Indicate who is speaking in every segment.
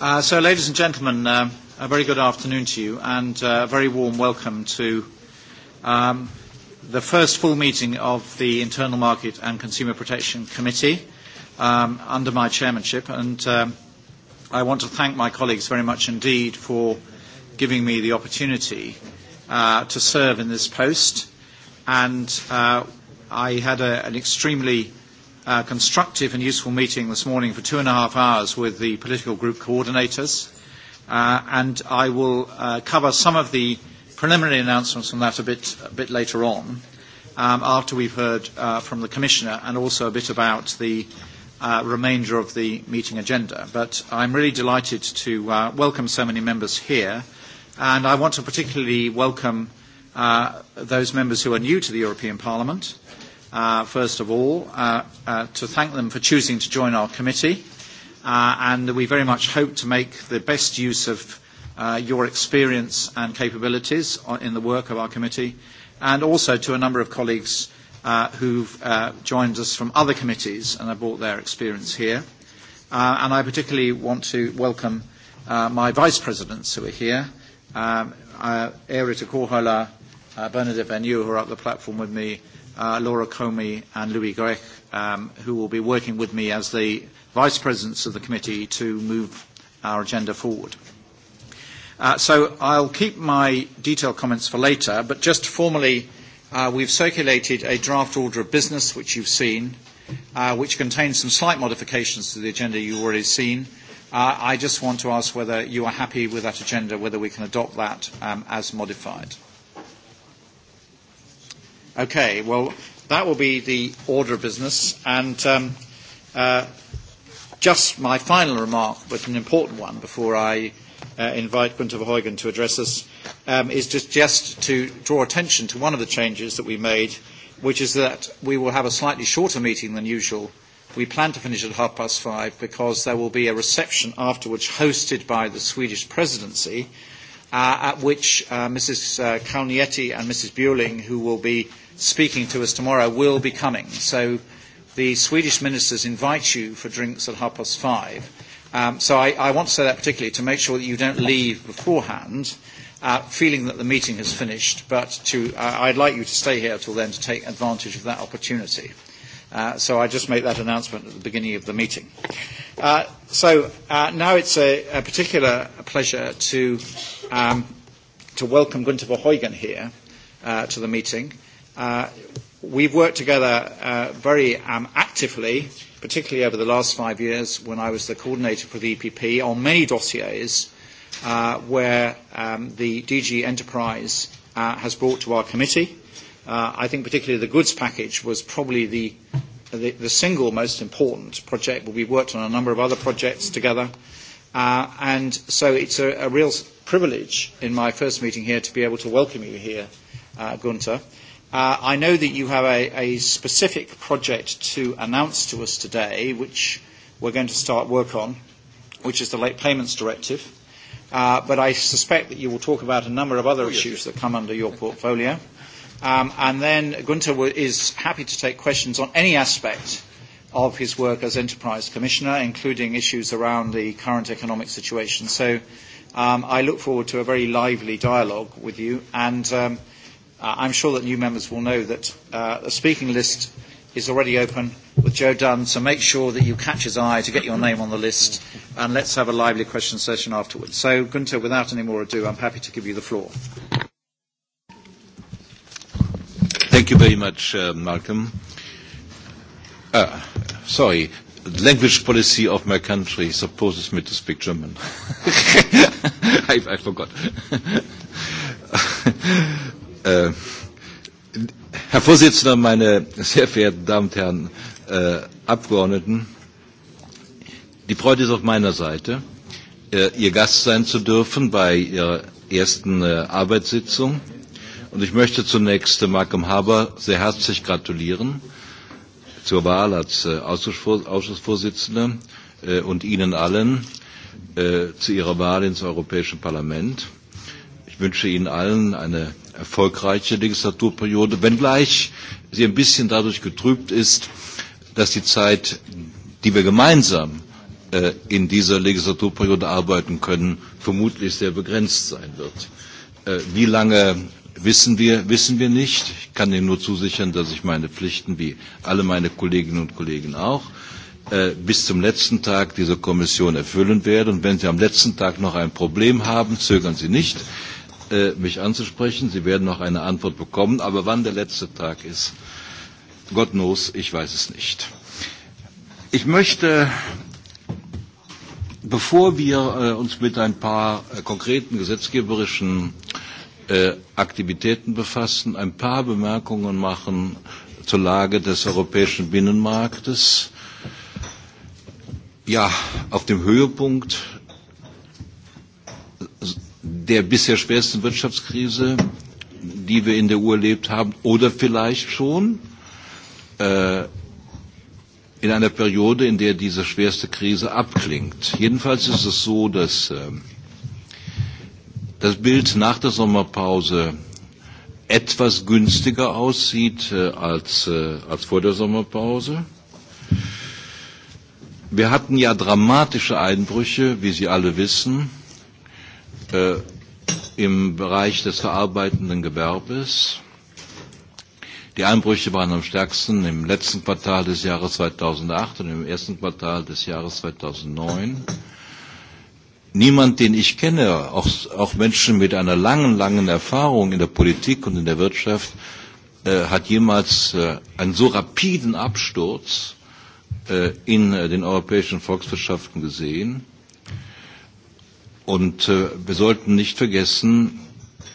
Speaker 1: Uh, so, ladies and gentlemen, uh, a very good afternoon to you and uh, a very warm welcome to um, the first full meeting of the Internal Market and Consumer Protection Committee um, under my chairmanship. And um, I want to thank my colleagues very much indeed for giving me the opportunity uh, to serve in this post. And uh, I had a, an extremely uh, constructive and useful meeting this morning for two and a half hours with the political group coordinators, uh, and I will uh, cover some of the preliminary announcements on that a bit, a bit later on, um, after we've heard uh, from the Commissioner and also a bit about the uh, remainder of the meeting agenda. But I'm really delighted to uh, welcome so many members here, and I want to particularly welcome uh, those members who are new to the European Parliament uh, first of all, uh, uh, to thank them for choosing to join our committee. Uh, and we very much hope to make the best use of uh, your experience and capabilities in the work of our committee, and also to a number of colleagues uh, who've uh, joined us from other committees and have brought their experience here. Uh, and I particularly want to welcome uh, my vice presidents who are here, um, uh, Korhola, uh, Bernadette Venue, who are up the platform with me, uh, Laura Comey and Louis Grech, um, who will be working with me as the vice presidents of the committee to move our agenda forward. Uh, so I'll keep my detailed comments for later, but just formally, uh, we've circulated a draft order of business, which you've seen, uh, which contains some slight modifications to the agenda you've already seen. Uh, I just want to ask whether you are happy with that agenda, whether we can adopt that um, as modified. Okay, well, that will be the order of business. And um, uh, just my final remark, but an important one before I uh, invite Gunther Verheugen to address us, um, is just, just to draw attention to one of the changes that we made, which is that we will have a slightly shorter meeting than usual. We plan to finish at half past five because there will be a reception afterwards hosted by the Swedish presidency uh, at which uh, Mrs. Uh, Calnietti and Mrs. Bueling, who will be speaking to us tomorrow, will be coming. So the Swedish ministers invite you for drinks at half past five. Um, so I, I want to say that particularly to make sure that you don't leave beforehand uh, feeling that the meeting has finished, but to, uh, I'd like you to stay here till then to take advantage of that opportunity. Uh, so I just make that announcement at the beginning of the meeting. Uh, so uh, now it's a, a particular pleasure to um, to welcome Gunther Verheugen here uh, to the meeting. Uh, we've worked together uh, very um, actively, particularly over the last five years when I was the coordinator for the EPP, on many dossiers uh, where um, the DG Enterprise uh, has brought to our committee. Uh, I think particularly the goods package was probably the, the, the single most important project, but we worked on a number of other projects together. Uh, and so it's a, a real privilege in my first meeting here to be able to welcome you here, uh, Gunther. Uh, I know that you have a, a specific project to announce to us today, which we're going to start work on, which is the Late Payments Directive. Uh, but I suspect that you will talk about a number of other oh, yes. issues that come under your portfolio. Um, and then Gunther is happy to take questions on any aspect of his work as Enterprise Commissioner, including issues around the current economic situation. So um, I look forward to a very lively dialogue with you, and um, I'm sure that new members will know that uh, the speaking list is already open with Joe Dunn, so make sure that you catch his eye to get your name on the list, and let's have a lively question session afterwards. So, Gunther, without any more ado, I'm happy to give
Speaker 2: you the floor. Thank you very much, uh, Malcolm. Uh, sorry, the language policy of my country supposes me to speak German. I, I forgot. uh, Herr Vorsitzender, meine sehr verehrten Damen und Herren äh, Abgeordneten, die Freude ist auf meiner Seite, äh, Ihr Gast sein zu dürfen bei Ihrer ersten äh, Arbeitssitzung. Und ich möchte zunächst äh, Markham Haber sehr herzlich gratulieren zur Wahl als äh, Ausschussvorsitzende äh, und Ihnen allen äh, zu Ihrer Wahl ins Europäische Parlament. Ich wünsche Ihnen allen eine erfolgreiche Legislaturperiode, wenngleich sie ein bisschen dadurch getrübt ist, dass die Zeit, die wir gemeinsam in dieser Legislaturperiode arbeiten können, vermutlich sehr begrenzt sein wird. wie lange Wissen wir, wissen wir nicht. Ich kann Ihnen nur zusichern, dass ich meine Pflichten, wie alle meine Kolleginnen und Kollegen auch, äh, bis zum letzten Tag dieser Kommission erfüllen werde. Und wenn Sie am letzten Tag noch ein Problem haben, zögern Sie nicht, äh, mich anzusprechen. Sie werden noch eine Antwort bekommen. Aber wann der letzte Tag ist, Gott knows, ich weiß es nicht. Ich möchte Bevor wir äh, uns mit ein paar konkreten gesetzgeberischen Äh, Aktivitäten befassen, ein paar Bemerkungen machen zur Lage des europäischen Binnenmarktes. Ja, auf dem Höhepunkt der bisher schwersten Wirtschaftskrise, die wir in der EU erlebt haben, oder vielleicht schon äh, in einer Periode, in der diese schwerste Krise abklingt. Jedenfalls ist es so, dass äh, das Bild nach der Sommerpause etwas günstiger aussieht äh, als, äh, als vor der Sommerpause. Wir hatten ja dramatische Einbrüche, wie Sie alle wissen, äh, im Bereich des verarbeitenden Gewerbes. Die Einbrüche waren am stärksten im letzten Quartal des Jahres 2008 und im ersten Quartal des Jahres 2009 niemand, den ich kenne, auch, auch Menschen mit einer langen, langen Erfahrung in der Politik und in der Wirtschaft, äh, hat jemals äh, einen so rapiden Absturz äh, in äh, den europäischen Volkswirtschaften gesehen. Und äh, wir sollten nicht vergessen,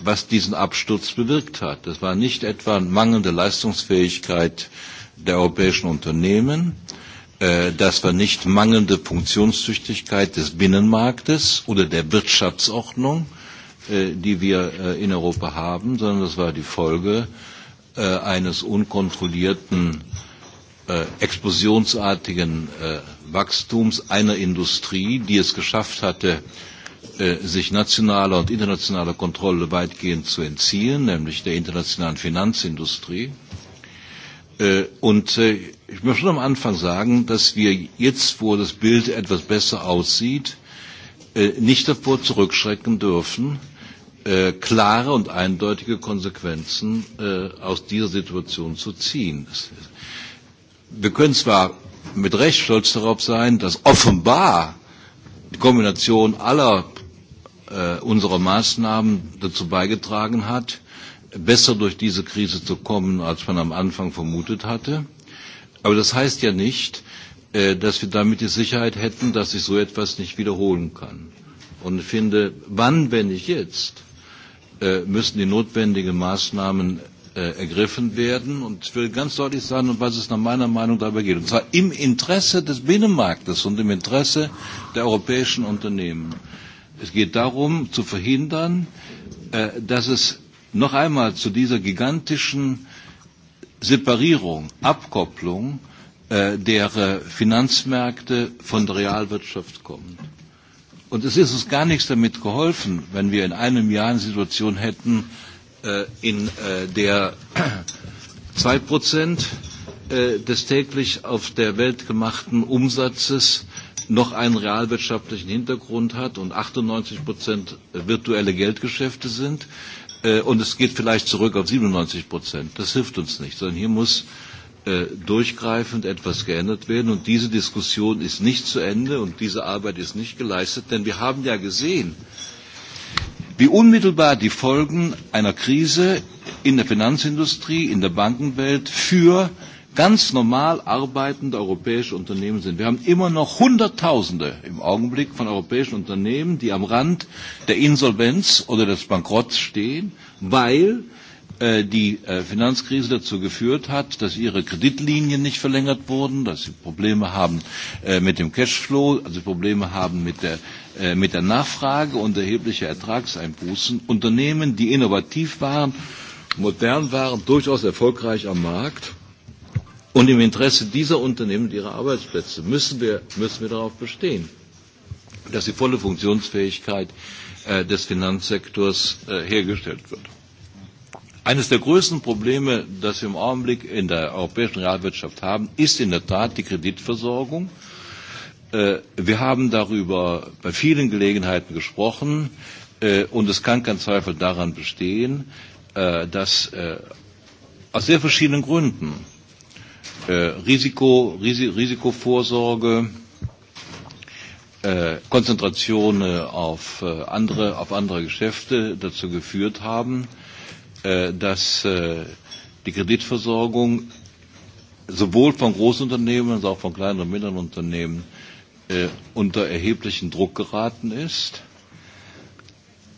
Speaker 2: was diesen Absturz bewirkt hat. Das war nicht etwa mangelnde Leistungsfähigkeit der europäischen Unternehmen, Äh, dass wir nicht mangelnde Funktionstüchtigkeit des Binnenmarktes oder der Wirtschaftsordnung, äh, die wir äh, in Europa haben, sondern das war die Folge eines unkontrollierten, explosionsartigen Wachstums einer Industrie, die es geschafft hatte, sich nationaler und internationaler Kontrolle weitgehend zu entziehen, nämlich der internationalen Finanzindustrie. Und Ich möchte am Anfang sagen, dass wir jetzt, wo das Bild etwas besser aussieht, äh, nicht davor zurückschrecken dürfen, äh, klare und eindeutige Konsequenzen äh, aus dieser Situation zu ziehen. Wir können zwar mit Recht stolz darauf sein, dass offenbar die Kombination aller unserer Maßnahmen dazu beigetragen hat, besser durch diese Krise zu kommen, als man am Anfang vermutet hatte. Aber das heißt ja nicht, äh, dass wir damit die Sicherheit hätten, dass sich so etwas nicht wiederholen kann. Und ich finde, wann, wenn nicht jetzt, äh, müssen die notwendigen Maßnahmen äh, ergriffen werden. Und ich will ganz deutlich sagen, um was es nach meiner Meinung dabei geht. Und zwar im Interesse des Binnenmarktes und im Interesse der europäischen Unternehmen. Es geht darum, zu verhindern, dass es noch einmal zu dieser gigantischen Separierung, Abkopplung äh, der äh, Finanzmärkte von der Realwirtschaft kommt. Und es ist uns gar nichts damit geholfen, wenn wir in einem Jahr eine Situation hätten, äh, in äh, der zwei Prozent äh, des täglich auf der Welt gemachten Umsatzes noch einen realwirtschaftlichen Hintergrund hat und 98 Prozent virtuelle Geldgeschäfte sind. Äh, Äh, und es geht vielleicht zurück auf 97 Prozent. Das hilft uns nicht, sondern hier muss äh, durchgreifend etwas geändert werden und diese Diskussion ist nicht zu Ende und diese Arbeit ist nicht geleistet, denn wir haben ja gesehen, wie unmittelbar die Folgen einer Krise in der Finanzindustrie, in der Bankenwelt für ganz normal arbeitende europäische Unternehmen sind. Wir haben immer noch Hunderttausende im Augenblick von europäischen Unternehmen, die am Rand der Insolvenz oder des Bankrotts stehen, weil äh, die äh, Finanzkrise dazu geführt hat, dass ihre Kreditlinien nicht verlängert wurden, dass sie Probleme haben äh, mit dem Cashflow, also Probleme haben mit der mit der Nachfrage und erhebliche Ertragseinbußen. Unternehmen, die innovativ waren, modern waren, durchaus erfolgreich am Markt Und im Interesse dieser Unternehmen und ihrer Arbeitsplätze müssen wir, müssen wir darauf bestehen, dass die volle Funktionsfähigkeit äh, des Finanzsektors äh, hergestellt wird. Eines der größten Probleme, das wir im Augenblick in der europäischen Realwirtschaft haben, ist in der Tat die Kreditversorgung. Äh, wir haben darüber bei vielen Gelegenheiten gesprochen äh, und es kann kein Zweifel daran bestehen, äh, dass äh, aus sehr verschiedenen Gründen äh, Risiko, Risi Risikovorsorge, äh, Konzentration äh, auf, äh, andere, auf andere Geschäfte dazu geführt haben, äh, dass äh, die Kreditversorgung sowohl von Großunternehmen als auch von kleinen und mittleren Unternehmen äh, unter erheblichen Druck geraten ist.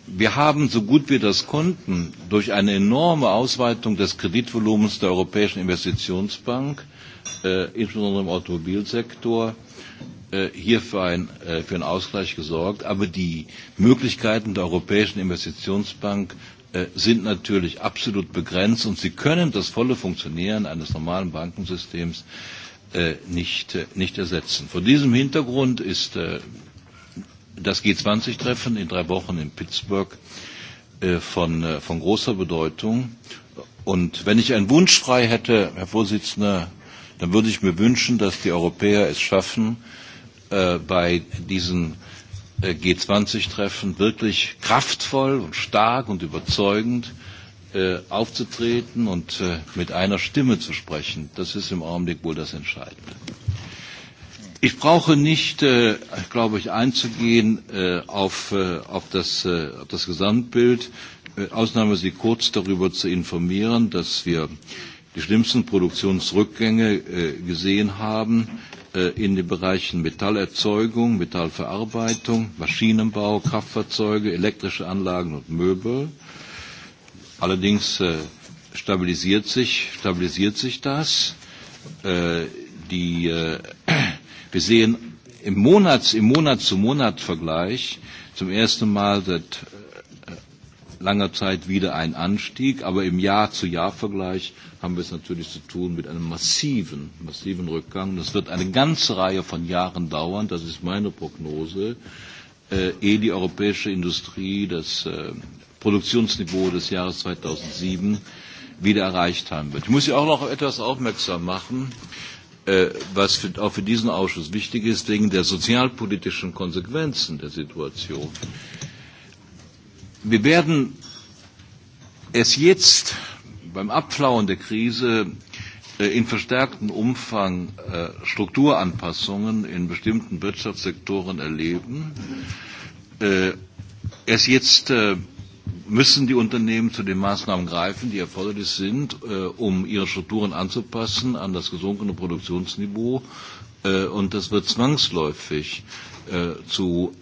Speaker 2: Wir haben, so gut wir das konnten, durch eine enorme Ausweitung des Kreditvolumens der Europäischen Investitionsbank äh, insbesondere im Automobilsektor, äh, hier für, ein, äh, für einen Ausgleich gesorgt. Aber die Möglichkeiten der Europäischen Investitionsbank äh, sind natürlich absolut begrenzt und sie können das volle Funktionieren eines normalen Bankensystems äh, nicht, äh, nicht ersetzen. Vor diesem Hintergrund ist äh, das G20-Treffen in drei Wochen in Pittsburgh äh, von, äh, von großer Bedeutung. Und wenn ich einen Wunsch frei hätte, Herr Vorsitzender, dann würde ich mir wünschen, dass die Europäer es schaffen, äh, bei diesen äh, G20-Treffen wirklich kraftvoll und stark und überzeugend äh, aufzutreten und äh, mit einer Stimme zu sprechen. Das ist im Augenblick wohl das Entscheidende. Ich brauche nicht, äh, glaube ich, einzugehen äh, auf, äh, auf, das, äh, auf das Gesamtbild. Äh, Ausnahme Sie kurz darüber zu informieren, dass wir äh, die schlimmsten Produktionsrückgänge äh, gesehen haben äh, in den Bereichen Metallerzeugung, Metallverarbeitung, Maschinenbau, Kraftfahrzeuge, elektrische Anlagen und Möbel. Allerdings äh, stabilisiert sich, stabilisiert sich das. Die, wir sehen im Monats, im Monat-zu-Monat-Vergleich zum ersten Mal seit langer Zeit wieder ein Anstieg, aber im Jahr-zu-Jahr-Vergleich haben wir es natürlich zu tun mit einem massiven, massiven Rückgang. Das wird eine ganze Reihe von Jahren dauern, das ist meine Prognose, äh, ehe die europäische Industrie das äh, Produktionsniveau des Jahres 2007 wieder erreicht haben wird. Ich muss Sie auch noch etwas aufmerksam machen, äh, was für, auch für diesen Ausschuss wichtig ist, wegen der sozialpolitischen Konsequenzen der Situation. Äh, Wir werden es jetzt beim Abflauen der Krise äh, in verstärktem Umfang äh, Strukturanpassungen in bestimmten Wirtschaftssektoren erleben. Äh, es jetzt müssen die Unternehmen zu den Maßnahmen greifen, die erforderlich sind, um ihre Strukturen anzupassen an das gesunkene Produktionsniveau. Und das wird zwangsläufig zu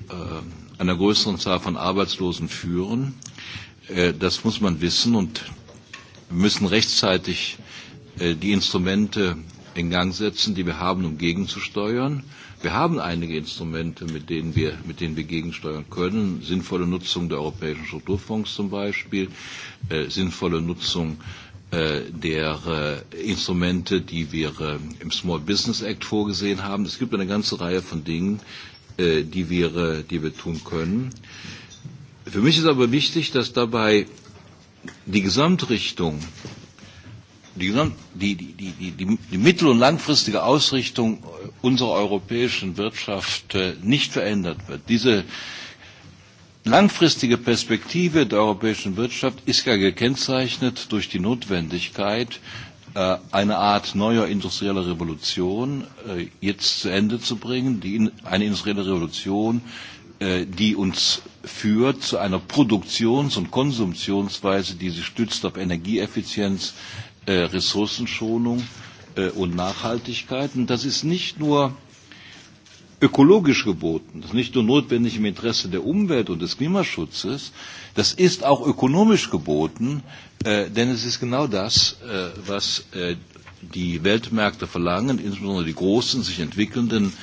Speaker 2: einer größeren Zahl von Arbeitslosen führen. Äh, das muss man wissen und wir müssen rechtzeitig äh, die Instrumente in Gang setzen, die wir haben, um gegenzusteuern. Wir haben einige Instrumente, mit denen wir, mit denen wir gegensteuern können. Sinnvolle Nutzung der europäischen Strukturfonds zum Beispiel, äh, sinnvolle Nutzung der äh, Instrumente, die wir äh, im Small Business Act vorgesehen haben. Es gibt eine ganze Reihe von Dingen, äh, die, wir, äh, die wir tun können. Für mich ist aber wichtig, dass dabei die Gesamtrichtung, die, Gesamt, die, die, die, die, die mittel- und langfristige Ausrichtung äh, unserer europäischen Wirtschaft äh, nicht verändert wird. Diese langfristige Perspektive der europäischen Wirtschaft ist ja gekennzeichnet durch die Notwendigkeit, Äh, eine Art neuer industrieller Revolution äh, jetzt zu Ende zu bringen, die, eine industrielle Revolution, äh, die uns führt zu einer Produktions- und Konsumtionsweise, die sich stützt auf Energieeffizienz, äh, Ressourcenschonung äh, und Nachhaltigkeit. Und das ist nicht nur ökologisch geboten, das ist nicht nur notwendig im Interesse der Umwelt und des Klimaschutzes, Das ist auch ökonomisch geboten, äh, denn es ist genau das, äh, was äh, die Weltmärkte verlangen, insbesondere die großen, sich entwickelnden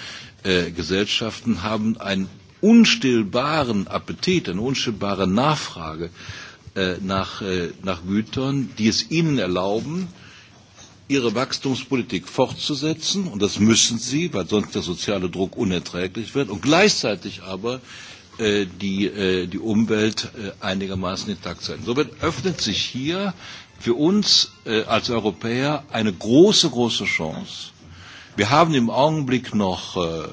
Speaker 2: äh, Gesellschaften haben einen unstillbaren Appetit, eine unstillbare Nachfrage äh, nach, äh, nach Gütern, die es ihnen erlauben, ihre Wachstumspolitik fortzusetzen, und das müssen sie, weil sonst der soziale Druck unerträglich wird, und gleichzeitig aber Äh, die, äh, die Umwelt äh, einigermaßen intakt sein. Somit öffnet sich hier für uns äh, als Europäer eine große, große Chance. Wir haben im Augenblick noch äh,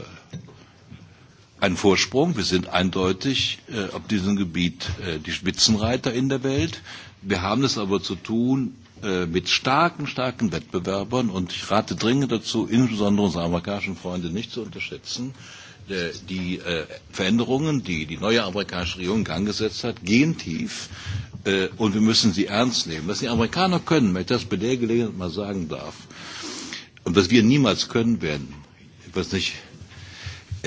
Speaker 2: einen Vorsprung. Wir sind eindeutig äh, auf diesem Gebiet äh, die Spitzenreiter in der Welt. Wir haben es aber zu tun äh, mit starken, starken Wettbewerbern und ich rate dringend dazu, insbesondere unsere amerikanischen Freunde nicht zu unterschätzen, äh, Äh, die äh, Veränderungen, die die neue amerikanische Regierung in Gang gesetzt hat, gehen tief äh, und wir müssen sie ernst nehmen. Was die Amerikaner können, wenn ich das bei der Gelegenheit mal sagen darf, und was wir niemals können werden, was nicht,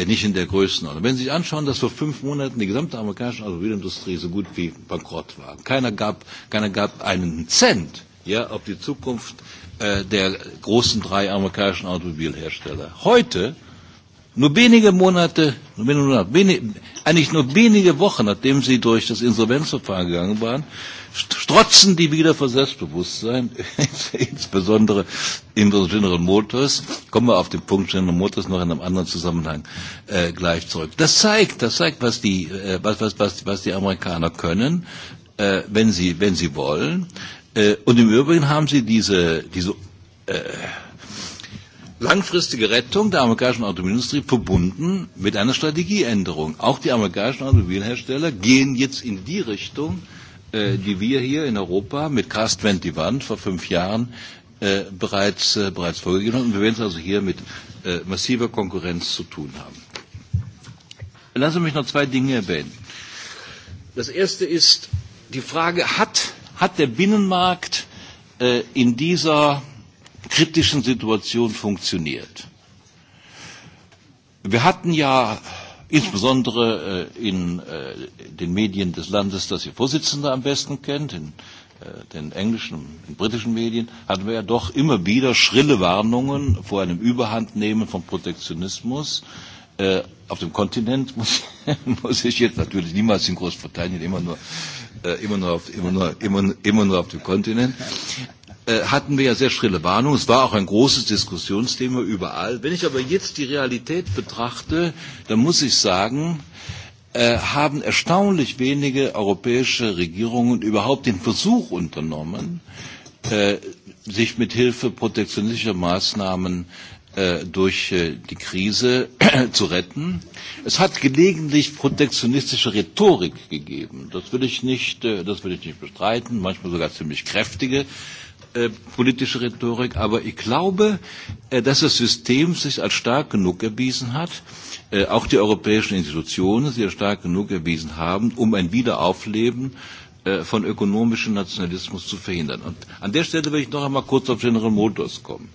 Speaker 2: nicht in der Größenordnung. Wenn Sie sich anschauen, dass vor fünf Monaten die gesamte amerikanische Automobilindustrie so gut wie bankrott war. Keiner gab, keiner gab einen Cent ja, auf die Zukunft äh, der großen drei amerikanischen Automobilhersteller. Heute Nur wenige Monate, nur wenige Monate wenig, eigentlich nur wenige Wochen, nachdem sie durch das Insolvenzverfahren gegangen waren, strotzen die wieder vor Selbstbewusstsein, insbesondere in General Motors. Kommen wir auf den Punkt General Motors noch in einem anderen Zusammenhang äh, gleich zurück. Das zeigt, das zeigt, was die, äh, was, was, was, was die Amerikaner können, äh, wenn, sie, wenn sie wollen. Äh, und im Übrigen haben sie diese, diese äh, langfristige Rettung der amerikanischen Automobilindustrie verbunden mit einer Strategieänderung. Auch die amerikanischen Automobilhersteller gehen jetzt in die Richtung, äh, die wir hier in Europa mit Cars 21 vor fünf Jahren äh, bereits, äh, bereits vorgegeben haben. Und wir werden es also hier mit äh, massiver Konkurrenz zu tun haben. Lassen Sie mich noch zwei Dinge erwähnen. Das erste ist die Frage, hat, hat der Binnenmarkt äh, in dieser kritischen Situation funktioniert. Wir hatten ja insbesondere äh, in äh, den Medien des Landes, das Ihr Vorsitzender am besten kennt, in äh, den englischen, in britischen Medien, hatten wir ja doch immer wieder schrille Warnungen vor einem Überhandnehmen von Protektionismus. Äh, auf dem Kontinent muss, muss ich jetzt natürlich niemals in Großbritannien, immer nur, äh, immer, nur auf, immer, nur, immer, immer nur auf dem Kontinent. Äh, hatten wir ja sehr schrille Warnung. Es war auch ein großes Diskussionsthema überall. Wenn ich aber jetzt die Realität betrachte, dann muss ich sagen, äh, haben erstaunlich wenige europäische Regierungen überhaupt den Versuch unternommen, äh, sich mit Hilfe protektionistischer Maßnahmen äh, durch äh, die Krise äh, zu retten. Es hat gelegentlich protektionistische Rhetorik gegeben. Das will ich nicht, äh, das will ich nicht bestreiten, manchmal sogar ziemlich kräftige. Äh, politische Rhetorik, aber ich glaube, äh, dass das System sich als stark genug erwiesen hat, äh, auch die europäischen Institutionen sich als stark genug erwiesen haben, um ein Wiederaufleben äh, von ökonomischem Nationalismus zu verhindern. Und an der Stelle will ich noch einmal kurz auf General Motors kommen.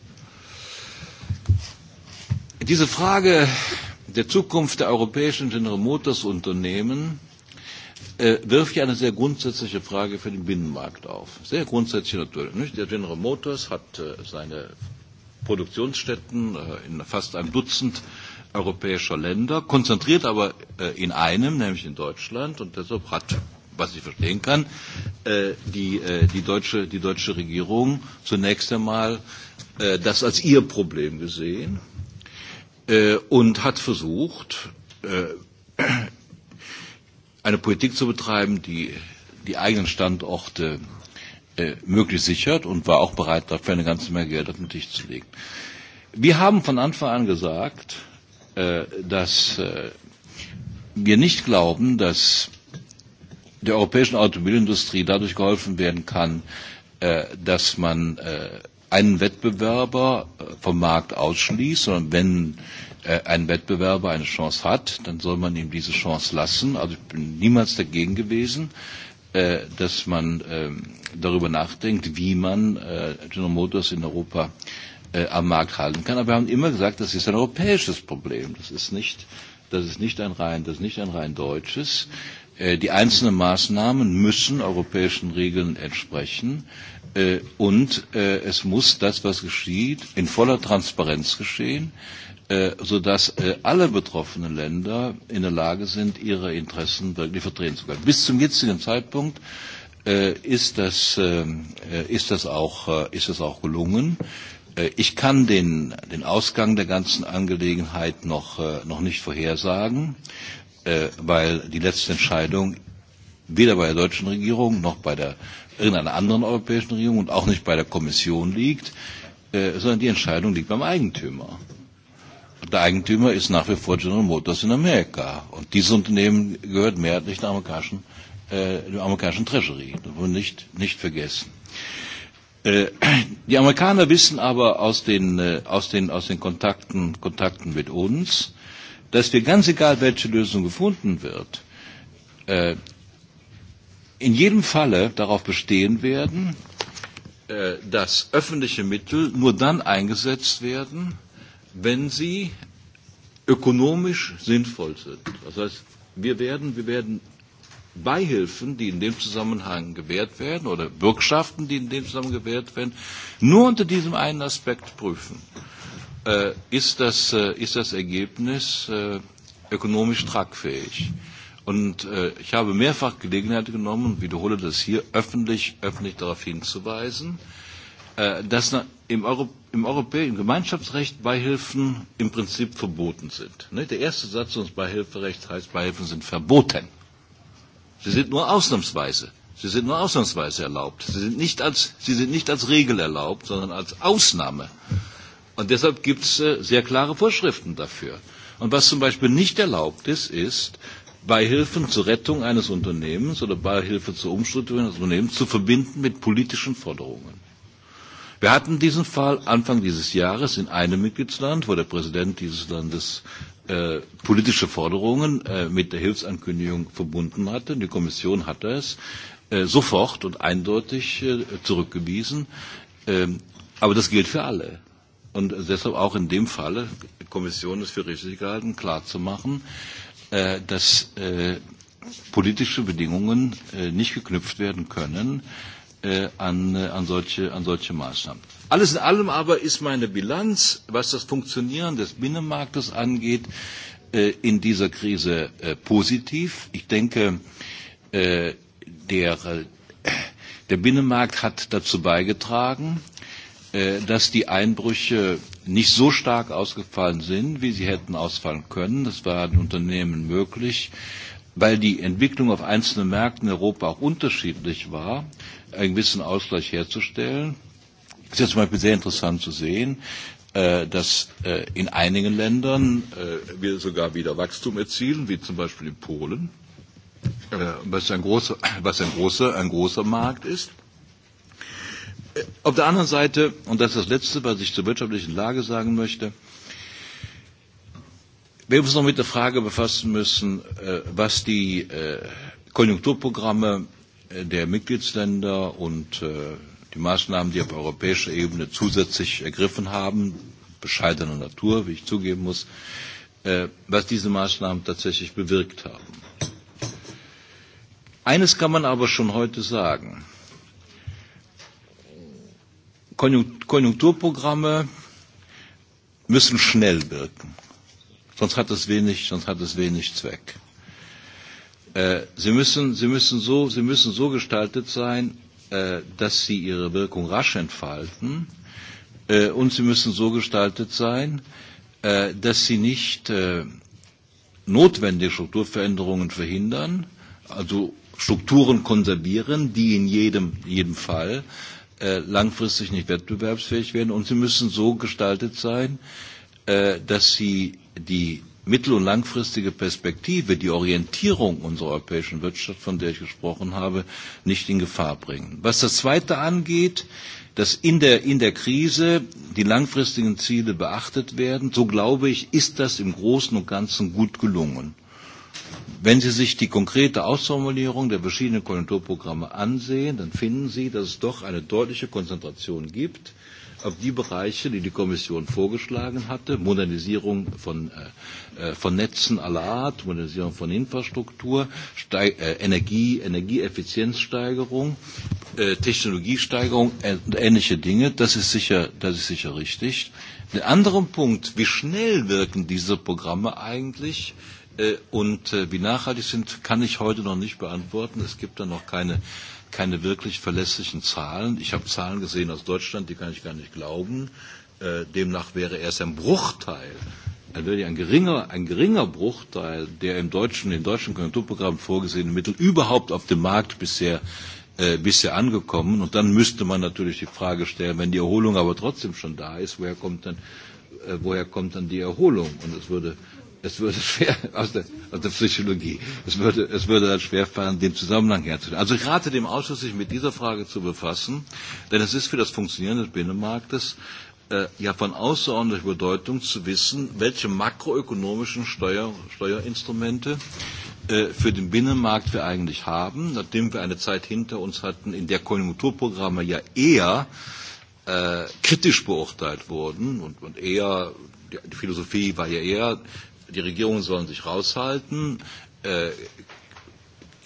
Speaker 2: Diese Frage der Zukunft der europäischen General Motors Unternehmen äh, wirft ja eine sehr grundsätzliche Frage für den Binnenmarkt auf. Sehr grundsätzlich natürlich. Nicht? Der General Motors hat äh, seine Produktionsstätten äh, in fast einem Dutzend europäischer Länder, konzentriert aber äh, in einem, nämlich in Deutschland. Und deshalb hat, was ich verstehen kann, äh, die, äh, die, deutsche, die deutsche Regierung zunächst einmal äh, das als ihr Problem gesehen und hat versucht, eine Politik zu betreiben, die die eigenen Standorte äh, möglichst sichert und war auch bereit, dafür eine ganze Menge Geld auf den Tisch zu legen. Wir haben von Anfang an gesagt, äh, dass äh, wir nicht glauben, dass der europäischen Automobilindustrie dadurch geholfen werden kann, äh, dass man äh, einen Wettbewerber äh, vom Markt ausschließt, sondern wenn Äh, ein Wettbewerber eine Chance hat, dann soll man ihm diese Chance lassen. Also ich bin niemals dagegen gewesen, äh, dass man äh, darüber nachdenkt, wie man äh, General Motors in Europa äh, am Markt halten kann. Aber wir haben immer gesagt, das ist ein europäisches Problem. Das ist nicht, das ist nicht ein rein, das ist nicht ein rein deutsches. Äh, die einzelnen Maßnahmen müssen europäischen Regeln entsprechen äh, und es muss das, was geschieht, in voller Transparenz geschehen. Äh, sodass äh, alle betroffenen Länder in der Lage sind, ihre Interessen wirklich vertreten zu können. Bis zum jetzigen Zeitpunkt äh, ist das, ähm, ist das, auch, ist das auch gelungen. Ich kann den, den Ausgang der ganzen Angelegenheit noch, noch nicht vorhersagen, weil die letzte Entscheidung weder bei der deutschen Regierung noch bei der, irgendeiner anderen europäischen Regierung und auch nicht bei der Kommission liegt, sondern die Entscheidung liegt beim Eigentümer der Eigentümer ist nach wie vor General Motors in Amerika. Und dieses Unternehmen gehört mehrheitlich der amerikanischen, äh, der amerikanischen Treasury. Das wollen wir nicht, nicht vergessen. Äh, die Amerikaner wissen aber aus den, äh, aus den, aus den Kontakten, Kontakten mit uns, dass wir ganz egal, welche Lösung gefunden wird, äh, in jedem Falle darauf bestehen werden, äh, dass öffentliche Mittel nur dann eingesetzt werden, wenn sie ökonomisch sinnvoll sind. Das heißt, wir werden, wir werden Beihilfen, die in dem Zusammenhang gewährt werden, oder Bürgschaften, die in dem Zusammenhang gewährt werden, nur unter diesem einen Aspekt prüfen. Äh, ist, das, äh, ist das Ergebnis äh, ökonomisch tragfähig? Und äh, ich habe mehrfach Gelegenheit genommen und wiederhole das hier öffentlich, öffentlich darauf hinzuweisen, äh, Äh, dass im, Euro, im europäischen Gemeinschaftsrecht Beihilfen im Prinzip verboten sind. Der erste Satz unseres Beihilferechts heißt, Beihilfen sind verboten. Sie sind nur ausnahmsweise. Sie sind nur ausnahmsweise erlaubt. Sie sind nicht als, sie sind nicht als Regel erlaubt, sondern als Ausnahme. Und deshalb gibt es äh, sehr klare Vorschriften dafür. Und was zum Beispiel nicht erlaubt ist, ist, Beihilfen zur Rettung eines Unternehmens oder Beihilfe zur Umstrukturierung eines Unternehmens zu verbinden mit politischen Forderungen. Wir hatten diesen Fall Anfang dieses Jahres in einem Mitgliedsland, wo der Präsident dieses Landes äh, politische Forderungen äh, mit der Hilfsankündigung verbunden hatte. Die Kommission hatte es äh, sofort und eindeutig äh, zurückgewiesen. Ähm, aber das gilt für alle. Und deshalb auch in dem Falle, die Kommission ist für richtig gehalten, klarzumachen, äh, dass äh, politische Bedingungen äh, nicht geknüpft werden können äh, an, äh, an, solche, an solche Maßnahmen. Alles in allem aber ist meine Bilanz, was das Funktionieren des Binnenmarktes angeht, äh, in dieser Krise äh, positiv. Ich denke, äh, der, äh, der Binnenmarkt hat dazu beigetragen, äh, dass die Einbrüche nicht so stark ausgefallen sind, wie sie hätten ausfallen können. Das war den Unternehmen möglich, weil die Entwicklung auf einzelnen Märkten in Europa auch unterschiedlich war einen gewissen Ausgleich herzustellen. Es ist ja zum Beispiel sehr interessant zu sehen, äh, dass äh, in einigen Ländern äh, wir sogar wieder Wachstum erzielen, wie zum Beispiel in Polen, was ein großer, was ein großer, ein großer Markt ist. Auf der anderen Seite, und das ist das Letzte, was ich zur wirtschaftlichen Lage sagen möchte, wir uns noch mit der Frage befassen müssen, was die Konjunkturprogramme der Mitgliedsländer und äh, die Maßnahmen, die auf europäischer Ebene zusätzlich ergriffen haben, bescheidener Natur, wie ich zugeben muss, äh, was diese Maßnahmen tatsächlich bewirkt haben. Eines kann man aber schon heute sagen. Konjunkturprogramme müssen schnell wirken. Sonst hat es wenig, sonst hat es wenig Zweck. Äh, sie, müssen, sie, müssen so, sie müssen so gestaltet sein, äh, dass sie ihre Wirkung rasch entfalten äh, und sie müssen so gestaltet sein, äh, dass sie nicht äh, notwendige Strukturveränderungen verhindern, also Strukturen konservieren, die in jedem, jedem Fall äh, langfristig nicht wettbewerbsfähig werden. Und sie müssen so gestaltet sein, äh, dass sie die mittel- und langfristige Perspektive, die Orientierung unserer europäischen Wirtschaft, von der ich gesprochen habe, nicht in Gefahr bringen. Was das Zweite angeht, dass in der, in der Krise die langfristigen Ziele beachtet werden, so glaube ich, ist das im Großen und Ganzen gut gelungen. Wenn Sie sich die konkrete Ausformulierung der verschiedenen Konjunkturprogramme ansehen, dann finden Sie, dass es doch eine deutliche Konzentration gibt auf die Bereiche, die die Kommission vorgeschlagen hatte, Modernisierung von, äh, äh von Netzen aller Art, Modernisierung von Infrastruktur, Steig, äh, Energie, Energieeffizienzsteigerung, äh, Technologiesteigerung und ähnliche Dinge. Das ist sicher, das ist sicher richtig. Den anderen Punkt, wie schnell wirken diese Programme eigentlich, äh, und äh, wie nachhaltig sind, kann ich heute noch nicht beantworten. Es gibt da noch keine keine wirklich verlässlichen Zahlen. Ich habe Zahlen gesehen aus Deutschland, die kann ich gar nicht glauben. Äh, demnach wäre erst ein Bruchteil, natürlich ein geringer, ein geringer Bruchteil der im deutschen, im deutschen Konjunkturprogramm vorgesehenen Mittel überhaupt auf dem Markt bisher äh, bisher angekommen. Und dann müsste man natürlich die Frage stellen, wenn die Erholung aber trotzdem schon da ist, woher kommt dann, äh, woher kommt dann die Erholung? Und es würde es würde schwer, aus der, aus der Psychologie, es würde, es würde dann fallen, den Zusammenhang herzustellen. Also ich rate dem Ausschuss, sich mit dieser Frage zu befassen, denn es ist für das Funktionieren des Binnenmarktes äh, ja von außerordentlicher Bedeutung zu wissen, welche makroökonomischen Steuer, Steuerinstrumente äh, für den Binnenmarkt wir eigentlich haben, nachdem wir eine Zeit hinter uns hatten, in der Konjunkturprogramme ja eher äh, kritisch beurteilt wurden und, und eher die Philosophie war ja eher, die Regierungen sollen sich raushalten, äh,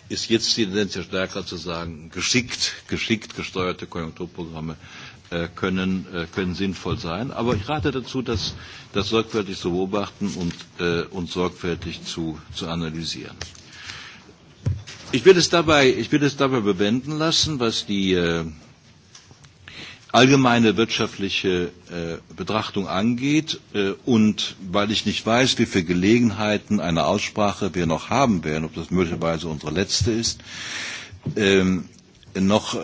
Speaker 2: ist jetzt die Tendenz ja stärker zu sagen, geschickt, geschickt gesteuerte Konjunkturprogramme äh, können, äh, können sinnvoll sein. Aber ich rate dazu, das, das sorgfältig zu beobachten und, äh, und sorgfältig zu, zu analysieren. Ich will, es dabei, ich will es dabei bewenden lassen, was die äh, allgemeine wirtschaftliche äh, Betrachtung angeht äh, und weil ich nicht weiß, wie viele Gelegenheiten einer Aussprache wir noch haben werden, ob das möglicherweise unsere letzte ist, äh, noch, äh,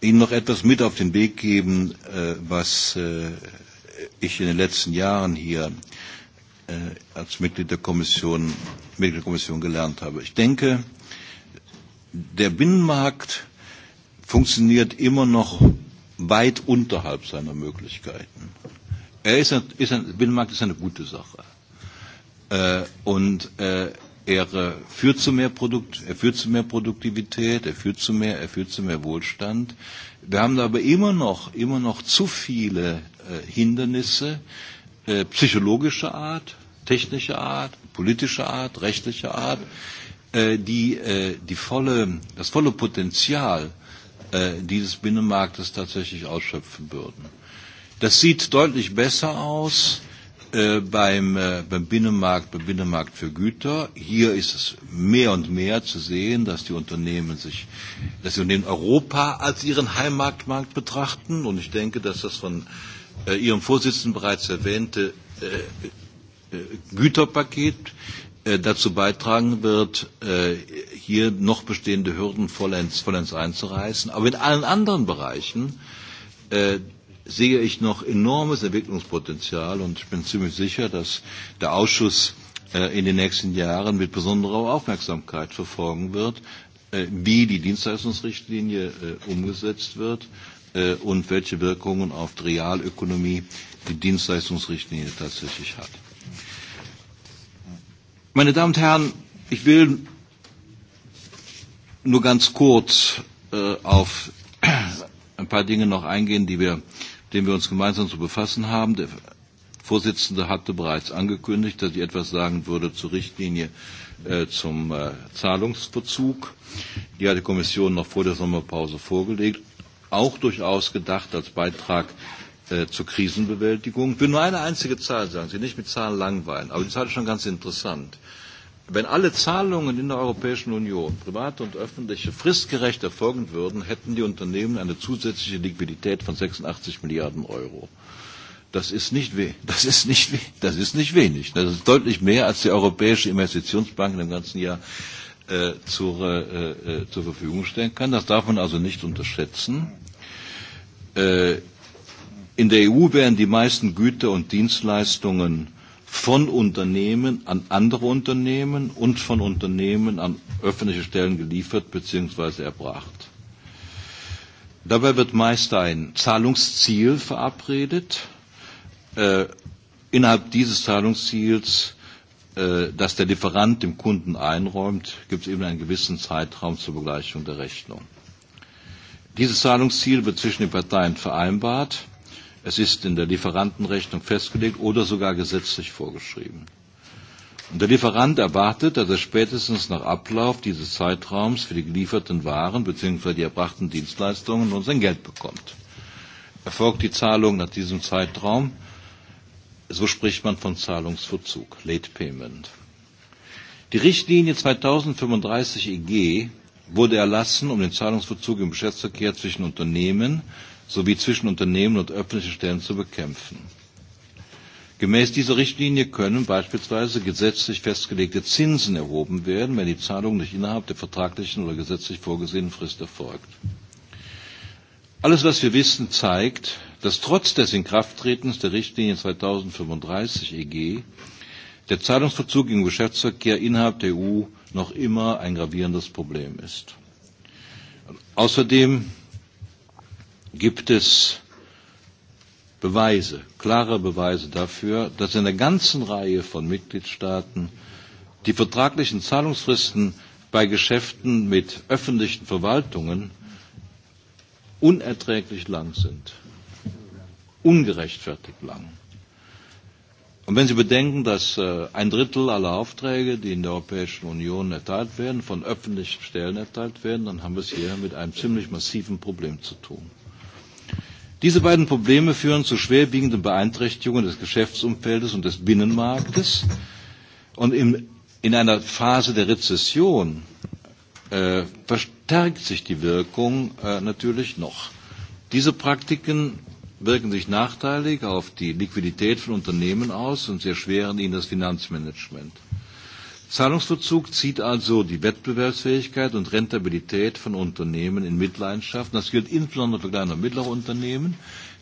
Speaker 2: Ihnen noch etwas mit auf den Weg geben, äh, was äh, ich in den letzten Jahren hier äh, als Mitglied der, Kommission, Mitglied der Kommission gelernt habe. Ich denke, der Binnenmarkt funktioniert immer noch weit unterhalb seiner Möglichkeiten. Er ist ein, ist ein, Binnenmarkt ist eine gute Sache. Äh, und äh, er äh, führt zu mehr Produkt, er führt zu mehr Produktivität, er führt zu mehr, er führt zu mehr Wohlstand. Wir haben aber immer noch, immer noch zu viele äh, Hindernisse äh, psychologischer Art, technischer Art, politischer Art, rechtlicher Art, äh, die, äh, die volle, das volle Potenzial äh, Äh, dieses Binnenmarktes tatsächlich ausschöpfen würden. Das sieht deutlich besser aus äh, beim, äh, beim Binnenmarkt, beim Binnenmarkt für Güter. Hier ist es mehr und mehr zu sehen, dass die Unternehmen sich, dass sie in Europa als ihren Heimatmarkt betrachten. Und ich denke, dass das von äh, Ihrem Vorsitzenden bereits erwähnte äh, äh, Güterpaket äh, dazu beitragen wird, äh, hier noch bestehende Hürden vollends, vollends einzureißen. Aber in allen anderen Bereichen äh, sehe ich noch enormes Entwicklungspotenzial und ich bin ziemlich sicher, dass der Ausschuss äh, in den nächsten Jahren mit besonderer Aufmerksamkeit verfolgen wird, äh, wie die Dienstleistungsrichtlinie äh, umgesetzt wird äh, und welche Wirkungen auf die Realökonomie die Dienstleistungsrichtlinie tatsächlich hat. Meine Damen und Herren, ich will nur ganz kurz äh, auf ein paar Dinge noch eingehen, die wir, denen wir uns gemeinsam zu befassen haben. Der Vorsitzende hatte bereits angekündigt, dass ich etwas sagen würde zur Richtlinie äh, zum äh, Zahlungsverzug. Die hat die Kommission noch vor der Sommerpause vorgelegt, auch durchaus gedacht als Beitrag äh, zur Krisenbewältigung. Ich will nur eine einzige Zahl sagen, Sie nicht mit Zahlen langweilen, aber die Zahl ist schon ganz interessant. Äh, Wenn alle Zahlungen in der Europäischen Union, private und öffentliche, fristgerecht erfolgen würden, hätten die Unternehmen eine zusätzliche Liquidität von 86 Milliarden Euro. Das ist nicht, weh das ist nicht, weh, das ist nicht wenig. Das ist deutlich mehr, als die Europäische Investitionsbank im ganzen Jahr äh, zur, äh, äh, zur Verfügung stellen kann. Das darf man also nicht unterschätzen. Äh, in der EU werden die meisten Güter und Dienstleistungen von Unternehmen an andere Unternehmen und von Unternehmen an öffentliche Stellen geliefert bzw. erbracht. Dabei wird meist ein Zahlungsziel verabredet, äh, innerhalb dieses Zahlungsziels, äh, das der Lieferant dem Kunden einräumt, gibt es eben einen gewissen Zeitraum zur Begleichung der Rechnung. Dieses Zahlungsziel wird zwischen den Parteien vereinbart Es ist in der Lieferantenrechnung festgelegt oder sogar gesetzlich vorgeschrieben. Und der Lieferant erwartet, dass er spätestens nach Ablauf dieses Zeitraums für die gelieferten Waren bzw. die erbrachten Dienstleistungen nun sein Geld bekommt. Erfolgt die Zahlung nach diesem Zeitraum, so spricht man von Zahlungsverzug, Late Payment. Die Richtlinie 2035 EG wurde erlassen, um den Zahlungsverzug im Geschäftsverkehr zwischen Unternehmen sowie zwischen Unternehmen und öffentlichen Stellen zu bekämpfen. Gemäß dieser Richtlinie können beispielsweise gesetzlich festgelegte Zinsen erhoben werden, wenn die Zahlung nicht innerhalb der vertraglichen oder gesetzlich vorgesehenen Frist erfolgt. Alles, was wir wissen, zeigt, dass trotz des Inkrafttretens der Richtlinie 2035 EG der Zahlungsverzug im Geschäftsverkehr innerhalb der EU noch immer ein gravierendes Problem ist. Außerdem gibt es Beweise, klare Beweise dafür, dass in der ganzen Reihe von Mitgliedstaaten die vertraglichen Zahlungsfristen bei Geschäften mit öffentlichen Verwaltungen unerträglich lang sind, ungerechtfertigt lang. Und wenn Sie bedenken, dass äh, ein Drittel aller Aufträge, die in der Europäischen Union erteilt werden, von öffentlichen Stellen erteilt werden, dann haben wir es hier mit einem ziemlich massiven Problem zu tun. Diese beiden Probleme führen zu schwerwiegenden Beeinträchtigungen des Geschäftsumfeldes und des Binnenmarktes. Und im, in einer Phase der Rezession äh, verstärkt sich die Wirkung äh, natürlich noch. Diese Praktiken wirken sich nachteilig auf die Liquidität von Unternehmen aus und sie erschweren ihnen das Finanzmanagement. Zahlungsverzug zieht also die Wettbewerbsfähigkeit und Rentabilität von Unternehmen in Mitleidenschaft. Das gilt insbesondere für kleine und mittlere Unternehmen,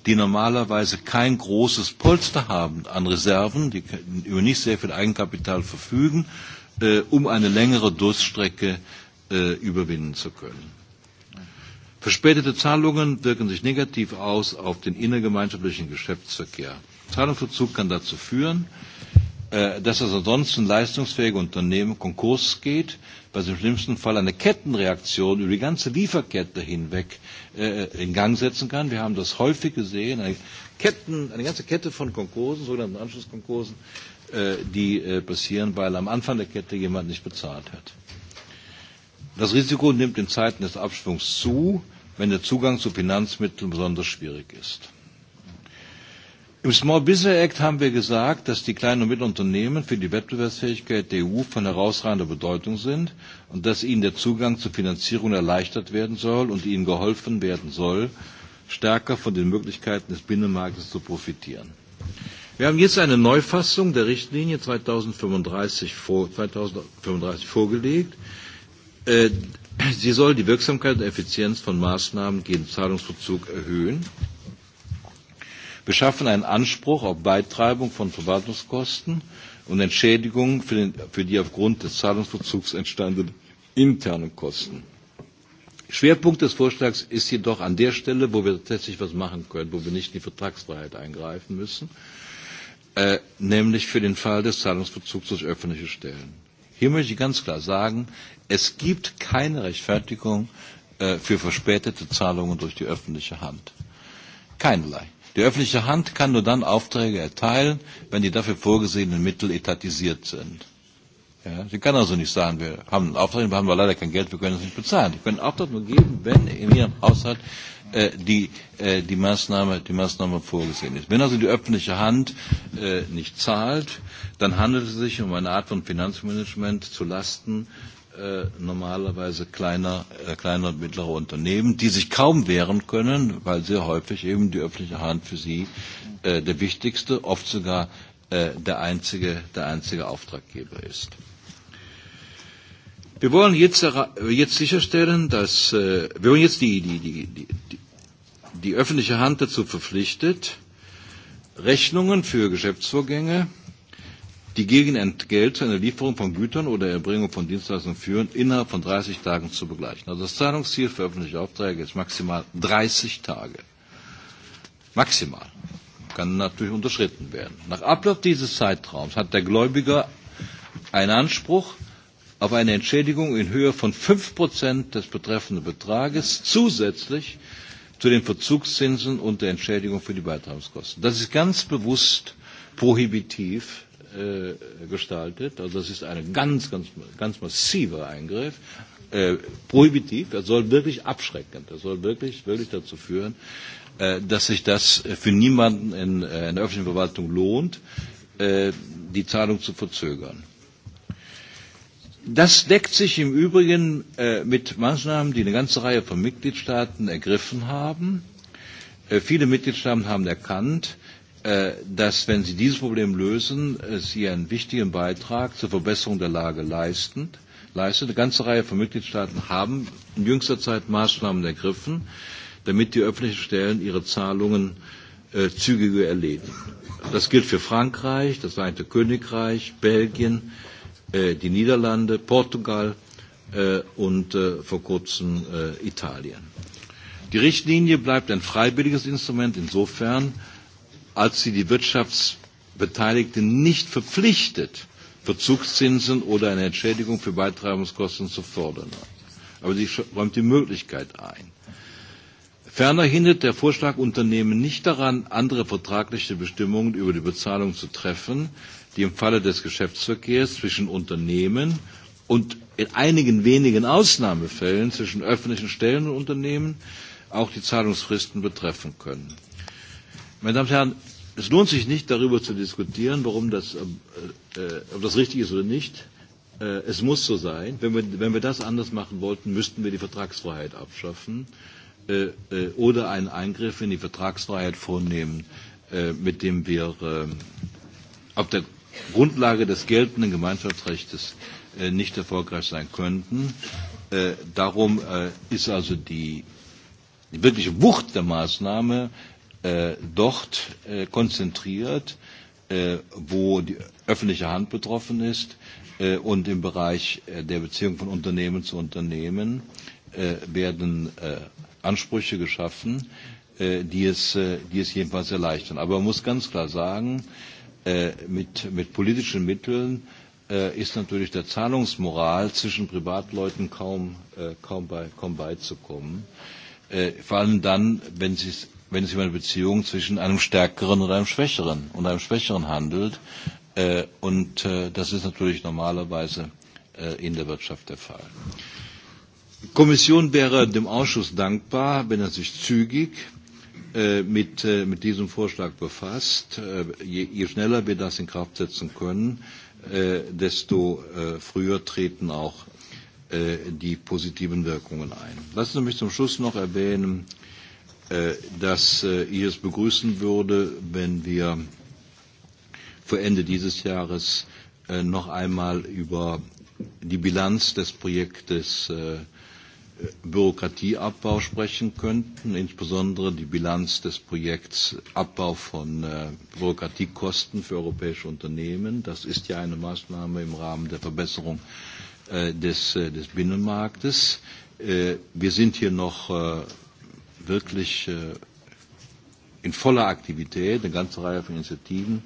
Speaker 2: die normalerweise kein großes Polster haben an Reserven, die über nicht sehr viel Eigenkapital verfügen, äh, um eine längere Durststrecke äh, überwinden zu können. Verspätete Zahlungen wirken sich negativ aus auf den innergemeinschaftlichen Geschäftsverkehr. Zahlungsverzug kann dazu führen, äh, Äh, dass es ansonsten leistungsfähige Unternehmen Konkurs geht, was im schlimmsten Fall eine Kettenreaktion über die ganze Lieferkette hinweg äh, in Gang setzen kann. Wir haben das häufig gesehen, eine, Ketten, eine ganze Kette von Konkursen, sogenannten Anschlusskonkursen, äh, die äh, passieren, weil am Anfang der Kette jemand nicht bezahlt hat. Das Risiko nimmt in Zeiten des Abschwungs zu, wenn der Zugang zu Finanzmitteln besonders schwierig ist. Im Small Business Act haben wir gesagt, dass die kleinen und mittleren Unternehmen für die Wettbewerbsfähigkeit der EU von herausragender Bedeutung sind und dass ihnen der Zugang zur Finanzierung erleichtert werden soll und ihnen geholfen werden soll, stärker von den Möglichkeiten des Binnenmarktes zu profitieren. Wir haben jetzt eine Neufassung der Richtlinie 2035, vor, 2035 vorgelegt. Äh, sie soll die Wirksamkeit und Effizienz von Maßnahmen gegen Zahlungsverzug erhöhen Wir schaffen einen Anspruch auf Beitreibung von Verwaltungskosten und Entschädigungen für, den, für die aufgrund des Zahlungsverzugs entstandenen internen Kosten. Schwerpunkt des Vorschlags ist jedoch an der Stelle, wo wir tatsächlich was machen können, wo wir nicht in die Vertragsfreiheit eingreifen müssen, äh, nämlich für den Fall des Zahlungsverzugs durch öffentliche Stellen. Hier möchte ich ganz klar sagen, es gibt keine Rechtfertigung äh, für verspätete Zahlungen durch die öffentliche Hand. Keinerlei. Die öffentliche Hand kann nur dann Aufträge erteilen, wenn die dafür vorgesehenen Mittel etatisiert sind. Ja, sie kann also nicht sagen, wir haben einen Auftrag, wir haben leider kein Geld, wir können es nicht bezahlen. Sie können einen Auftrag nur geben, wenn in ihrem Haushalt äh, die, äh, die, Maßnahme, die Maßnahme vorgesehen ist. Wenn also die öffentliche Hand äh, nicht zahlt, dann handelt es sich um eine Art von Finanzmanagement zu Lasten äh, normalerweise kleiner, äh, kleiner und mittlere Unternehmen, die sich kaum wehren können, weil sehr häufig eben die öffentliche Hand für sie äh, der wichtigste, oft sogar äh, der, einzige, der einzige Auftraggeber ist. Wir wollen jetzt, jetzt sicherstellen, dass äh, wir wollen jetzt die, die, die, die, die öffentliche Hand dazu verpflichtet, Rechnungen für Geschäftsvorgänge die gegen Entgelt zu einer Lieferung von Gütern oder Erbringung von Dienstleistungen führen, innerhalb von 30 Tagen zu begleichen. Also das Zahlungsziel für öffentliche Aufträge ist maximal 30 Tage. Maximal. Kann natürlich unterschritten werden. Nach Ablauf dieses Zeitraums hat der Gläubiger einen Anspruch auf eine Entschädigung in Höhe von 5% des betreffenden Betrages zusätzlich zu den Verzugszinsen und der Entschädigung für die Beitragskosten. Das ist ganz bewusst prohibitiv äh, gestaltet. Also das ist ein ganz, ganz, ganz massiver Eingriff, äh, prohibitiv. Das soll wirklich abschreckend. Das soll wirklich, wirklich dazu führen, äh, dass sich das für niemanden in, äh, in der öffentlichen Verwaltung lohnt, äh, die Zahlung zu verzögern. Das deckt sich im Übrigen äh, mit Maßnahmen, die eine ganze Reihe von Mitgliedstaaten ergriffen haben. Äh, viele Mitgliedstaaten haben erkannt, Äh, dass, wenn sie dieses Problem lösen, äh, sie einen wichtigen Beitrag zur Verbesserung der Lage leisten. Leistet. Eine ganze Reihe von Mitgliedstaaten haben in jüngster Zeit Maßnahmen ergriffen, damit die öffentlichen Stellen ihre Zahlungen äh, zügiger erledigen. Das gilt für Frankreich, das Vereinigte Königreich, Belgien, äh, die Niederlande, Portugal äh, und äh, vor kurzem äh, Italien. Die Richtlinie bleibt ein freiwilliges Instrument insofern, als sie die Wirtschaftsbeteiligten nicht verpflichtet, Verzugszinsen oder eine Entschädigung für Beitreibungskosten zu fordern Aber sie räumt die Möglichkeit ein. Ferner hindert der Vorschlag Unternehmen nicht daran, andere vertragliche Bestimmungen über die Bezahlung zu treffen, die im Falle des Geschäftsverkehrs zwischen Unternehmen und in einigen wenigen Ausnahmefällen zwischen öffentlichen Stellen und Unternehmen auch die Zahlungsfristen betreffen können. Meine Damen und Herren, es lohnt sich nicht, darüber zu diskutieren, warum das, äh, äh, ob das richtig ist oder nicht. Äh, es muss so sein. Wenn wir, wenn wir das anders machen wollten, müssten wir die Vertragsfreiheit abschaffen äh, äh, oder einen Eingriff in die Vertragsfreiheit vornehmen, äh, mit dem wir äh, auf der Grundlage des geltenden Gemeinschaftsrechts äh, nicht erfolgreich sein könnten. Äh, darum äh, ist also die, die wirkliche Wucht der Maßnahme äh, dort äh, konzentriert, äh, wo die öffentliche Hand betroffen ist äh, und im Bereich äh, der Beziehung von Unternehmen zu Unternehmen äh, werden äh, Ansprüche geschaffen, äh, die, es, äh, die es jedenfalls erleichtern. Aber man muss ganz klar sagen, äh, mit, mit politischen Mitteln äh, ist natürlich der Zahlungsmoral zwischen Privatleuten kaum, äh, kaum, bei, kaum beizukommen. Äh, vor allem dann, wenn sie es wenn es über um eine Beziehung zwischen einem stärkeren und einem schwächeren und einem schwächeren handelt. Äh, und äh, das ist natürlich normalerweise äh, in der Wirtschaft der Fall. Die Kommission wäre dem Ausschuss dankbar, wenn er sich zügig äh, mit, äh, mit diesem Vorschlag befasst. Äh, je, je schneller wir das in Kraft setzen können, desto früher treten auch die positiven Wirkungen ein. Lassen Sie mich zum Schluss noch erwähnen, Äh, dass ich äh, es begrüßen würde, wenn wir vor Ende dieses Jahres äh, noch einmal über die Bilanz des Projektes Bürokratieabbau sprechen könnten, insbesondere die Bilanz des Projekts Abbau von Bürokratiekosten für europäische Unternehmen. Das ist ja eine Maßnahme im Rahmen der Verbesserung des, des Binnenmarktes. Wir sind hier noch wirklich äh, in voller Aktivität, eine ganze Reihe von Initiativen,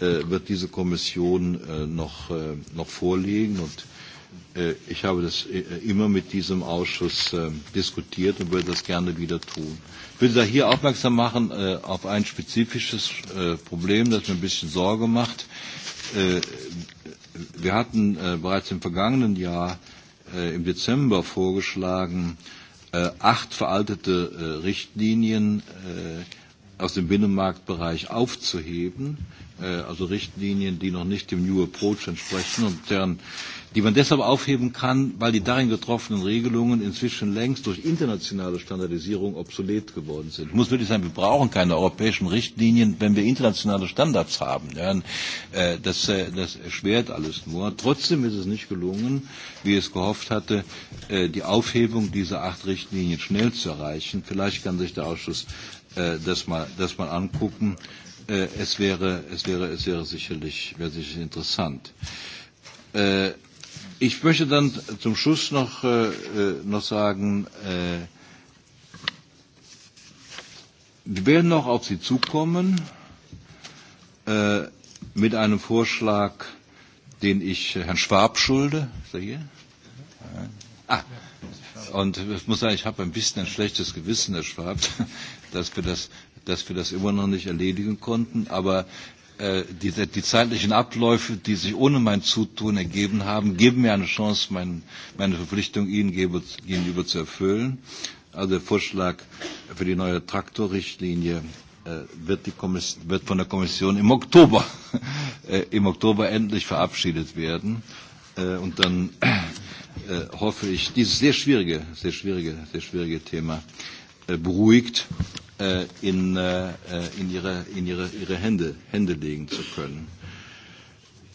Speaker 2: äh, wird diese Kommission äh, noch, äh, noch vorlegen. Und äh, ich habe das äh, immer mit diesem Ausschuss äh, diskutiert und würde das gerne wieder tun. Ich will da hier aufmerksam machen äh, auf ein spezifisches äh, Problem, das mir ein bisschen Sorge macht. Äh, wir hatten äh, bereits im vergangenen Jahr äh, im Dezember vorgeschlagen, äh, äh, acht veraltete äh, Richtlinien äh, aus dem Binnenmarktbereich aufzuheben, äh, also Richtlinien, die noch nicht dem New Approach entsprechen und deren die man deshalb aufheben kann, weil die darin getroffenen Regelungen inzwischen längst durch internationale Standardisierung obsolet geworden sind. Ich muss wirklich sagen, wir brauchen keine europäischen Richtlinien, wenn wir internationale Standards haben. Ja, äh, das, äh, das erschwert alles nur. Trotzdem ist es nicht gelungen, wie es gehofft hatte, äh, die Aufhebung dieser acht Richtlinien schnell zu erreichen. Vielleicht kann sich der Ausschuss das mal, das mal angucken. Es wäre, es wäre, es wäre sicherlich, wäre sicherlich interessant. Äh, Ich möchte dann zum Schluss noch, äh, äh, noch sagen, äh, wir werden noch auf Sie zukommen äh, mit einem Vorschlag, den ich Herrn Schwab schulde. Ist er hier? Ah, und ich muss sagen, ich habe ein bisschen ein schlechtes Gewissen, Herr Schwab, dass wir das, dass wir das immer noch nicht erledigen konnten. Aber Äh, die, die zeitlichen Abläufe, die sich ohne mein Zutun ergeben haben, geben mir eine Chance, mein, meine Verpflichtung Ihnen gegenüber zu erfüllen. Also der Vorschlag für die neue Traktorrichtlinie äh, wird, die wird von der Kommission im Oktober, äh, im Oktober endlich verabschiedet werden. Und dann hoffe ich, dieses sehr schwierige, sehr schwierige, sehr schwierige Thema beruhigt äh, in, äh, äh, in, ihre, in ihre, ihre Hände, Hände legen zu können.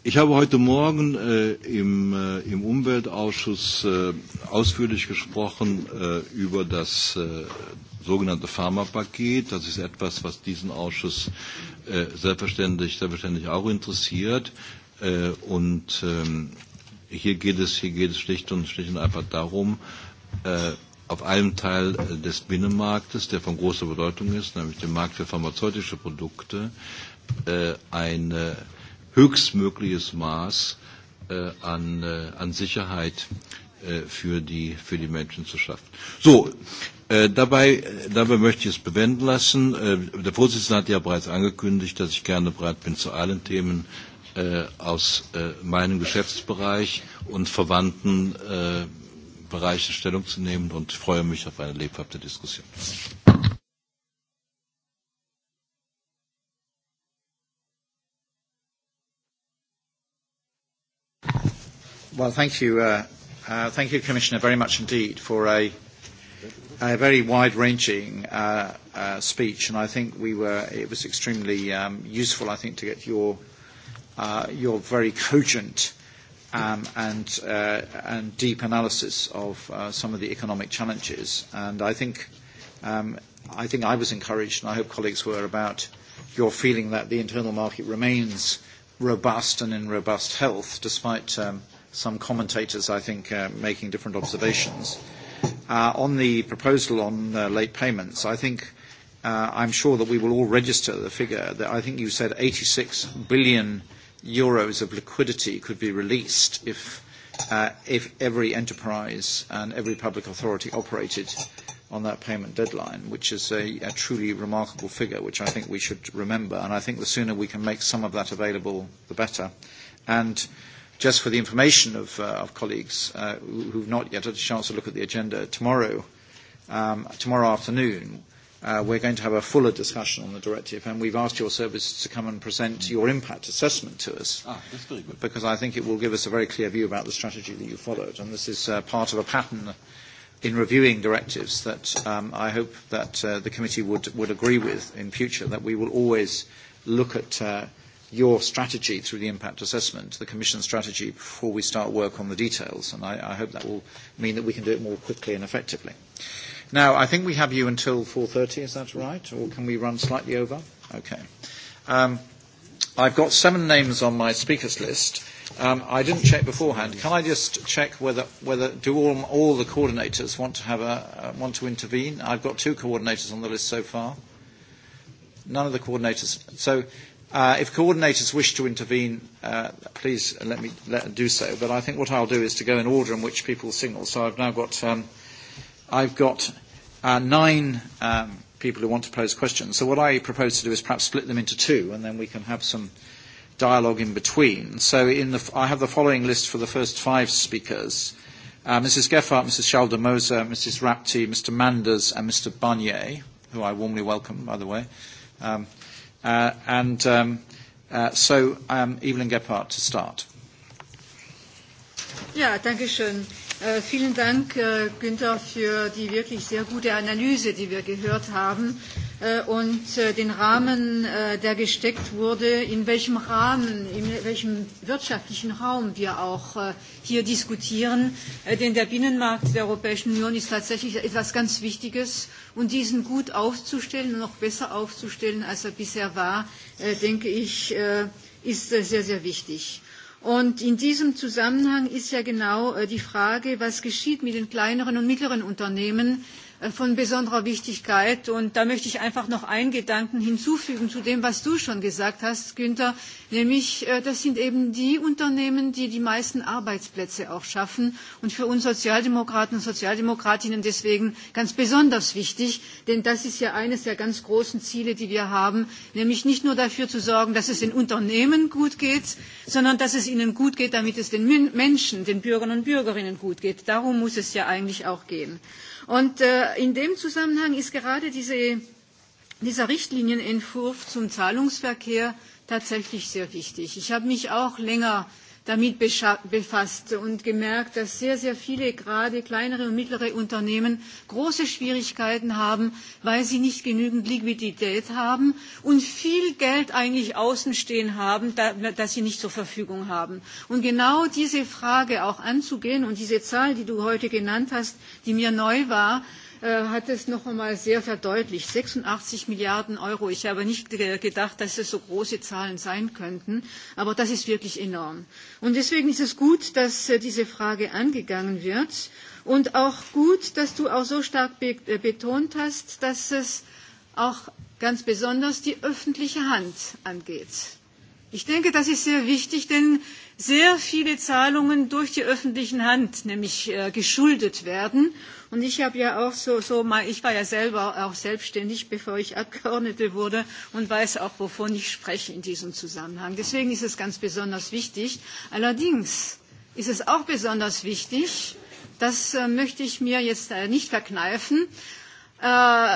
Speaker 2: Ich habe heute Morgen äh, im, äh, im Umweltausschuss äh, ausführlich gesprochen äh, über das äh, sogenannte Pharmapaket. Das ist etwas, was diesen Ausschuss äh, selbstverständlich, selbstverständlich auch interessiert. Äh, und ähm, hier, geht es, hier geht es schlicht und, schlicht und einfach darum, äh, auf einem Teil äh, des Binnenmarktes, der von großer Bedeutung ist, nämlich dem Markt für pharmazeutische Produkte, äh, ein äh, höchstmögliches Maß an, an Sicherheit für die, für die Menschen zu schaffen. So, äh, dabei, dabei möchte ich es bewenden lassen. Äh, der Vorsitzende hat ja bereits angekündigt, dass ich gerne bereit bin zu allen Themen äh, aus äh, meinem Geschäftsbereich und verwandten äh, Bereiche Stellung zu nehmen und freue mich auf eine lebhafte Diskussion.
Speaker 1: Well, thank you, uh, uh, thank you, Commissioner, very much indeed for a, a very wide-ranging uh, uh, speech, and I think we were it was extremely um, useful, I think, to get your uh, your very cogent um, and, uh, and deep analysis of uh, some of the economic challenges. And I think, um, I think I was encouraged, and I hope colleagues were, about your feeling that the internal market remains robust and in robust health, despite um, some commentators, I think, uh, making different observations. Uh, on the proposal on uh, late payments, I think uh, I'm sure that we will all register the figure that I think you said 86 billion billion euros of liquidity could be released if, uh, if every enterprise and every public authority operated on that payment deadline, which is a, a truly remarkable figure, which I think we should remember. And I think the sooner we can make some of that available, the better. And just for the information of, uh, of colleagues uh, who have not yet had a chance to look at the agenda, tomorrow, um, tomorrow afternoon, uh, we're going to have a fuller discussion on the directive, and we've asked your service to come and present mm. your impact assessment to us. Ah, that's very good. Because I think it will give us a very clear view about the strategy that you followed, and this is uh, part of a pattern in reviewing directives that um, I hope that uh, the committee would, would agree with in future, that we will always look at uh, your strategy through the impact assessment, the Commission strategy, before we start work on the details, and I, I hope that will mean that we can do it more quickly and effectively. Now, I think we have you until 4.30, is that right? Or can we run slightly over? Okay. Um, I've got seven names on my speakers list. Um, I didn't check beforehand. Can I just check whether, whether do all, all the coordinators want to, have a, uh, want to intervene? I've got two coordinators on the list so far. None of the coordinators. So Uh, if coordinators wish to intervene, uh, please let me let, do so. But I think what I'll do is to go in order in which people signal. So I've now got um, I've got uh, nine um, people who want to pose questions. So what I propose to do is perhaps split them into two, and then we can have some dialogue in between. So in the, I have the following list for the first five speakers. Uh, Mrs. Geffart, Mrs. Shaldemoser, Mrs. Rapti, Mr. Manders, and Mr. Barnier, who I warmly welcome, by the way. Um, uh, and um, uh, so, um, Evelyn Gephardt to start.
Speaker 3: thank you, Sean. Äh, vielen Dank, äh, Günther, für die wirklich sehr gute Analyse, die wir gehört haben äh, und den Rahmen, der gesteckt wurde, in welchem Rahmen, in welchem wirtschaftlichen Raum wir auch hier diskutieren. denn der Binnenmarkt der Europäischen Union ist tatsächlich etwas ganz Wichtiges und diesen gut aufzustellen und noch besser aufzustellen, als er bisher war, denke ich, ist sehr, sehr wichtig. Und in diesem Zusammenhang ist ja genau äh, die Frage, was geschieht mit den kleineren und mittleren Unternehmen, von besonderer Wichtigkeit. Und da möchte ich einfach noch einen Gedanken hinzufügen zu dem, was du schon gesagt hast, Günther, nämlich äh, das sind eben die Unternehmen, die die meisten Arbeitsplätze auch schaffen und für uns Sozialdemokraten und Sozialdemokratinnen deswegen ganz besonders wichtig, denn das ist ja eines der ganz großen Ziele, die wir haben, nämlich nicht nur dafür zu sorgen, dass es den Unternehmen gut geht, sondern dass es ihnen gut geht, damit es den Menschen, den Bürgern und Bürgerinnen gut geht. Darum muss es ja eigentlich auch gehen. Und äh, in dem Zusammenhang ist gerade diese, dieser Richtlinienentwurf zum Zahlungsverkehr tatsächlich sehr wichtig. Ich habe mich auch länger äh, damit befasst und gemerkt, dass sehr, sehr viele gerade kleinere und mittlere Unternehmen große Schwierigkeiten haben, weil sie nicht genügend Liquidität haben und viel Geld eigentlich außen stehen haben, das sie nicht zur Verfügung haben. Und genau diese Frage auch anzugehen und diese Zahl, die du heute genannt hast, die mir neu war, Äh, hat es noch einmal sehr verdeutlicht. 86 Milliarden Euro. Ich habe nicht gedacht, dass es so große Zahlen sein könnten, aber das ist wirklich enorm. Und deswegen ist es gut, dass äh, diese Frage angegangen wird und auch gut, dass du auch so stark äh, betont hast, dass es auch ganz besonders die öffentliche Hand angeht. Ich denke, das ist sehr wichtig, denn sehr viele Zahlungen durch die öffentliche Hand nämlich äh, geschuldet werden Und ich habe ja auch so, so mal, ich war ja selber auch selbstständig, bevor ich Abgeordnete wurde und weiß auch, wovon ich spreche in diesem Zusammenhang. Deswegen ist es ganz besonders wichtig. Allerdings ist es auch besonders wichtig, das äh, möchte ich mir jetzt äh, nicht verkneifen, äh,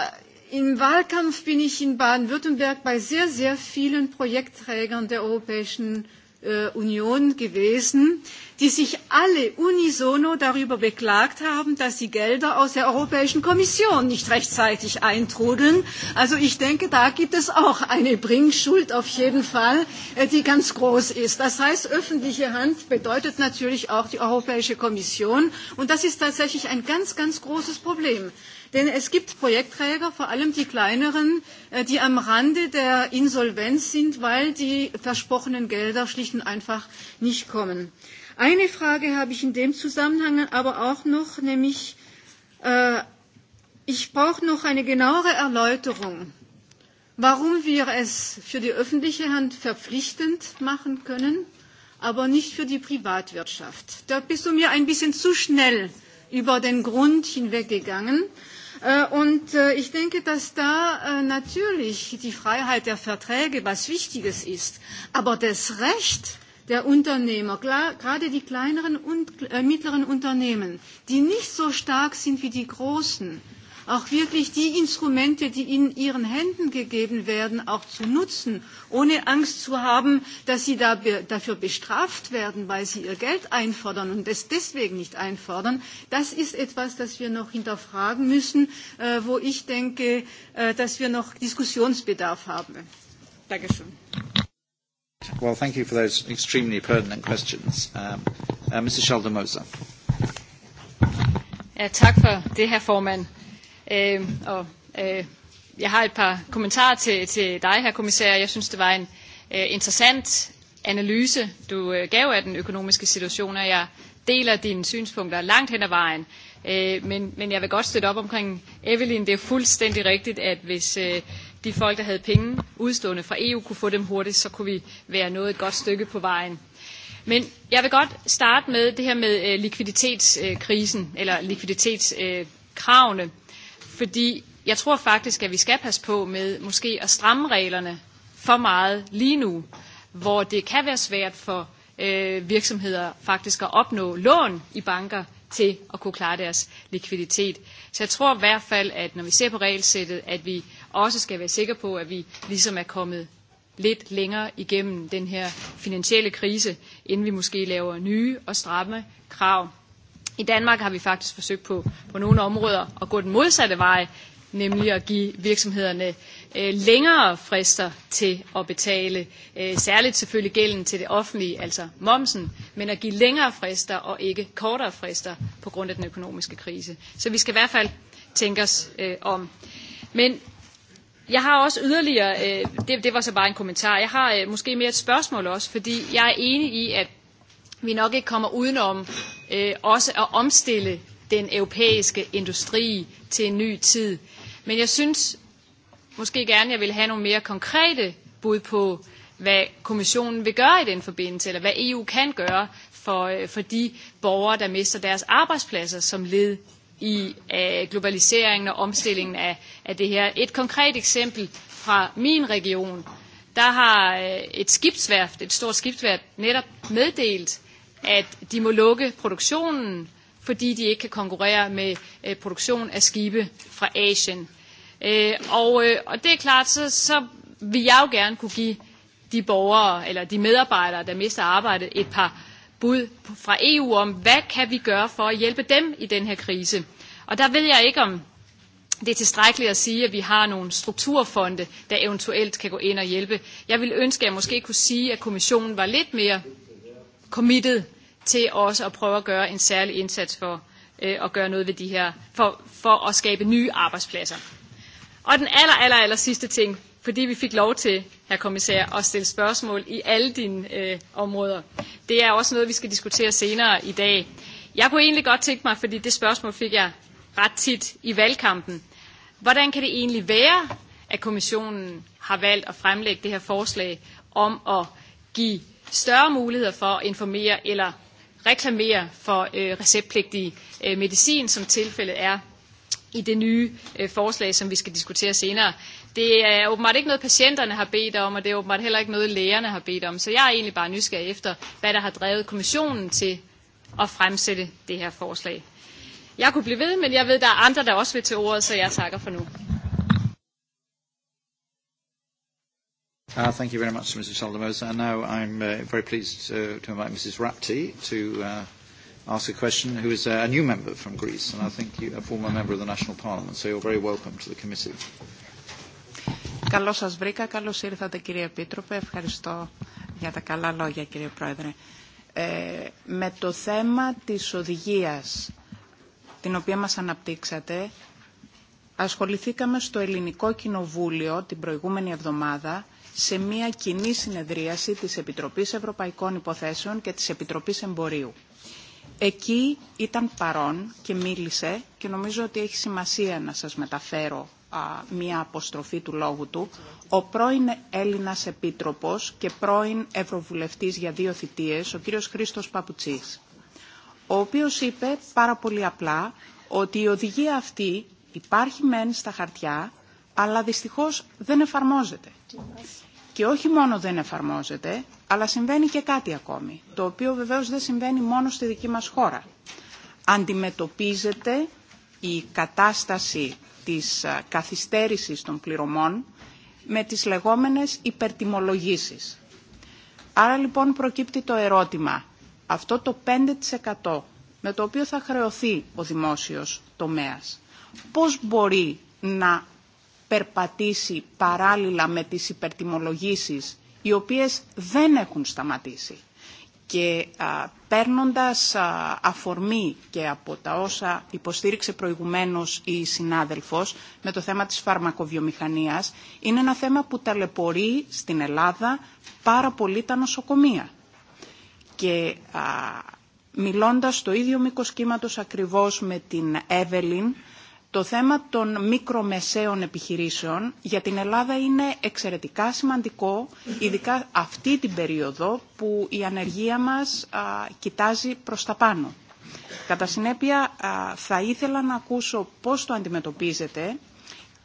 Speaker 3: Im Wahlkampf bin ich in Baden-Württemberg bei sehr, sehr vielen Projektträgern der Europäischen äh, Union gewesen, die sich alle unisono darüber beklagt haben, dass die Gelder aus der Europäischen Kommission nicht rechtzeitig eintrudeln. Also ich denke, da gibt es auch eine Bringschuld auf jeden Fall, äh, die ganz groß ist. Das heißt, öffentliche Hand bedeutet natürlich auch die Europäische Kommission. Und das ist tatsächlich ein ganz, ganz großes Problem. Denn es gibt Projektträger, vor allem die kleineren, äh, die am Rande der Insolvenz sind, weil die versprochenen Gelder schlicht und einfach nicht kommen. Eine Frage habe ich in dem Zusammenhang aber auch noch, nämlich äh, ich brauche noch eine genauere Erläuterung, warum wir es für die öffentliche Hand verpflichtend machen können, aber nicht für die Privatwirtschaft. Da bist du mir ein bisschen zu schnell über den Grund hinweggegangen. Äh, und äh, ich denke, dass da äh, natürlich die Freiheit der Verträge was Wichtiges ist. Aber das Recht, der Unternehmer, gerade die kleineren und äh, mittleren Unternehmen, die nicht so stark sind wie die großen, auch wirklich die Instrumente, die in ihren Händen gegeben werden, auch zu nutzen, ohne Angst zu haben, dass sie dafür bestraft werden, weil sie ihr Geld einfordern und es deswegen nicht einfordern. Das ist etwas, das wir noch hinterfragen müssen, äh, wo ich denke, äh, dass wir noch Diskussionsbedarf haben. Dankeschön.
Speaker 1: Well, thank you for those extremely pertinent questions. Um, uh, Mr. Sheldon Moser.
Speaker 4: Ja, tak for det her, formand. Øh, og, øh, jeg har et par kommentarer til, til dig, her kommissær. Jeg synes, det var en øh, interessant analyse, du øh, gav af den økonomiske situation, og jeg deler dine synspunkter langt hen ad vejen. Øh, men, men jeg vil godt støtte op omkring Evelyn. Det er fuldstændig rigtigt, at hvis... Øh, de folk, der havde penge udstående fra EU, kunne få dem hurtigt, så kunne vi være noget et godt stykke på vejen. Men jeg vil godt starte med det her med øh, likviditetskrisen, øh, eller likviditetskravene, fordi jeg tror faktisk, at vi skal passe på med måske at stramme reglerne for meget lige nu, hvor det kan være svært for øh, virksomheder faktisk at opnå lån i banker til at kunne klare deres likviditet. Så jeg tror i hvert fald, at når vi ser på regelsættet, at vi også skal være sikre på, at vi ligesom er kommet lidt længere igennem den her finansielle krise, inden vi måske laver nye og stramme krav. I Danmark har vi faktisk forsøgt på, på nogle områder at gå den modsatte vej, nemlig at give virksomhederne øh, længere frister til at betale, øh, særligt selvfølgelig gælden til det offentlige, altså momsen, men at give længere frister og ikke kortere frister på grund af den økonomiske krise. Så vi skal i hvert fald tænke os øh, om. Men Jeg har også yderligere, øh, det, det var så bare en kommentar, jeg har øh, måske mere et spørgsmål også, fordi jeg er enig i, at vi nok ikke kommer udenom øh, også at omstille den europæiske industri til en ny tid. Men jeg synes måske gerne, jeg vil have nogle mere konkrete bud på, hvad kommissionen vil gøre i den forbindelse, eller hvad EU kan gøre for, øh, for de borgere, der mister deres arbejdspladser som led i øh, globaliseringen og omstillingen af, af det her. Et konkret eksempel fra min region, der har øh, et skibsværft, et stort skibsværft, netop meddelt, at de må lukke produktionen, fordi de ikke kan konkurrere med øh, produktion af skibe fra Asien. Øh, og, øh, og det er klart, så, så vil jeg jo gerne kunne give de borgere eller de medarbejdere, der mister arbejdet, et par bud fra EU om, hvad kan vi gøre for at hjælpe dem i den her krise? Og der ved jeg ikke, om det er tilstrækkeligt at sige, at vi har nogle strukturfonde, der eventuelt kan gå ind og hjælpe. Jeg vil ønske, at jeg måske kunne sige, at kommissionen var lidt mere committed til også at prøve at gøre en særlig indsats for øh, at gøre noget ved de her, for, for at skabe nye arbejdspladser. Og den aller, aller, aller sidste ting, fordi vi fik lov til, herr kommissær, at stille spørgsmål i alle dine øh, områder. Det er også noget, vi skal diskutere senere i dag. Jeg kunne egentlig godt tænke mig, fordi det spørgsmål fik jeg ret tit i valgkampen. Hvordan kan det egentlig være, at kommissionen har valgt at fremlægge det her forslag om at give større muligheder for at informere eller reklamere for øh, receptpligtig øh, medicin, som tilfældet er i det nye øh, forslag, som vi skal diskutere senere. Det er åbenbart ikke noget, patienterne har bedt om, og det er åbenbart heller ikke noget, lægerne har bedt om. Så jeg er egentlig bare nysgerrig efter, hvad der har drevet kommissionen til at fremsætte det her forslag. Jeg kunne blive ved, men jeg ved, der er andre, der også vil til ordet, så jeg takker for nu.
Speaker 1: Uh, thank you very much, Mrs. Shaldemosa. And now I'm uh, very pleased uh, to invite Mrs. Rapti to uh, ask a question, who is uh, a new member from Greece, and I think you, a former member of the National Parliament, so you're very welcome to the committee.
Speaker 5: Καλώς σας βρήκα, καλώς ήρθατε κύριε Επίτροπε. Ευχαριστώ για τα καλά λόγια κύριε Πρόεδρε. Ε, με το θέμα της οδηγίας την οποία μας αναπτύξατε ασχοληθήκαμε στο Ελληνικό Κοινοβούλιο την προηγούμενη εβδομάδα σε μια κοινή συνεδρίαση της Επιτροπής Ευρωπαϊκών Υποθέσεων και της Επιτροπής Εμπορίου. Εκεί ήταν παρόν και μίλησε και νομίζω ότι έχει σημασία να σας μεταφέρω α, μια αποστροφή του λόγου του, ο πρώην Έλληνας Επίτροπος και πρώην Ευρωβουλευτής για δύο θητείες, ο κύριος Χρήστος Παπουτσής, ο οποίος είπε πάρα πολύ απλά ότι η οδηγία αυτή υπάρχει μεν στα χαρτιά, αλλά δυστυχώς δεν εφαρμόζεται. Και όχι μόνο δεν εφαρμόζεται, αλλά συμβαίνει και κάτι ακόμη, το οποίο βεβαίως δεν συμβαίνει μόνο στη δική μας χώρα. Αντιμετωπίζεται η κατάσταση της καθυστέρησης των πληρωμών με τις λεγόμενες υπερτιμολογήσεις. Άρα λοιπόν προκύπτει το ερώτημα, αυτό το 5% με το οποίο θα χρεωθεί ο δημόσιος τομέας, πώς μπορεί να περπατήσει παράλληλα με τις υπερτιμολογήσεις οι οποίες δεν έχουν σταματήσει και α, παίρνοντας α, αφορμή και από τα όσα υποστήριξε προηγουμένως η συνάδελφος με το θέμα της φαρμακοβιομηχανίας, είναι ένα θέμα που ταλαιπωρεί στην Ελλάδα πάρα πολύ τα νοσοκομεία. Και α, μιλώντας το ίδιο μήκο κύματος ακριβώς με την Εύελιν, Το θέμα των μικρομεσαίων επιχειρήσεων για την Ελλάδα είναι εξαιρετικά σημαντικό, ειδικά αυτή την περίοδο που η ανεργία μας α, κοιτάζει προς τα πάνω. Κατά συνέπεια, α, θα ήθελα να ακούσω πώς το αντιμετωπίζετε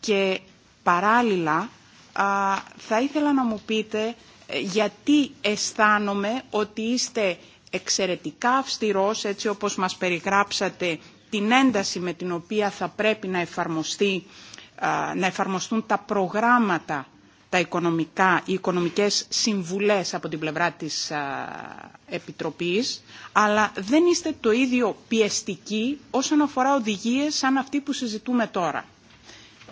Speaker 5: και παράλληλα α, θα ήθελα να μου πείτε γιατί αισθάνομαι ότι είστε εξαιρετικά αυστηρός, έτσι όπως μας περιγράψατε, την ένταση με την οποία θα πρέπει να, εφαρμοστεί, να εφαρμοστούν τα προγράμματα τα οικονομικά, οι οικονομικές συμβουλές από την πλευρά της Επιτροπής, αλλά δεν είστε το ίδιο πιεστικοί όσον αφορά οδηγίες σαν αυτή που συζητούμε τώρα.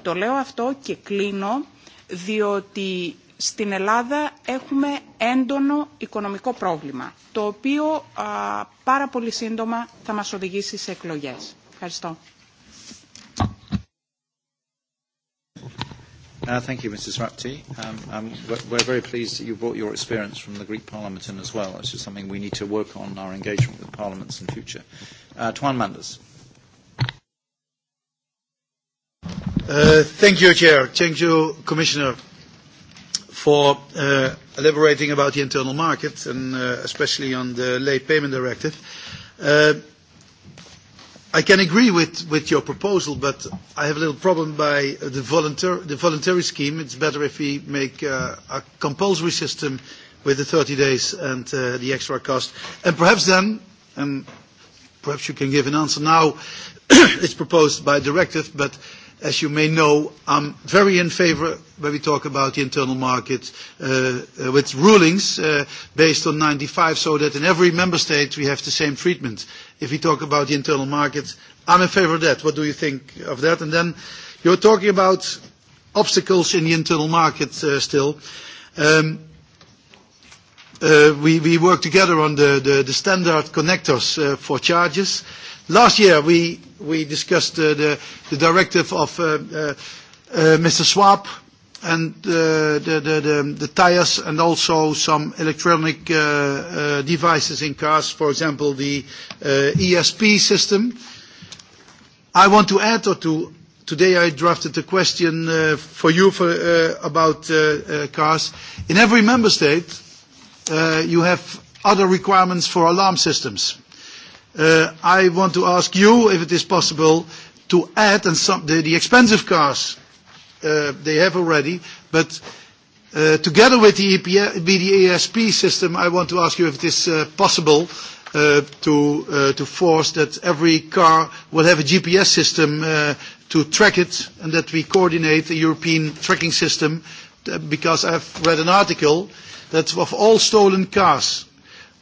Speaker 5: Το λέω αυτό και κλείνω, διότι στην Ελλάδα έχουμε έντονο οικονομικό πρόβλημα, το οποίο α, πάρα πολύ σύντομα θα μας οδηγήσει σε εκλογές. Ευχαριστώ.
Speaker 1: Uh, thank you, Mrs. Rapti. Um, um, we're very pleased that you brought your experience from the Greek Parliament in as well. This is something we need to work on our engagement with parliaments in future. Uh, Twan Manders.
Speaker 6: Uh, thank you, Chair. Thank you, Commissioner for uh, elaborating about the internal market and uh, especially on the late payment directive. Uh, I can agree with, with your proposal, but I have a little problem by the, volunteer, the voluntary scheme. It's better if we make uh, a compulsory system with the 30 days and uh, the extra cost. And perhaps then, and perhaps you can give an answer now, it's proposed by directive, but uh, as you may know, I'm very in favor when we talk about the internal market uh, uh with rulings uh, based on 95 so that in every member state we have the same treatment. If we talk about the internal market, I'm in favor of that. What do you think of that? And then you're talking about obstacles in the internal market uh, still. Um, uh, we, we work together on the, the, the standard connectors uh, for charges. Uh, Last year we, we discussed uh, the, the directive of uh, uh, uh, Mr. Schwab and uh, the, the, the, the tires and also some electronic uh, uh, devices in cars, for example the uh, ESP system. I want to add or to today I drafted a question uh, for you for, uh, about uh, uh, cars. In every member state, uh, you have other requirements for alarm systems uh, I want to ask you if it is possible to add and some, the, the expensive cars uh, they have already, but uh, together with the, with the ESP system, I want to ask you if it is uh, possible uh, to, uh, to force that every car will have a GPS system uh, to track it and that we coordinate a European tracking system uh, because I've read an article that of all stolen cars,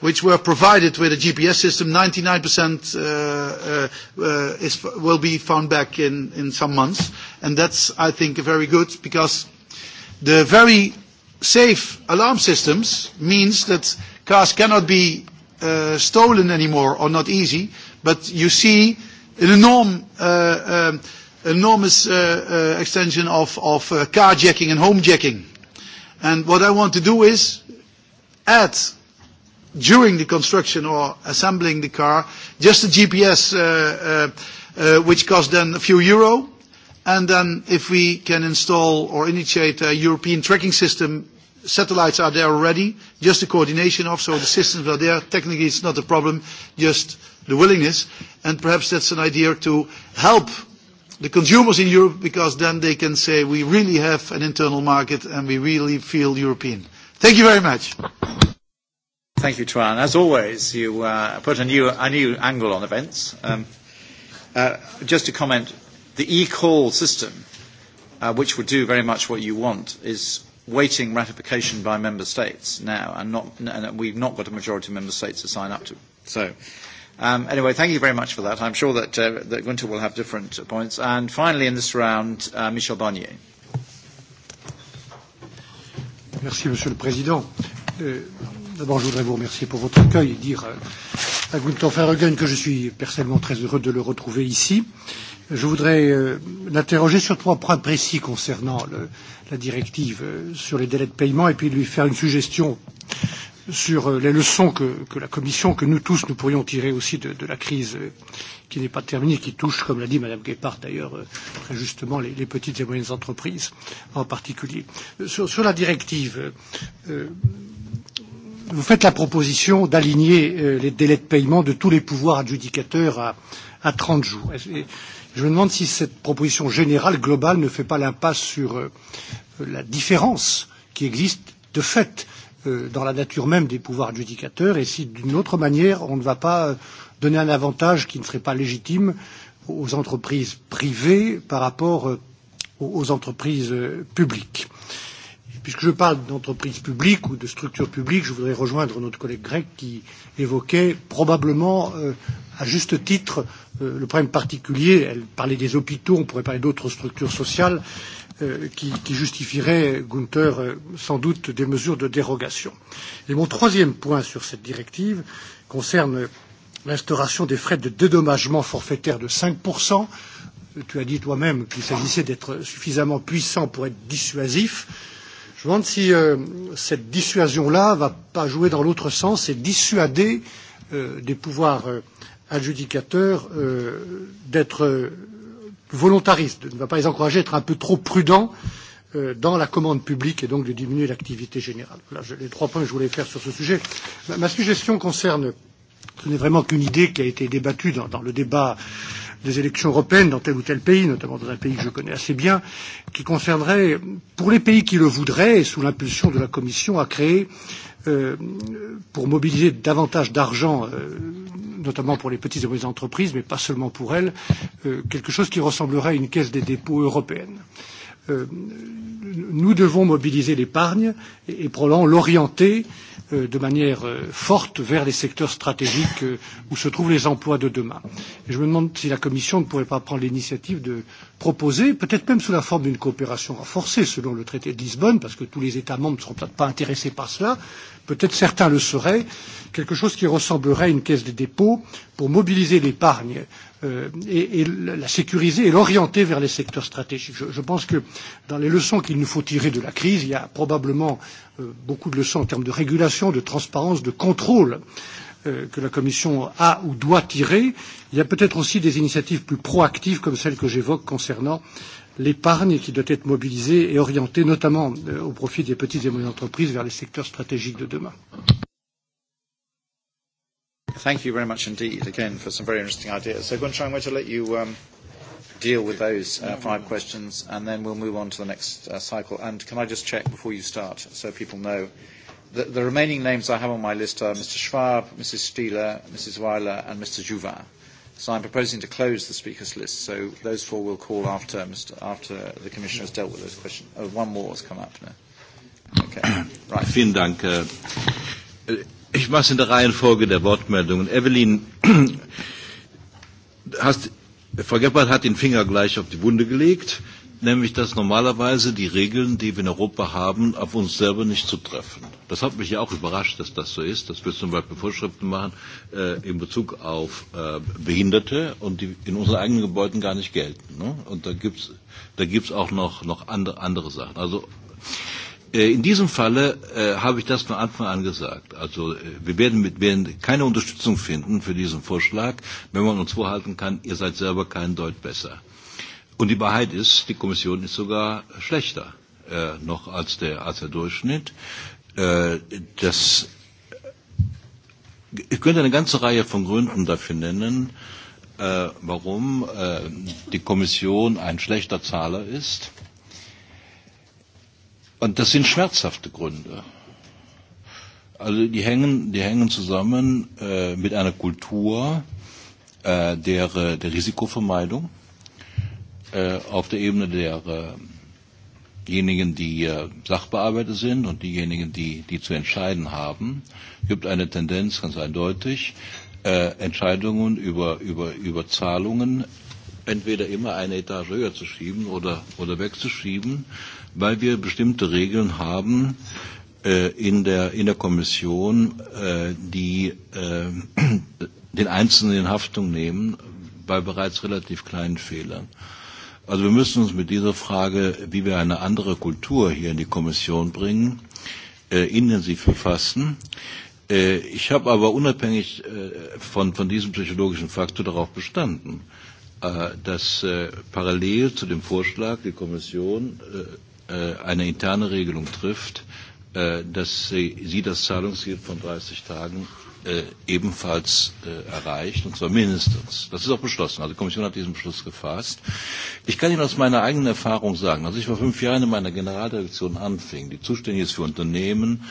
Speaker 6: which were provided with a GPS system, 99% uh, uh, uh, is, will be found back in, in some months. And that's, I think, very good because the very safe alarm systems means that cars cannot be uh, stolen anymore or not easy, but you see an enorm, uh, um, enormous uh, uh, extension of, of uh, carjacking and homejacking. And what I want to do is add during the construction or assembling the car, just a GPS uh, uh, uh, which costs then a few euro. And then if we can install or initiate a European tracking system, satellites are there already, just the coordination of, so the systems are there. Technically it's not a problem, just the willingness. And perhaps that's an idea to help the consumers in Europe because then they can say we really have an internal market and we really feel European. Thank you very much.
Speaker 1: Thank you, Tuan. As always, you uh, put a new, a new angle on events. Um, uh, just to comment, the e-call system, uh, which would do very much what you want, is waiting ratification by member states now, and, not, and we've not got a majority of member states to sign up to. So, um, anyway, thank you very much for that. I'm sure that, uh, that Gunter will have different uh, points. And finally, in this round, uh, Michel Barnier.
Speaker 7: Merci, Monsieur le Président. Euh, d'abord, je voudrais vous remercier pour votre accueil et dire à Gunther Verheugen que je suis personnellement très heureux de le retrouver ici. Je voudrais euh, l'interroger sur trois points précis concernant le, la directive euh, sur les délais de paiement et puis lui faire une suggestion sur les leçons que, que la Commission, que nous tous, nous pourrions tirer aussi de, de la crise qui n'est pas terminée, qui touche, comme l'a dit Mme Guépard d'ailleurs, très justement, les, les petites et moyennes entreprises en particulier. Sur, sur la directive, euh, vous faites la proposition d'aligner euh, les délais de paiement de tous les pouvoirs adjudicateurs à, à 30 jours. Et je me demande si cette proposition générale, globale, ne fait pas l'impasse sur euh, la différence qui existe de fait euh, dans la nature même des pouvoirs adjudicateurs et si d'une autre manière on ne va pas euh, donner un avantage qui ne serait pas légitime aux entreprises privées par rapport euh, aux entreprises euh, publiques. Puisque je parle d'entreprise publique ou de structure publique, je voudrais rejoindre notre collègue grec qui évoquait probablement, euh, à juste titre, euh, le problème particulier. Elle parlait des hôpitaux, on pourrait parler d'autres structures sociales euh, qui, qui justifieraient, Gunther, euh, sans doute des mesures de dérogation. Et mon troisième point sur cette directive concerne l'instauration des frais de dédommagement forfaitaire de 5 Tu as dit toi-même qu'il s'agissait d'être suffisamment puissant pour être dissuasif Je me demande si euh, cette dissuasion-là va pas jouer dans l'autre sens et dissuader euh, des pouvoirs euh, adjudicateurs euh, d'être euh, volontaristes, de ne pas les encourager à être un peu trop prudents euh, dans la commande publique et donc de diminuer l'activité générale. Voilà je, les trois points que je voulais faire sur ce sujet. Ma, ma suggestion concerne, ce n'est vraiment qu'une idée qui a été débattue dans, dans le débat des élections européennes dans tel ou tel pays, notamment dans un pays que je connais assez bien, qui concernerait, pour les pays qui le voudraient, sous l'impulsion de la Commission, à créer, euh, pour mobiliser davantage d'argent, euh, notamment pour les petites et moyennes entreprises, mais pas seulement pour elles, euh, quelque chose qui ressemblerait à une caisse des dépôts européenne. Euh, nous devons mobiliser l'épargne et, et probablement l'orienter euh, Euh, de manière euh, forte vers les secteurs stratégiques euh, où se trouvent les emplois de demain. Et je me demande si la Commission ne pourrait pas prendre l'initiative de proposer, peut-être même sous la forme d'une coopération renforcée selon le traité de Lisbonne, parce que tous les États membres ne seront peut-être pas intéressés par cela, peut-être certains le seraient, quelque chose qui ressemblerait à une caisse des dépôts pour mobiliser l'épargne euh, et, et la sécuriser et l'orienter vers les secteurs stratégiques. Je, je pense que dans les leçons qu'il nous faut tirer de la crise, il y a probablement euh, beaucoup de leçons en termes de régulation, de transparence, de contrôle euh, que la Commission a ou doit tirer. Il y a peut-être aussi des initiatives plus proactives comme celles que j'évoque concernant l'épargne qui doit être mobilisée et orientée notamment euh, au profit des petites et moyennes entreprises vers les secteurs stratégiques de demain.
Speaker 1: Thank you very much indeed again for some very interesting ideas. So Guntram, I'm going to let you um, deal with those uh, five questions and then we'll move on to the next uh, cycle. And can I just check before you start so people know the, the remaining names I have on my list are Mr. Schwab, Mrs. Steeler, Mrs. Weiler and Mr. Juvin. So I'm proposing to close the speakers list. So those four will call after, Mr. after the Commissioner has dealt with those questions. Oh, one more has come up now.
Speaker 2: Okay. right. Vielen Dank. Äh, Ich mache es in der Reihenfolge der Wortmeldungen. Evelyn, hast, Frau Gebhardt hat den Finger gleich auf die Wunde gelegt, nämlich dass normalerweise die Regeln, die wir in Europa haben, auf uns selber nicht zutreffen. Das hat mich ja auch überrascht, dass das so ist, dass wir zum Beispiel Vorschriften machen äh, in Bezug auf äh, Behinderte und die in unseren eigenen Gebäuden gar nicht gelten. Ne? Und da gibt's da gibt's auch noch, noch andere, andere Sachen. Also Äh, in diesem Falle äh, habe ich das von Anfang an gesagt. Also äh, wir werden, mit, werden keine Unterstützung finden für diesen Vorschlag, wenn man uns vorhalten kann, ihr seid selber kein Deut besser. Und die Wahrheit ist, die Kommission ist sogar schlechter äh, noch als der, als der Durchschnitt. Äh, das, ich könnte eine ganze Reihe von Gründen dafür nennen, äh, warum äh, die Kommission ein schlechter Zahler ist Und das sind schmerzhafte Gründe. Also die hängen, die hängen zusammen äh, mit einer Kultur äh, der, äh, der Risikovermeidung äh, auf der Ebene der diejenigen, äh, die äh, Sachbearbeiter sind und diejenigen, die, die zu entscheiden haben, gibt eine Tendenz ganz eindeutig, äh, Entscheidungen über, über, über Zahlungen entweder immer eine Etage höher zu schieben oder, oder wegzuschieben, Äh, weil wir bestimmte Regeln haben äh, in, der, in der Kommission, äh, die äh, den Einzelnen in Haftung nehmen bei bereits relativ kleinen Fehlern. Also wir müssen uns mit dieser Frage, wie wir eine andere Kultur hier in die Kommission bringen, äh, intensiv befassen. Äh, ich habe aber unabhängig äh, von, von diesem psychologischen Faktor darauf bestanden, äh, dass äh, parallel zu dem Vorschlag die Kommission äh, Äh, eine interne Regelung trifft, äh, dass sie, das Zahlungsziel von 30 Tagen äh, ebenfalls erreicht, und zwar mindestens. Das ist auch beschlossen. Also die Kommission hat diesen Beschluss gefasst. Ich kann Ihnen aus meiner eigenen Erfahrung sagen, als ich vor fünf Jahren in meiner Generaldirektion anfing, die zuständig ist für Unternehmen,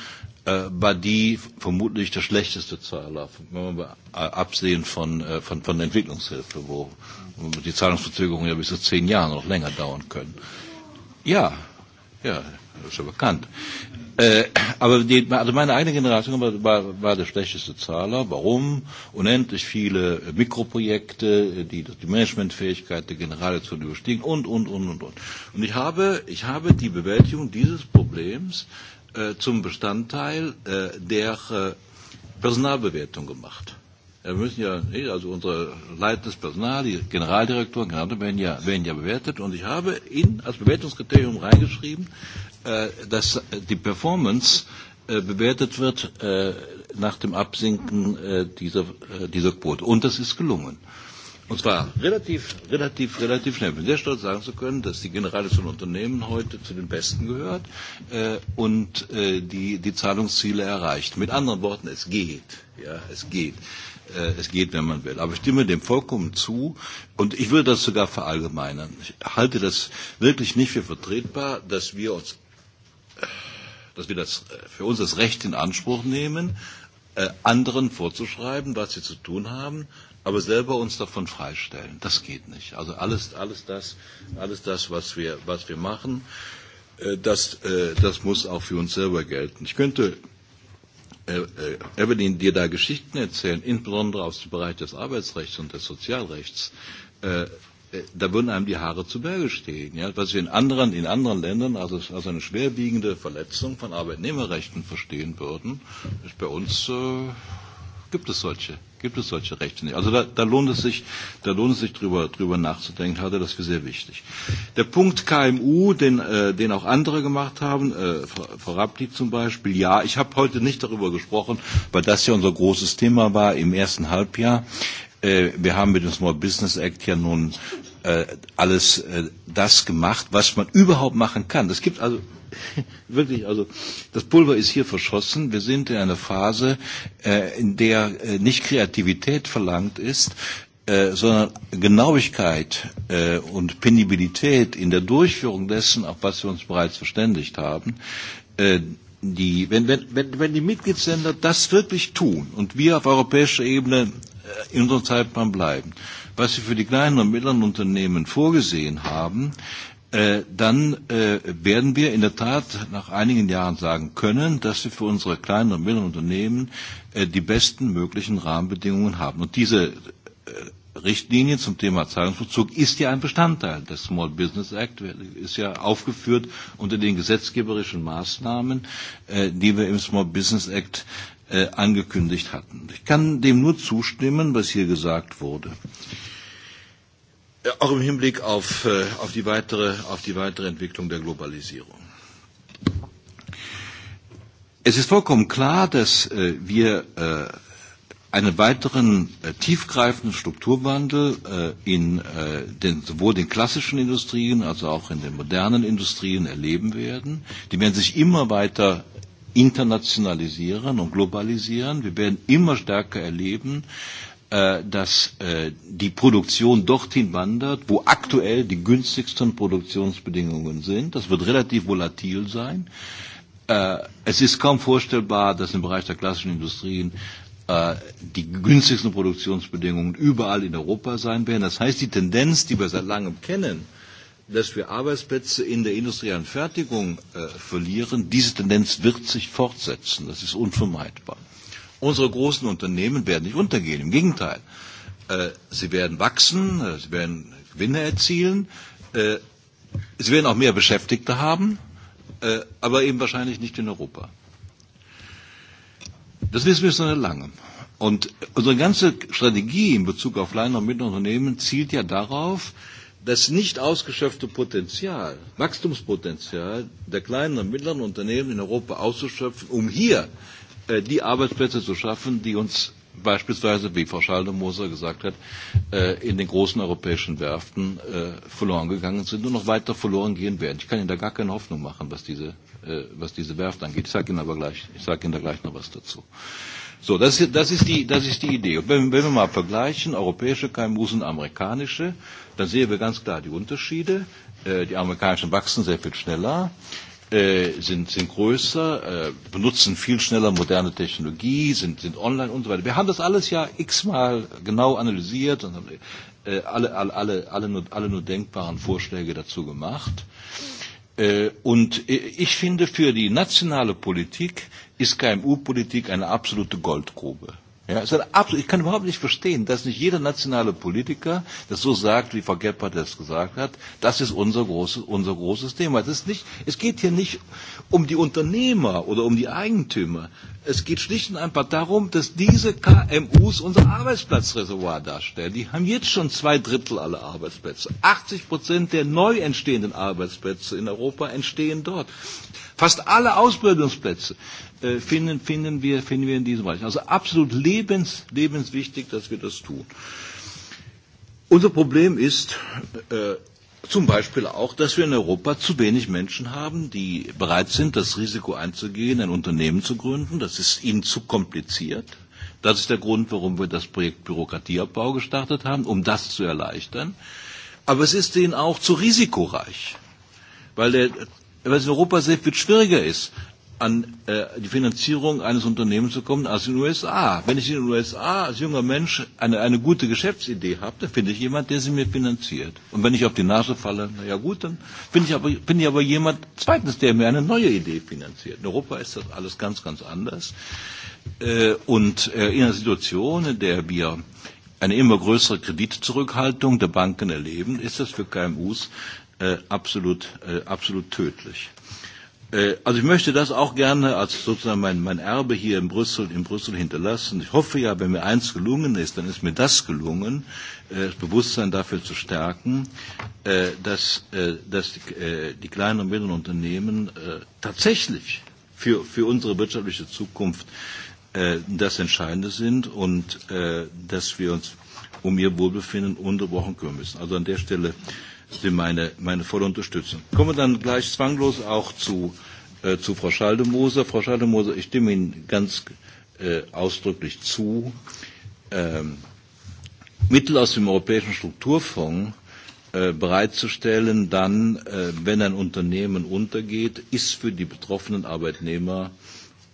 Speaker 2: war die vermutlich der schlechteste Zahler, wenn man absehen von, von, von der Entwicklungshilfe, wo die Zahlungsverzögerungen ja bis zu zehn Jahren noch länger dauern können. Ja, Ja, das ist ja bekannt. Äh, eh, aber die, also meine eigene Generation war, war, war der schlechteste Zahler. Warum? Unendlich viele Mikroprojekte, eh, die die Managementfähigkeit der Generale zu überstiegen und, und, und, und, und. Und ich habe, ich habe die Bewältigung dieses Problems äh, eh, zum Bestandteil äh, der äh, Personalbewertung gemacht. Wir er müssen ja, eh, also unser leitendes Personal, die Generaldirektoren, gerade werden ja, werden ja bewertet. Und ich habe in als Bewertungskriterium reingeschrieben, äh, dass die Performance äh, bewertet wird äh, nach dem Absinken äh, dieser, äh, dieser Quote. Und das ist gelungen. Und zwar relativ, relativ, relativ schnell. Ich bin sehr stolz sagen zu können, dass die Generale von Unternehmen heute zu den Besten gehört äh, und äh, die, die Zahlungsziele erreicht. Mit anderen Worten, es geht. Ja, es geht. Äh, es geht, wenn man will. Aber ich stimme dem vollkommen zu und ich würde das sogar verallgemeinern. Ich halte das wirklich nicht für vertretbar, dass wir uns äh, dass wir das, äh, für uns das Recht in Anspruch nehmen, anderen vorzuschreiben, was sie zu tun haben, aber selber uns davon freistellen. Das geht nicht. Also alles, alles, das, alles das, was wir, was wir machen, das, das muss auch für uns selber gelten. Ich könnte äh, äh Evelyn er dir da Geschichten erzählen, insbesondere aus dem Bereich des Arbeitsrechts und des Sozialrechts, äh, äh, da würden einem die Haare zu Berge stehen. Ja? Was wir in anderen, in anderen Ländern also als, als eine schwerwiegende Verletzung von Arbeitnehmerrechten verstehen würden, ist bei uns äh, gibt es solche gibt es solche Rechte nicht. Also da, da lohnt es sich, da lohnt es sich drüber, drüber nachzudenken, halte er das für sehr wichtig. Der Punkt KMU, den, äh, den auch andere gemacht haben, äh, Frau Rabdi zum Beispiel, ja, ich habe heute nicht darüber gesprochen, weil das ja unser großes Thema war im ersten Halbjahr. Äh, wir haben mit dem Small Business Act ja nun äh, alles äh, das gemacht, was man überhaupt machen kann. Das gibt also wirklich, also das Pulver ist hier verschossen. Wir sind in einer Phase, äh, in der äh, nicht Kreativität verlangt ist, äh, sondern Genauigkeit äh, und Penibilität in der Durchführung dessen, auf was wir uns bereits verständigt haben. Äh, die, wenn, wenn, wenn, wenn die Mitgliedsländer das wirklich tun und wir auf europäischer Ebene äh, in unserem Zeitplan bleiben, äh, was Sie für die kleinen und mittleren Unternehmen vorgesehen haben, äh, dann äh, werden wir in der Tat nach einigen Jahren sagen können, dass wir für unsere kleinen und mittleren Unternehmen äh, die besten möglichen Rahmenbedingungen haben. Und diese äh, Richtlinie zum Thema Zahlungsbezug ist ja ein Bestandteil des Small Business Act, ist ja aufgeführt unter den gesetzgeberischen Maßnahmen, äh, die wir im Small Business Act äh, angekündigt hatten. Ich kann dem nur zustimmen, was hier gesagt wurde. Äh, Äh, auch im Hinblick auf, äh, auf, die weitere, auf die weitere Entwicklung der Globalisierung. Es ist vollkommen klar, dass äh, wir äh, einen weiteren äh, tiefgreifenden Strukturwandel äh, in äh, den, sowohl den klassischen Industrien als auch in den modernen Industrien erleben werden. Die werden sich immer weiter internationalisieren und globalisieren. Wir werden immer stärker erleben, Äh, dass äh, die Produktion dorthin wandert, wo aktuell die günstigsten Produktionsbedingungen sind. Das wird relativ volatil sein. Äh, es ist kaum vorstellbar, dass im Bereich der klassischen Industrien die günstigsten Produktionsbedingungen überall in Europa sein werden. Das heißt, die Tendenz, die wir seit langem kennen, dass wir Arbeitsplätze in der industriellen Fertigung äh, verlieren, diese Tendenz wird sich fortsetzen. Das ist unvermeidbar. Unsere großen Unternehmen werden nicht untergehen, im Gegenteil. Äh, sie werden wachsen, äh, sie werden Gewinne erzielen, äh, sie werden auch mehr Beschäftigte haben, aber eben wahrscheinlich nicht in Europa. Das wissen wir schon lange. Und unsere ganze Strategie in Bezug auf kleine und mittlere Unternehmen zielt ja darauf, das nicht ausgeschöpfte Potenzial, Wachstumspotenzial der kleinen und mittleren Unternehmen in Europa auszuschöpfen, um hier äh, die Arbeitsplätze zu schaffen, die uns beispielsweise, wie Frau Schaldemoser gesagt hat, äh, in den großen europäischen Werften äh, verloren gegangen sind und noch weiter verloren gehen werden. Ich kann Ihnen da gar keine Hoffnung machen, was diese, äh, was diese Werft angeht. Ich sage Ihnen aber gleich, ich sage Ihnen da gleich noch was dazu. So, das ist, das ist, die, das ist die Idee. Und wenn, wenn wir mal vergleichen, europäische KMUs und amerikanische, dann sehen wir ganz klar die Unterschiede. Äh, die amerikanischen wachsen sehr viel schneller. Äh, Äh, sind, sind größer, äh, benutzen viel schneller moderne Technologie, sind, sind online und so weiter. Wir haben das alles ja x-mal genau analysiert und haben äh, alle, alle, alle, alle, nur, alle nur denkbaren Vorschläge dazu gemacht. Äh, und äh, ich finde, für die nationale Politik ist KMU-Politik eine absolute Goldgrube. Ja, ist absolut, ich kann überhaupt nicht verstehen, dass nicht jeder nationale Politiker das so sagt, wie Frau Gebhardt das gesagt hat. Das ist unser großes, unser großes Thema. Es, ist nicht, es geht hier nicht um die Unternehmer oder um die Eigentümer. Es geht schlicht und einfach darum, dass diese KMUs unser Arbeitsplatzreservoir darstellen. Die haben jetzt schon zwei Drittel aller Arbeitsplätze. 80 Prozent der neu entstehenden Arbeitsplätze in Europa entstehen dort. Fast alle Ausbildungsplätze äh, finden, finden, wir, finden wir in diesem Bereich. Also absolut lebens, lebenswichtig, dass wir das tun. Unser Problem ist äh, zum Beispiel auch, dass wir in Europa zu wenig Menschen haben, die bereit sind, das Risiko einzugehen, ein Unternehmen zu gründen. Das ist ihnen zu kompliziert. Das ist der Grund, warum wir das Projekt Bürokratieabbau gestartet haben, um das zu erleichtern. Aber es ist ihnen auch zu risikoreich, weil der was in Europa sehr viel schwieriger ist, an äh, die Finanzierung eines Unternehmens zu kommen als in den USA. Wenn ich in den USA als junger Mensch eine, eine gute Geschäftsidee habe, dann finde ich jemand, der sie mir finanziert. Und wenn ich auf die Nase falle, na ja gut, dann finde ich, aber, ich aber jemand zweitens, der mir eine neue Idee finanziert. In Europa ist das alles ganz, ganz anders. Äh, und äh, in einer Situation, in der wir eine immer größere Kreditzurückhaltung der Banken erleben, ist das für KMUs äh, absolut, äh, absolut tödlich. Äh, also ich möchte das auch gerne als sozusagen mein, mein Erbe hier in Brüssel, in Brüssel hinterlassen. Ich hoffe ja, wenn mir eins gelungen ist, dann ist mir das gelungen, äh, das Bewusstsein dafür zu stärken, äh, dass, äh, dass die, äh, die kleinen und mittleren Unternehmen äh, tatsächlich für, für unsere wirtschaftliche Zukunft äh, das Entscheidende sind und äh, dass wir uns um ihr Wohlbefinden unterbrochen kümmern müssen. Also an der Stelle meine, meine volle Unterstützung. Ich komme dann gleich zwanglos auch zu, äh, zu Frau Schaldemoser. Frau Schaldemoser, ich stimme Ihnen ganz äh, ausdrücklich zu. Ähm, Mittel aus dem Europäischen Strukturfonds äh, bereitzustellen, dann, äh, wenn ein Unternehmen untergeht, ist für die betroffenen Arbeitnehmer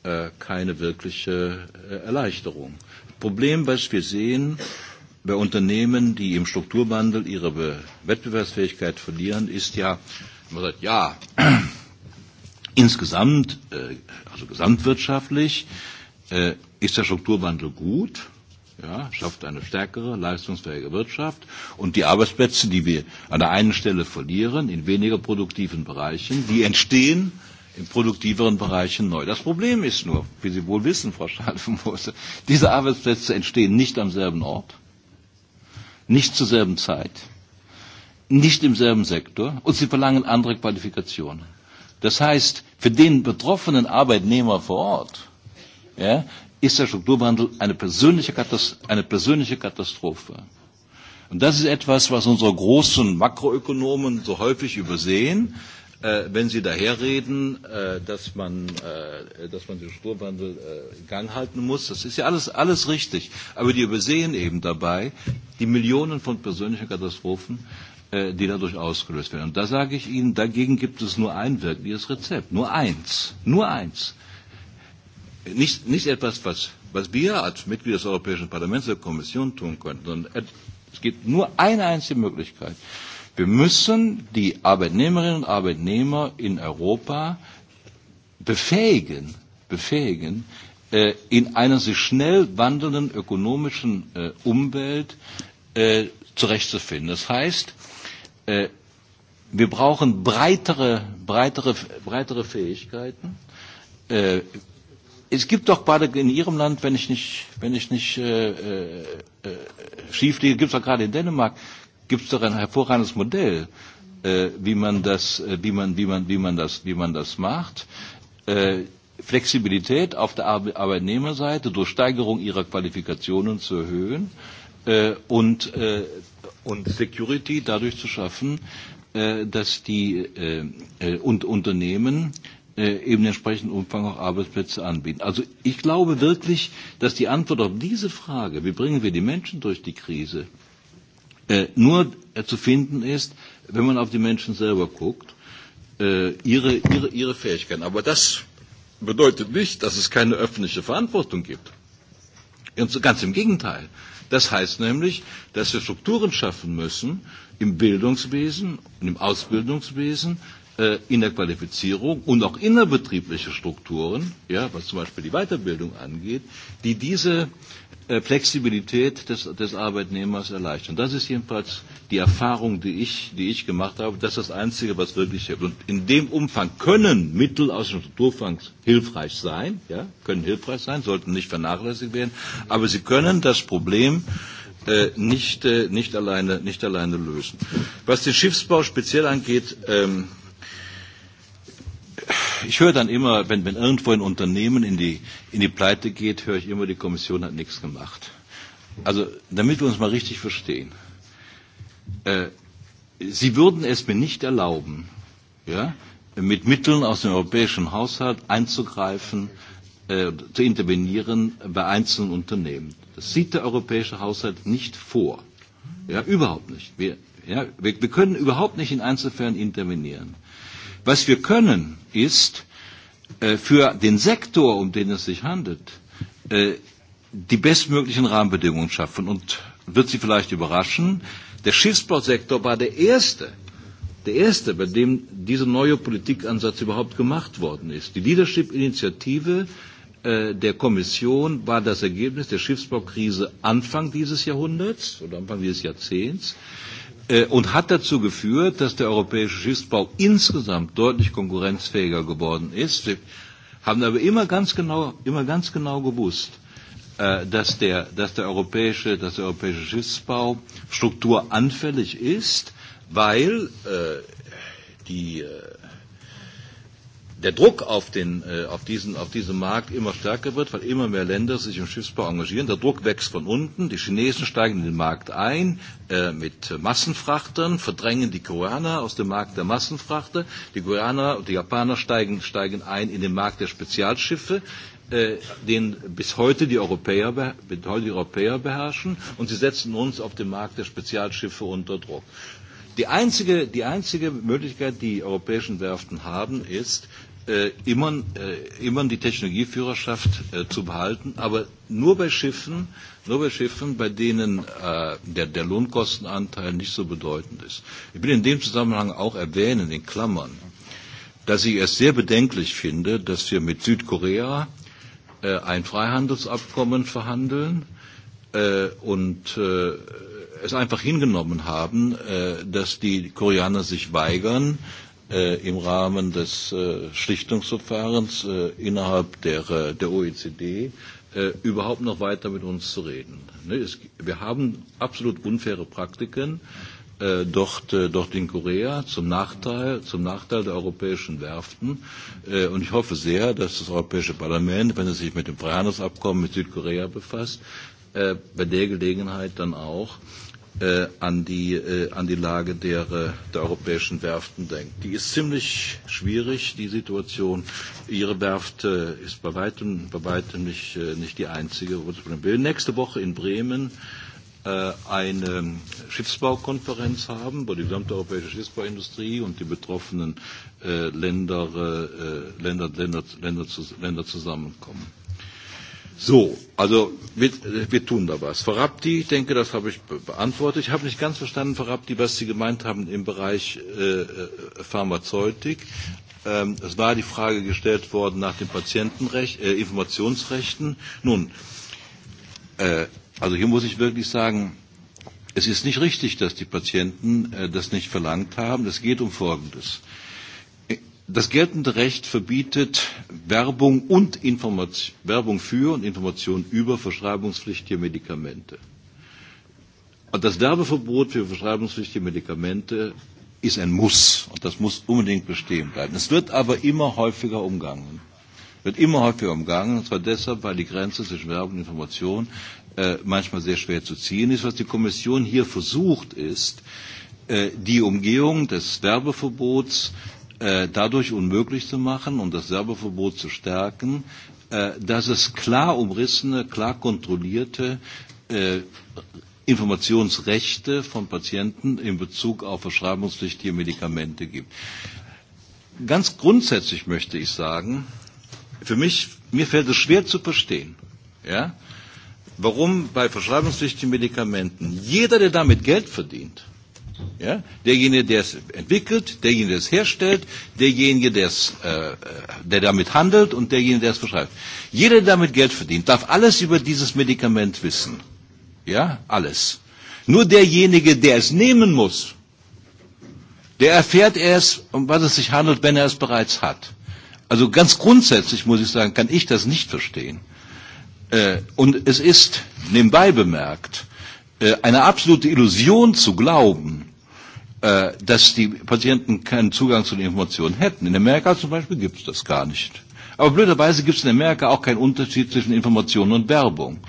Speaker 2: äh, keine wirkliche äh, Erleichterung. Problem, was wir sehen, äh, bei Unternehmen, die im Strukturwandel ihre Wettbewerbsfähigkeit verlieren, ist ja, man sagt, ja, insgesamt, äh, also gesamtwirtschaftlich, äh, ist der Strukturwandel gut, ja, schafft eine stärkere, leistungsfähige Wirtschaft und die Arbeitsplätze, die wir an der einen Stelle verlieren, in weniger produktiven Bereichen, die entstehen in produktiveren Bereichen neu. Das Problem ist nur, wie Sie wohl wissen, Frau Schalfenmose diese Arbeitsplätze entstehen nicht am selben Ort nicht zur selben Zeit, nicht im selben Sektor und sie verlangen andere Qualifikationen. Das heißt, für den betroffenen Arbeitnehmer vor Ort ja, ist der Strukturwandel eine persönliche, Katastrophe, eine persönliche Katastrophe. Und das ist etwas, was unsere großen Makroökonomen so häufig übersehen, äh, wenn Sie daherreden, äh, dass, man, äh, dass man den Strukturwandel äh, in Gang halten muss. Das ist ja alles, alles richtig. Aber die übersehen eben dabei die Millionen von persönlichen Katastrophen, äh, die dadurch ausgelöst werden. Und da sage ich Ihnen, dagegen gibt es nur ein wirkliches Rezept. Nur eins. Nur eins. Nicht, nicht etwas, was, was wir als Mitglieder des Europäischen Parlaments der Kommission tun können, sondern es gibt nur eine einzige Möglichkeit. Wir müssen die Arbeitnehmerinnen und Arbeitnehmer in Europa befähigen, befähigen, äh, in einer sich schnell wandelnden ökonomischen äh, Umwelt äh, zurechtzufinden. Das heißt, äh, wir brauchen breitere, breitere, breitere Fähigkeiten. Äh, es gibt doch gerade in Ihrem Land, wenn ich nicht, wenn ich nicht äh, äh, äh schief liege, gibt es doch gerade in Dänemark gibt es doch ein hervorragendes Modell, äh, wie, man das, äh, wie, man, wie, man, wie, man das, wie man das macht. Äh, Flexibilität auf der Arbeitnehmerseite durch Steigerung ihrer Qualifikationen zu erhöhen äh, und, äh, und Security dadurch zu schaffen, äh, dass die äh, äh und Unternehmen äh, eben entsprechenden Umfang auch Arbeitsplätze anbieten. Also ich glaube wirklich, dass die Antwort auf diese Frage, wie bringen wir die Menschen durch die Krise, äh, äh, nur äh, zu finden ist, wenn man auf die Menschen selber guckt, äh, ihre, ihre, ihre Fähigkeiten. Aber das bedeutet nicht, dass es keine öffentliche Verantwortung gibt. Und ganz im Gegenteil. Das heißt nämlich, dass wir Strukturen schaffen müssen im Bildungswesen und im Ausbildungswesen, äh, in der Qualifizierung und auch innerbetriebliche Strukturen, ja, was zum Beispiel die Weiterbildung angeht, die diese Äh, Flexibilität des, des Arbeitnehmers erleichtern. Das ist jedenfalls die Erfahrung, die ich, die ich gemacht habe. Das ist das Einzige, was wirklich hilft. Und in dem Umfang können Mittel aus dem Strukturfonds hilfreich sein, ja, können hilfreich sein, sollten nicht vernachlässigt werden, aber sie können das Problem äh, nicht, äh, nicht, alleine, nicht alleine lösen. Was den Schiffsbau speziell angeht, ähm, ich höre dann immer, wenn, wenn irgendwo ein Unternehmen in die, in die Pleite geht, höre ich immer, die Kommission hat nichts gemacht. Also, damit wir uns mal richtig verstehen. Äh, Sie würden es mir nicht erlauben, ja, mit Mitteln aus dem europäischen Haushalt einzugreifen, äh, zu intervenieren bei einzelnen Unternehmen. Das sieht der europäische Haushalt nicht vor. Ja, überhaupt nicht. Wir, ja, wir, wir können überhaupt nicht in Einzelfällen intervenieren. Was wir können, ist, äh, für den Sektor, um den es sich handelt, äh, die bestmöglichen Rahmenbedingungen schaffen. Und wird Sie vielleicht überraschen, der Schiffsbausektor war der erste, der erste, bei dem dieser neue Politikansatz überhaupt gemacht worden ist. Die Leadership-Initiative äh, der Kommission war das Ergebnis der Schiffsbaukrise Anfang dieses Jahrhunderts oder Anfang dieses Jahrzehnts Äh, und hat dazu geführt, dass der europäische Schiffsbau insgesamt deutlich konkurrenzfähiger geworden ist. Wir haben aber immer ganz genau, immer ganz genau gewusst, äh, dass der, dass der europäische, dass der europäische Schiffsbau strukturanfällig ist, weil äh, die äh, der Druck auf, den, äh, auf, diesen, auf diesen Markt immer stärker wird, weil immer mehr Länder sich im Schiffsbau engagieren. Der Druck wächst von unten. Die Chinesen steigen in den Markt ein äh, mit Massenfrachtern, verdrängen die Koreaner aus dem Markt der Massenfrachter. Die Koreaner und die Japaner steigen, steigen ein in den Markt der Spezialschiffe äh, den bis heute die Europäer, bis heute die Europäer beherrschen und sie setzen uns auf dem Markt der Spezialschiffe unter Druck. Die einzige, die einzige Möglichkeit, die europäischen Werften haben, ist, äh, immer, äh, immer die Technologieführerschaft äh, zu behalten, aber nur bei Schiffen, nur bei Schiffen, bei denen äh, der, der Lohnkostenanteil nicht so bedeutend ist. Ich will in dem Zusammenhang auch erwähnen, in Klammern, dass ich es sehr bedenklich finde, dass wir mit Südkorea äh, ein Freihandelsabkommen verhandeln äh, und äh, es einfach hingenommen haben, äh, dass die Koreaner sich weigern, äh, äh, im Rahmen des äh, Schlichtungsverfahrens äh, innerhalb der, äh, der OECD äh, überhaupt noch weiter mit uns zu reden. Ne, es, wir haben absolut unfaire Praktiken äh, dort, äh, dort in Korea zum Nachteil, zum Nachteil der europäischen Werften. Äh, und ich hoffe sehr, dass das Europäische Parlament, wenn es sich mit dem Freihandelsabkommen mit Südkorea befasst, äh, bei der Gelegenheit dann auch äh, äh, an, die, äh, an die Lage der, äh, der europäischen Werften denkt. Die ist ziemlich schwierig, die Situation. Ihre Werft äh, ist bei weitem, bei weitem nicht, äh, nicht die einzige, wo das Nächste Woche in Bremen äh, eine Schiffsbaukonferenz haben, wo die gesamte europäische Schiffsbauindustrie und die betroffenen äh, Länder, äh, äh Länder, Länder, Länder, Länder zusammenkommen. So, also wir, wir tun da was. Verabdi, ich denke, das habe ich beantwortet. Ich habe nicht ganz verstanden, Verabdi, was Sie gemeint haben im Bereich äh, äh, Pharmazeutik. Ähm, es war die Frage gestellt worden nach den Patientenrecht, äh, Informationsrechten. Nun, äh, also hier muss ich wirklich sagen, es ist nicht richtig, dass die Patienten äh, das nicht verlangt haben. Es geht um Folgendes. Äh, Das geltende Recht verbietet Werbung, und Information, Werbung für und Information über verschreibungspflichtige Medikamente. Und das Werbeverbot für verschreibungspflichtige Medikamente ist ein Muss und das muss unbedingt bestehen bleiben. Es wird aber immer häufiger umgangen. Wird immer häufiger umgangen, und zwar deshalb, weil die Grenze zwischen Werbung und Information äh, manchmal sehr schwer zu ziehen ist. Was die Kommission hier versucht, ist, äh, die Umgehung des Werbeverbots äh, dadurch unmöglich zu machen und das Serbeverbot zu stärken, äh, dass es klar umrissene, klar kontrollierte äh, Informationsrechte von Patienten in Bezug auf verschreibungspflichtige Medikamente gibt. Ganz grundsätzlich möchte ich sagen, für mich, mir fällt es schwer zu verstehen, ja, warum bei verschreibungspflichtigen Medikamenten jeder, der damit Geld verdient, Ja? Derjenige, der es entwickelt, derjenige, der es herstellt, derjenige, der, es, äh, äh der damit handelt und derjenige, der es verschreibt. Jeder, der damit Geld verdient, darf alles über dieses Medikament wissen. Ja, alles. Nur derjenige, der es nehmen muss, der erfährt erst, um was es sich handelt, wenn er es bereits hat. Also ganz grundsätzlich muss ich sagen, kann ich das nicht verstehen. Äh, und es ist nebenbei bemerkt, Äh, eine absolute Illusion zu glauben, äh, dass die Patienten keinen Zugang zu den Informationen hätten. In Amerika zum Beispiel gibt es das gar nicht. Aber blöderweise gibt es in Amerika auch keinen Unterschied zwischen Informationen und Werbung.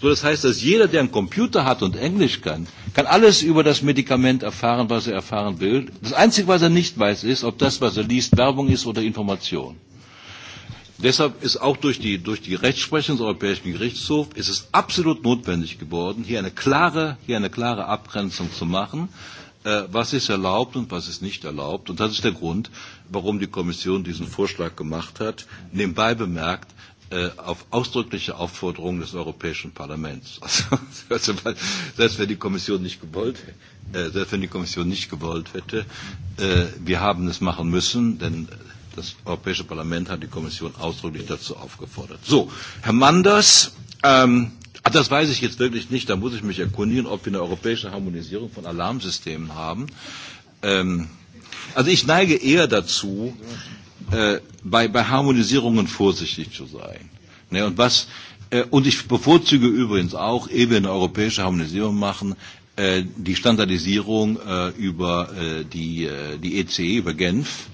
Speaker 2: So, das heißt, dass jeder, der einen Computer hat und Englisch kann, kann alles über das Medikament erfahren, was er erfahren will. Das Einzige, was er nicht weiß, ist, ob das, was er liest, Werbung ist oder Information. Deshalb ist auch durch die, durch die Rechtsprechung des Europäischen Gerichtshofs ist es absolut notwendig geworden, hier eine klare, hier eine klare Abgrenzung zu machen, äh, was ist erlaubt und was ist nicht erlaubt. Und das ist der Grund, warum die Kommission diesen Vorschlag gemacht hat. Nebenbei bemerkt, äh, auf ausdrückliche Aufforderung des Europäischen Parlaments. Also, selbst wenn die Kommission nicht gewollt hätte äh, selbst wenn die Kommission nicht gewollt hätte. Äh, wir haben es machen müssen, denn Das Europäische Parlament hat die Kommission ausdrücklich dazu aufgefordert. So, Herr Manders, ähm, ah, das weiß ich jetzt wirklich nicht, da muss ich mich erkundigen, ob wir eine europäische Harmonisierung von Alarmsystemen haben. Ähm, also ich neige eher dazu, äh, bei, bei Harmonisierungen vorsichtig zu sein. Ne, und, was, äh, und ich bevorzuge übrigens auch, ehe wir eine europäische Harmonisierung machen, äh, die Standardisierung äh, über äh, die, äh, die ECE, e, über Genf,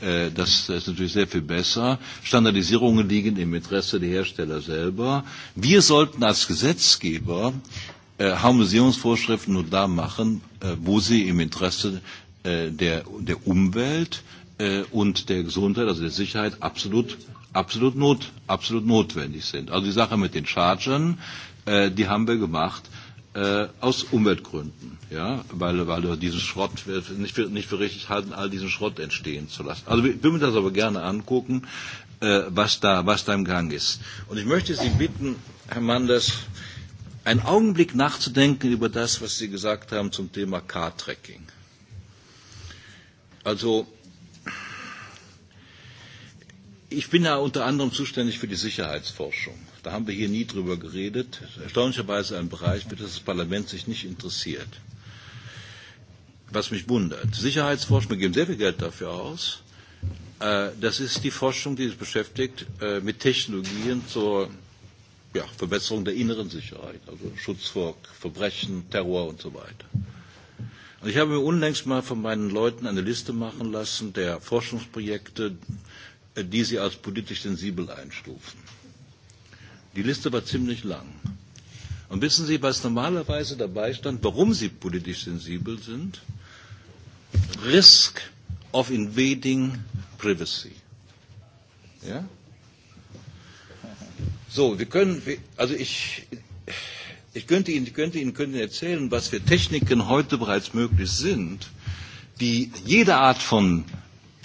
Speaker 2: das, äh, das ist natürlich sehr viel besser. Standardisierungen liegen im Interesse der Hersteller selber. Wir sollten als Gesetzgeber äh, Harmonisierungsvorschriften nur da machen, äh, wo sie im Interesse äh, der, der Umwelt äh, und der Gesundheit, also der Sicherheit, absolut, absolut, not, absolut notwendig sind. Also die Sache mit den Chargen, äh, die haben wir gemacht äh, aus Umweltgründen, ja, weil, weil wir diesen Schrott nicht für, nicht für richtig halten, all diesen Schrott entstehen zu lassen. Also ich würde mir das aber gerne angucken, äh, was, da, was da im Gang ist. Und ich möchte Sie bitten, Herr Manders, einen Augenblick nachzudenken über das, was Sie gesagt haben zum Thema Car-Tracking. Also, ich bin ja unter anderem zuständig für die Sicherheitsforschung. Da haben wir hier nie drüber geredet. Erstaunlicherweise ein Bereich, für das das Parlament sich nicht interessiert. Was mich wundert. Sicherheitsforschung, wir geben sehr viel Geld dafür aus. Äh, das ist die Forschung, die sich beschäftigt äh, mit Technologien zur ja, Verbesserung der inneren Sicherheit, also Schutz vor Verbrechen, Terror und so weiter. Und ich habe mir unlängst mal von meinen Leuten eine Liste machen lassen der Forschungsprojekte, äh, die sie als politisch sensibel einstufen. Die Liste war ziemlich lang. Und wissen Sie, was normalerweise dabei stand, warum Sie politisch sensibel sind? Risk of invading privacy. Ja? So, wir können, also ich, ich könnte Ihnen, ich könnte Ihnen, könnte Ihnen erzählen, was für Techniken heute bereits möglich sind, die jede Art von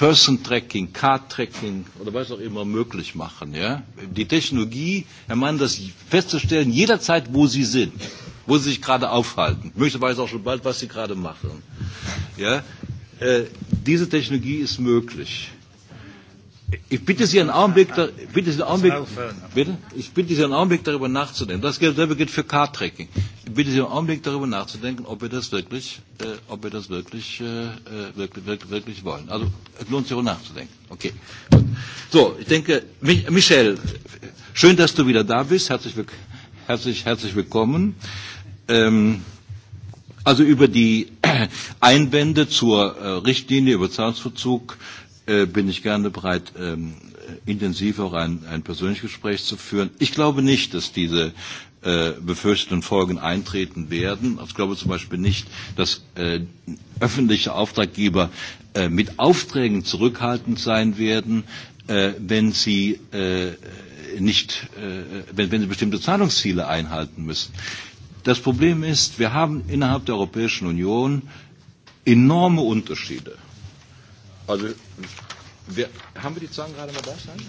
Speaker 2: Person Tracking, Card Tracking oder was auch immer möglich machen. Ja? Die Technologie, Herr Mann, das festzustellen, jederzeit, wo Sie sind, wo Sie sich gerade aufhalten. Möglicherweise auch schon bald, was Sie gerade machen. Ja? Äh, diese Technologie ist möglich. Ich bitte Sie einen Augenblick, da, bitte Sie einen Augenblick, bitte? Ich bitte Sie einen Augenblick darüber nachzudenken. Das gilt, selber gilt für card tracking Ich bitte Sie einen Augenblick darüber nachzudenken, ob wir das wirklich, äh, ob wir das wirklich, äh, äh wirklich, wirklich, wirklich wollen. Also, es lohnt sich darüber nachzudenken. Okay. So, ich denke, Michel, schön, dass du wieder da bist. Herzlich, herzlich, herzlich willkommen. Ähm, also über die Einwände zur äh, Richtlinie über Zahlungsverzug Äh, bin ich gerne bereit, ähm, intensiv auch ein, ein persönliches Gespräch zu führen. Ich glaube nicht, dass diese äh, befürchteten Folgen eintreten werden. Ich glaube zum Beispiel nicht, dass äh, öffentliche Auftraggeber äh, mit Aufträgen zurückhaltend sein werden, äh, wenn sie äh, nicht, äh, wenn, wenn sie bestimmte Zahlungsziele einhalten müssen. Das Problem ist, wir haben innerhalb der Europäischen Union enorme Unterschiede Also, wir, haben wir die Zahlen gerade mal da sein?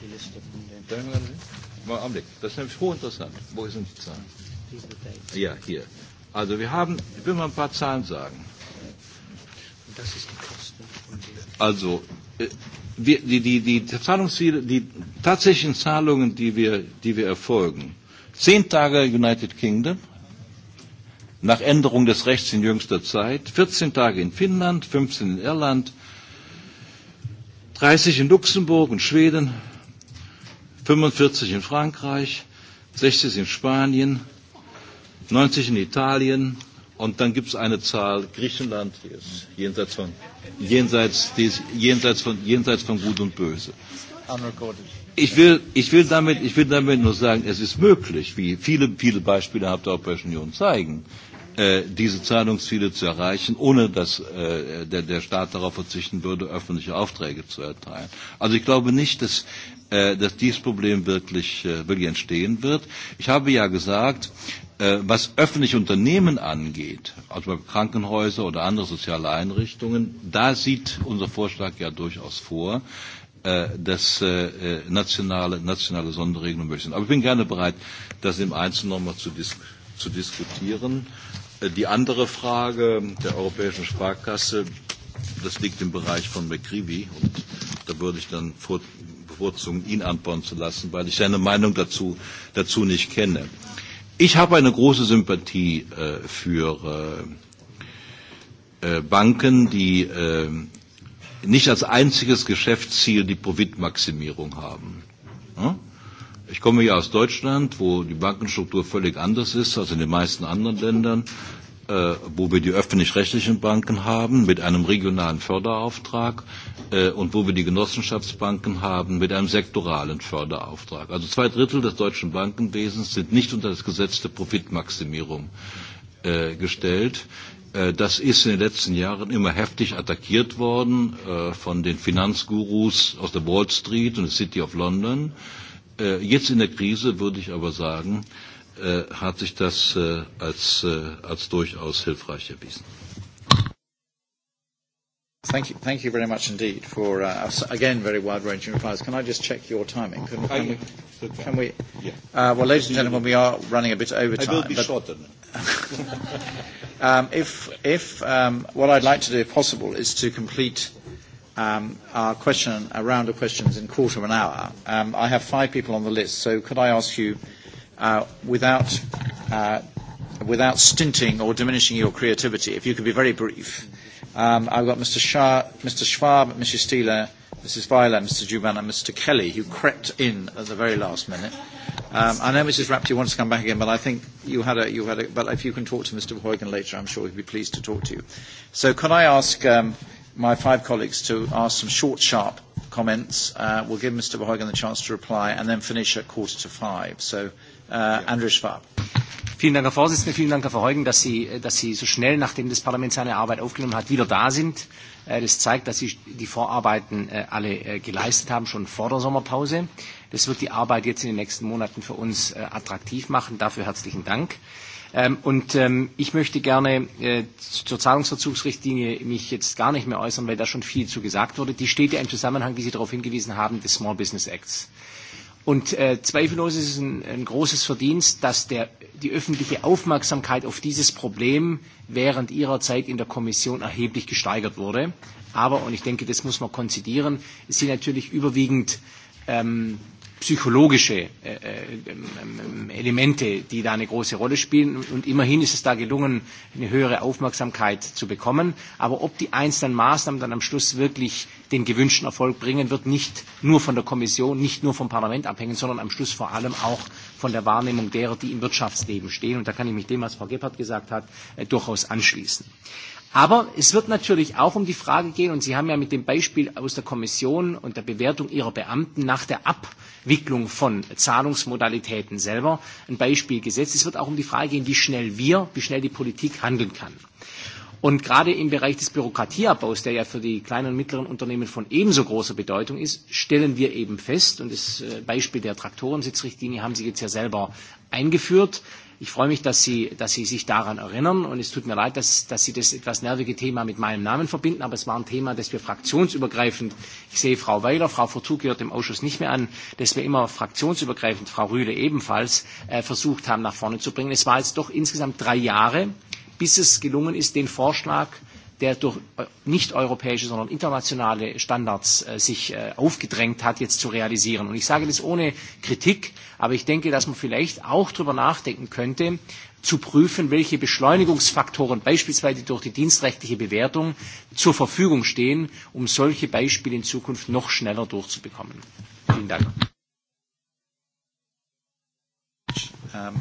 Speaker 2: Die Liste von den. Mal Augenblick. Das ist nämlich hochinteressant. Wo sind die Zahlen? Ja, hier. Also, wir haben, ich will mal ein paar Zahlen sagen. Das ist die Kosten von Also, die, äh, die, die, die Zahlungsziele, die tatsächlichen Zahlungen, die wir, die wir erfolgen, zehn Tage United Kingdom, nach Änderung des Rechts in jüngster Zeit, 14 Tage in Finnland, 15 in Irland, 30 in Luxemburg und Schweden, 45 in Frankreich, 60 in Spanien, 90 in Italien und dann gibt es eine Zahl, Griechenland, ist jenseits von, jenseits, die ist jenseits von, jenseits von Gut und Böse. Ich will, ich, will damit, ich will damit nur sagen, es ist möglich, wie viele, viele Beispiele der Europäischen Union zeigen, äh, diese Zahlungsziele zu erreichen, ohne dass äh, der, der Staat darauf verzichten würde, öffentliche Aufträge zu erteilen. Also ich glaube nicht, dass, äh, dass dieses Problem wirklich, äh, wirklich entstehen wird. Ich habe ja gesagt, äh, was öffentliche Unternehmen angeht, also Krankenhäuser oder andere soziale Einrichtungen, da sieht unser Vorschlag ja durchaus vor, äh, dass äh, nationale, nationale Sonderregelungen möglich sind. Aber ich bin gerne bereit, das im Einzelnen nochmal zu, dis zu diskutieren. Die andere Frage der Europäischen Sparkasse, das liegt im Bereich von McCreevy und da würde ich dann bevorzugen, ihn antworten zu lassen, weil ich seine Meinung dazu, dazu nicht kenne. Ich habe eine große Sympathie äh, für äh, äh Banken, die äh, nicht als einziges Geschäftsziel die Profitmaximierung haben. Ja? Hm? Ich komme ja aus Deutschland, wo die Bankenstruktur völlig anders ist als in den meisten anderen Ländern, äh, wo wir die öffentlich-rechtlichen Banken haben mit einem regionalen Förderauftrag äh, und wo wir die Genossenschaftsbanken haben mit einem sektoralen Förderauftrag. Also zwei Drittel des deutschen Bankenwesens sind nicht unter das Gesetz der Profitmaximierung äh, gestellt. Äh, das ist in den letzten Jahren immer heftig attackiert worden äh, von den Finanzgurus aus der Wall Street und der City of London. Äh, Äh, jetzt in der Krise würde ich aber sagen, äh, hat sich das äh, als, äh, als durchaus hilfreich erwiesen.
Speaker 1: Thank you, thank you very much indeed for, uh, again, very wide-ranging replies. Can I just check your timing? Can, can, we, can we? Yeah. Uh, well, ladies and gentlemen, we are running a bit over time. I will be but, shorter um, if, if um, what I'd like to do, if possible, is to complete um, our question, a round of questions in a quarter of an hour. Um, I have five people on the list, so could I ask you, uh, without, uh, without stinting or diminishing your creativity, if you could be very brief. Um, I've got Mr. Shah, Mr. Schwab, Mrs. Steeler, Mrs. Weiler, Mr. Juban, and Mr. Kelly, who crept in at the very last minute. Um, I know Mrs. Rapti wants to come back again, but I think you had a, you had a, but if you can talk to Mr. Huygen later, I'm sure he'd be pleased to talk to you. So could I ask, um, my five colleagues to ask some short, sharp comments. Uh, we'll give Mr. Verheugen the chance to reply and then finish at quarter to five. So, uh, yeah. Andrew Schwab.
Speaker 8: Vielen Dank, Herr Vorsitzender. Vielen Dank, Herr Verheugen, dass Sie, dass Sie so schnell, nachdem das Parlament seine Arbeit aufgenommen hat, wieder da sind. Äh, das zeigt, dass Sie die Vorarbeiten äh, alle äh, geleistet haben, schon vor der Sommerpause. Das wird die Arbeit jetzt in den nächsten Monaten für uns attraktiv machen. Dafür herzlichen Dank. Ähm, und ähm, ich möchte gerne äh, zur Zahlungsverzugsrichtlinie mich jetzt gar nicht mehr äußern, weil da schon viel zu gesagt wurde. Die steht ja im Zusammenhang, wie Sie darauf hingewiesen haben, des Small Business Acts. Und äh, zweifellos ist es ein, ein großes Verdienst, dass der, die öffentliche Aufmerksamkeit auf dieses Problem während ihrer Zeit in der Kommission erheblich gesteigert wurde. Aber, und ich denke, das muss man konzidieren, es sind natürlich überwiegend ähm, psychologische äh, äh, Elemente, die da eine große Rolle spielen. Und immerhin ist es da gelungen, eine höhere Aufmerksamkeit zu bekommen. Aber ob die einzelnen Maßnahmen dann am Schluss wirklich den gewünschten Erfolg bringen, wird nicht nur von der Kommission, nicht nur vom Parlament abhängen, sondern am Schluss vor allem auch von der Wahrnehmung derer, die im Wirtschaftsleben stehen. Und da kann ich mich dem, was Frau Gebhardt gesagt hat, äh, durchaus anschließen. Aber es wird natürlich auch um die Frage gehen, und Sie haben ja mit dem Beispiel aus der Kommission und der Bewertung Ihrer Beamten nach der Abwicklung von Zahlungsmodalitäten selber ein Beispiel gesetzt. Es wird auch um die Frage gehen, wie schnell wir, wie schnell die Politik handeln kann. Und gerade im Bereich des Bürokratieabbaus, der ja für die kleinen und mittleren Unternehmen von ebenso großer Bedeutung ist, stellen wir eben fest, und das äh, Beispiel der Traktorensitzrichtlinie haben Sie jetzt ja selber eingeführt, Ich freue mich, dass Sie, dass Sie sich daran erinnern und es tut mir leid, dass, dass Sie das etwas nervige Thema mit meinem Namen verbinden, aber es war ein Thema, das wir fraktionsübergreifend, ich sehe Frau Weiler, Frau Fortu gehört dem Ausschuss nicht mehr an, dass wir immer fraktionsübergreifend, Frau Rühle ebenfalls, äh, versucht haben, nach vorne zu bringen. Es war jetzt doch insgesamt drei Jahre, bis es gelungen ist, den Vorschlag der durch äh, nicht europäische, sondern internationale Standards äh, sich äh, aufgedrängt hat, jetzt zu realisieren. Und ich sage das ohne Kritik, aber ich denke, dass man vielleicht auch darüber nachdenken könnte, zu prüfen, welche Beschleunigungsfaktoren beispielsweise durch die dienstrechtliche Bewertung zur Verfügung stehen, um solche Beispiele in Zukunft noch schneller durchzubekommen.
Speaker 1: Vielen Dank. Um,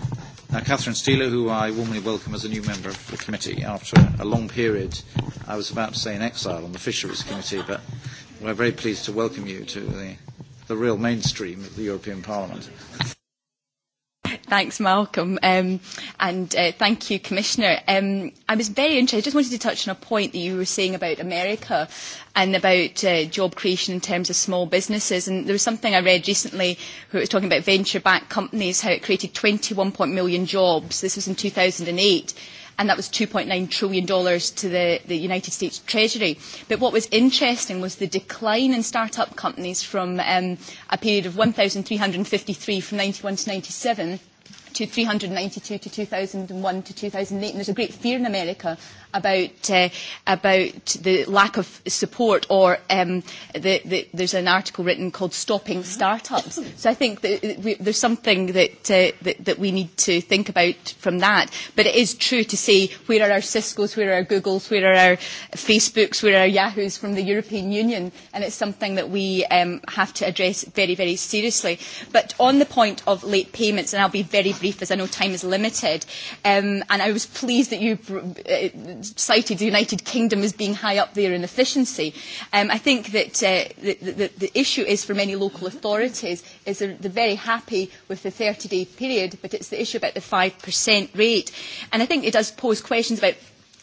Speaker 1: now, Catherine Steeler, who I warmly welcome as a new member of the committee after a long period, I was about to say in exile on the Fisheries Committee, but we're very pleased to welcome you to the, the real mainstream of the European Parliament.
Speaker 9: Thanks, Malcolm. Um, and uh, thank you, Commissioner. Um, I was very interested, I just wanted to touch on a point that you were saying about America and about uh, job creation in terms of small businesses. And there was something I read recently where it was talking about venture-backed companies, how it created 21 million jobs. This was in 2008 and that was $2.9 trillion dollars to the, the United States Treasury. But what was interesting was the decline in start-up companies from um, a period of 1,353 from 91 to 97 to 392 to 2001 to 2008. And there's a great fear in America about uh, about the lack of support, or um, the, the, there's an article written called "Stopping mm-hmm. Startups." So I think that uh, we, there's something that, uh, that that we need to think about from that. But it is true to say where are our Cisco's, where are our Google's, where are our Facebooks, where are our Yahoo's from the European Union, and it's something that we um, have to address very very seriously. But on the point of late payments, and I'll be very brief brief as I know time is limited. Um, and I was pleased that you uh, cited the United Kingdom as being high up there in efficiency. Um, I think that uh, the, the, the issue is for many local authorities is they're, they're very happy with the 30-day period, but it's the issue about the 5% rate. And I think it does pose questions about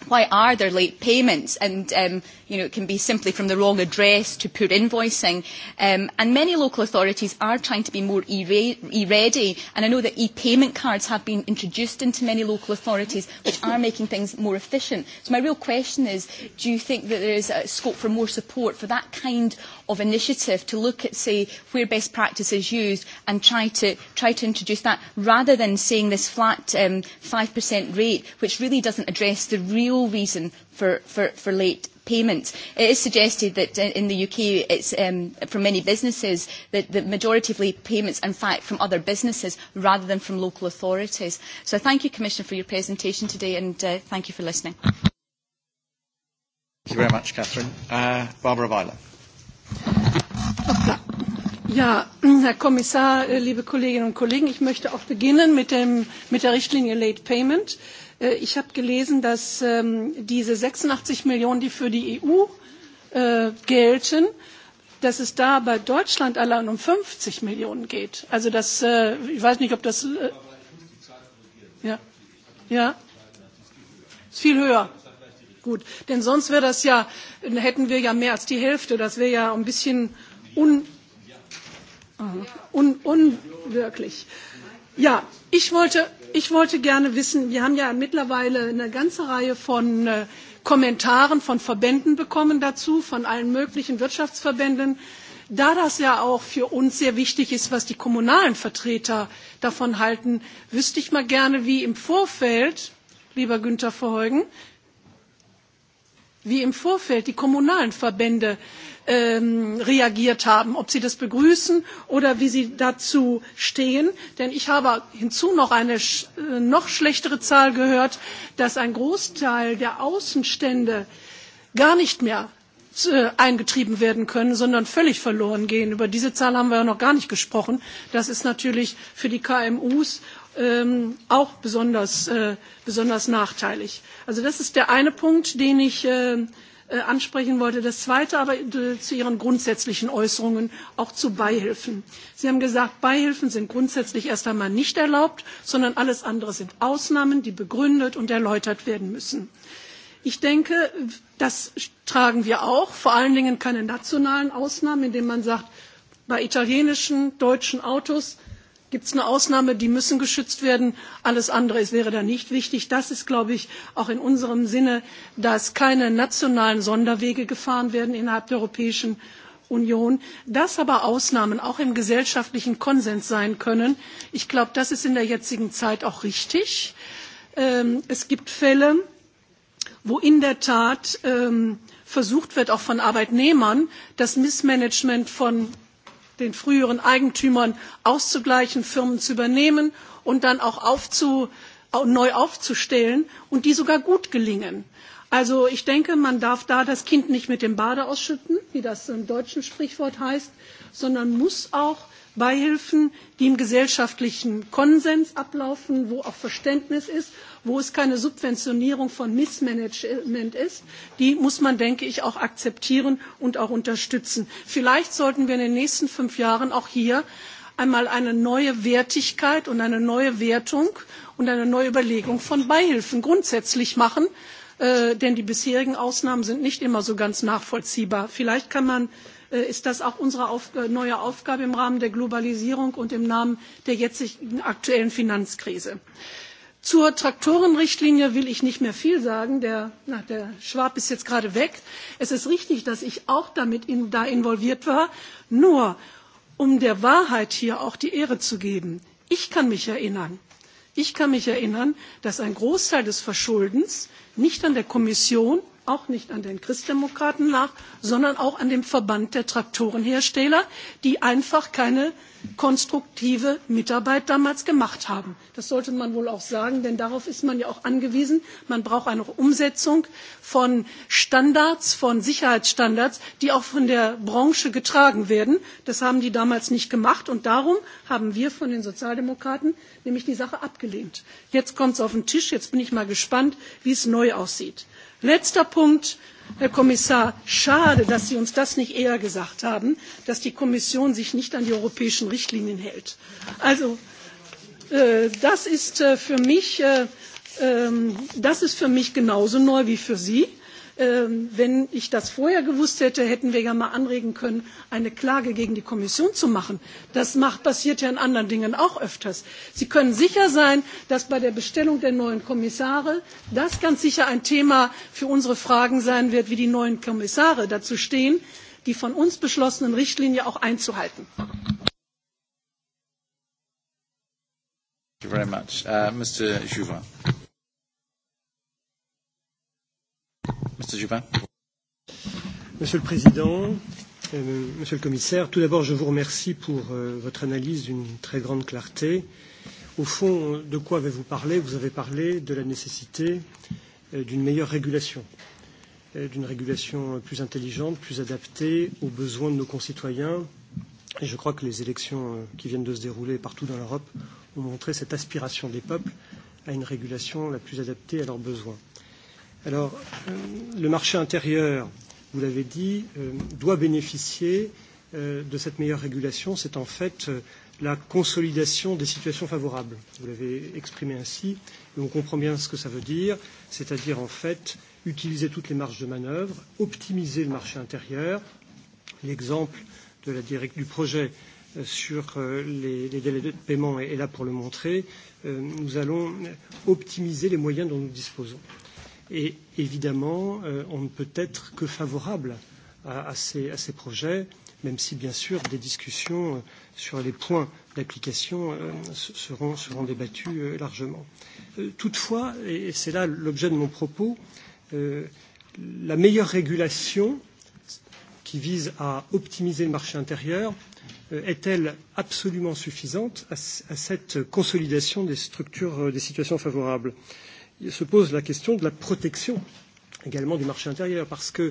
Speaker 9: why are there late payments? And, um, you know, it can be simply from the wrong address to poor invoicing. Um, and many local authorities are trying to be more e-ready. And I know that e-payment cards have been introduced into many local authorities, which are making things more efficient. So my real question is, do you think that there is a scope for more support for that kind of initiative to look at, say, where best practice is used and try to, try to introduce that rather than saying this flat um, 5% rate, which really doesn't address the real reason for, for, for late payments. It is suggested that in the UK, it's um, for many businesses, that the majority of late payments, in fact, from other businesses rather than from local authorities. So I thank you, Commissioner, for your presentation today and uh, thank you for listening. Thank
Speaker 1: you very much, Catherine. Uh, Barbara Violet.
Speaker 10: Ja, Herr Kommissar, liebe Kolleginnen und Kollegen, ich möchte auch beginnen mit, dem, mit der Richtlinie Late Payment. Äh, ich habe gelesen, dass ähm, diese 86 Millionen, die für die EU äh, gelten, dass es da bei Deutschland allein um 50 Millionen geht. Also das, äh, ich weiß nicht, ob das... ja, ja, ist viel höher gut. Denn sonst wäre das ja, hätten wir ja mehr als die Hälfte. Das wäre ja ein bisschen un, un, unwirklich. Ja, ich wollte, ich wollte gerne wissen, wir haben ja mittlerweile eine ganze Reihe von äh, Kommentaren von Verbänden bekommen dazu, von allen möglichen Wirtschaftsverbänden. Da das ja auch für uns sehr wichtig ist, was die kommunalen Vertreter davon halten, wüsste ich mal gerne, wie im Vorfeld, lieber Günther Verheugen, wie im Vorfeld die kommunalen Verbände ähm, reagiert haben, ob sie das begrüßen oder wie sie dazu stehen. Denn ich habe hinzu noch eine sch äh, noch schlechtere Zahl gehört, dass ein Großteil der Außenstände gar nicht mehr äh, eingetrieben werden können, sondern völlig verloren gehen. Über diese Zahl haben wir ja noch gar nicht gesprochen. Das ist natürlich für die KMUs ähm, auch besonders, äh, besonders nachteilig. Also das ist der eine Punkt, den ich äh, äh ansprechen wollte. Das zweite aber äh, zu Ihren grundsätzlichen Äußerungen, auch zu Beihilfen. Sie haben gesagt, Beihilfen sind grundsätzlich erst einmal nicht erlaubt, sondern alles andere sind Ausnahmen, die begründet und erläutert werden müssen. Ich denke, das tragen wir auch, vor allen Dingen keine nationalen Ausnahmen, indem man sagt, bei italienischen, deutschen Autos gibt es eine Ausnahme, die müssen geschützt werden, alles andere ist, wäre da nicht wichtig. Das ist, glaube ich, auch in unserem Sinne, dass keine nationalen Sonderwege gefahren werden innerhalb der Europäischen Union, dass aber Ausnahmen auch im gesellschaftlichen Konsens sein können. Ich glaube, das ist in der jetzigen Zeit auch richtig. Ähm, es gibt Fälle, wo in der Tat ähm, versucht wird, auch von Arbeitnehmern, das Missmanagement von den früheren Eigentümern auszugleichen, Firmen zu übernehmen und dann auch aufzu, neu aufzustellen und die sogar gut gelingen. Also ich denke, man darf da das Kind nicht mit dem Bade ausschütten, wie das im deutschen Sprichwort heißt, sondern muss auch Beihilfen, die im gesellschaftlichen Konsens ablaufen, wo auch Verständnis ist, wo es keine Subventionierung von Missmanagement ist, die muss man, denke ich, auch akzeptieren und auch unterstützen. Vielleicht sollten wir in den nächsten fünf Jahren auch hier einmal eine neue Wertigkeit und eine neue Wertung und eine neue Überlegung von Beihilfen grundsätzlich machen, äh, denn die bisherigen Ausnahmen sind nicht immer so ganz nachvollziehbar. Vielleicht kann man Äh, ist das auch unsere Auf äh, neue Aufgabe im Rahmen der Globalisierung und im Namen der jetzigen aktuellen Finanzkrise. Zur Traktorenrichtlinie will ich nicht mehr viel sagen. Der, na, der Schwab ist jetzt gerade weg. Es ist richtig, dass ich auch damit in, da involviert war. Nur, um der Wahrheit hier auch die Ehre zu geben, ich kann mich erinnern, ich kann mich erinnern, dass ein Großteil des Verschuldens nicht an der Kommission, auch nicht an den Christdemokraten nach, sondern auch an dem Verband der Traktorenhersteller, die einfach keine konstruktive Mitarbeit damals gemacht haben. Das sollte man wohl auch sagen, denn darauf ist man ja auch angewiesen. Man braucht eine Umsetzung von Standards, von Sicherheitsstandards, die auch von der Branche getragen werden. Das haben die damals nicht gemacht und darum haben wir von den Sozialdemokraten nämlich die Sache abgelehnt. Jetzt kommt es auf den Tisch, jetzt bin ich mal gespannt, wie es neu aussieht. Letzter Punkt. Herr Kommissar, schade, dass Sie uns das nicht eher gesagt haben, dass die Kommission sich nicht an die europäischen Richtlinien hält. Also, äh, das ist äh, für mich, äh, ähm, das ist für mich genauso neu wie für Sie. Ähm, wenn ich das vorher gewusst hätte, hätten wir ja mal anregen können, eine Klage gegen die Kommission zu machen. Das macht, passiert ja in anderen Dingen auch öfters. Sie können sicher sein, dass bei der Bestellung der neuen Kommissare das ganz sicher ein Thema für unsere Fragen sein wird, wie die neuen Kommissare dazu stehen, die von uns beschlossenen Richtlinien auch einzuhalten. Thank
Speaker 1: you very much. Uh, Mr. Mr. Juvin.
Speaker 11: Monsieur le Président, euh, Monsieur le Commissaire, tout d'abord, je vous remercie pour euh, votre analyse d'une très grande clarté. Au fond, de quoi avez-vous parlé Vous avez parlé de la nécessité euh, d'une meilleure régulation, euh, d'une régulation plus intelligente, plus adaptée aux besoins de nos concitoyens. Et je crois que les élections euh, qui viennent de se dérouler partout dans l'Europe ont montré cette aspiration des peuples à une régulation la plus adaptée à leurs besoins. Euh, Alors, euh, le marché intérieur, vous l'avez dit, euh, doit bénéficier euh, de cette meilleure régulation. C'est en fait euh, la consolidation des situations favorables. Vous l'avez exprimé ainsi, et on comprend bien ce que ça veut dire, c'est-à-dire en fait utiliser toutes les marges de manœuvre, optimiser le marché intérieur. L'exemple de la direct, du projet euh, sur euh, les, les délais de paiement est, est là pour le montrer. Nous allons optimiser les moyens dont nous disposons. Et évidemment, euh, on ne peut être que favorable à, à, ces, à ces projets, même si bien sûr des discussions euh, sur les points d'application euh, seront, seront débattues euh, largement. Euh, toutefois, et c'est là l'objet de mon propos, euh, la meilleure régulation qui vise à optimiser le marché intérieur euh, est-elle absolument suffisante à, à cette consolidation des structures, euh, des situations favorables se pose la question de la protection également du marché intérieur, parce que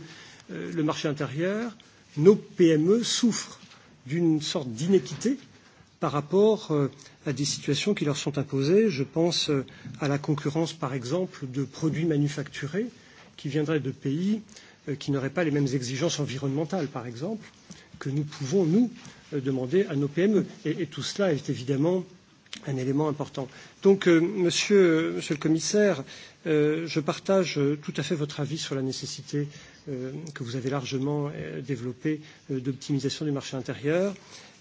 Speaker 11: euh, le marché intérieur, nos PME souffrent d'une sorte d'inéquité par rapport euh, à des situations qui leur sont imposées. Je pense euh, à la concurrence, par exemple, de produits manufacturés qui viendraient de pays euh, qui n'auraient pas les mêmes exigences environnementales, par exemple, que nous pouvons, nous, euh, demander à nos PME. Et, et tout cela est évidemment un élément important. Donc, euh, monsieur, monsieur le commissaire, euh, je partage euh, tout à fait votre avis sur la nécessité euh, que vous avez largement euh, développée euh, d'optimisation du marché intérieur.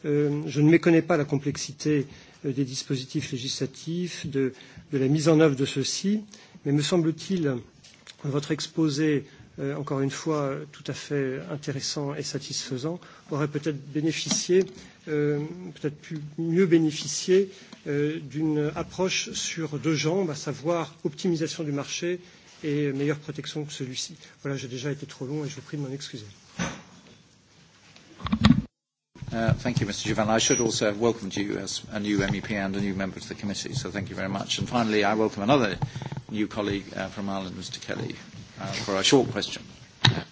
Speaker 11: Euh, je ne méconnais pas la complexité euh, des dispositifs législatifs, de, de la mise en œuvre de ceux-ci, mais me semble-t-il, votre exposé euh, encore une fois tout à fait intéressant et satisfaisant, aurait peut-être bénéficié, euh, peut-être pu mieux bénéficier euh, d'une approche sur deux jambes, à savoir optimisation du marché et meilleure protection que celui-ci. Voilà, j'ai déjà été trop long et je vous prie de m'en excuser.
Speaker 1: Uh, thank you, Mr. Giovanni. I should also have welcomed you as a new MEP and a new member to the committee, so thank you very much. And finally, I welcome another new colleague uh, from Ireland, Mr. Kelly uh, for a short question.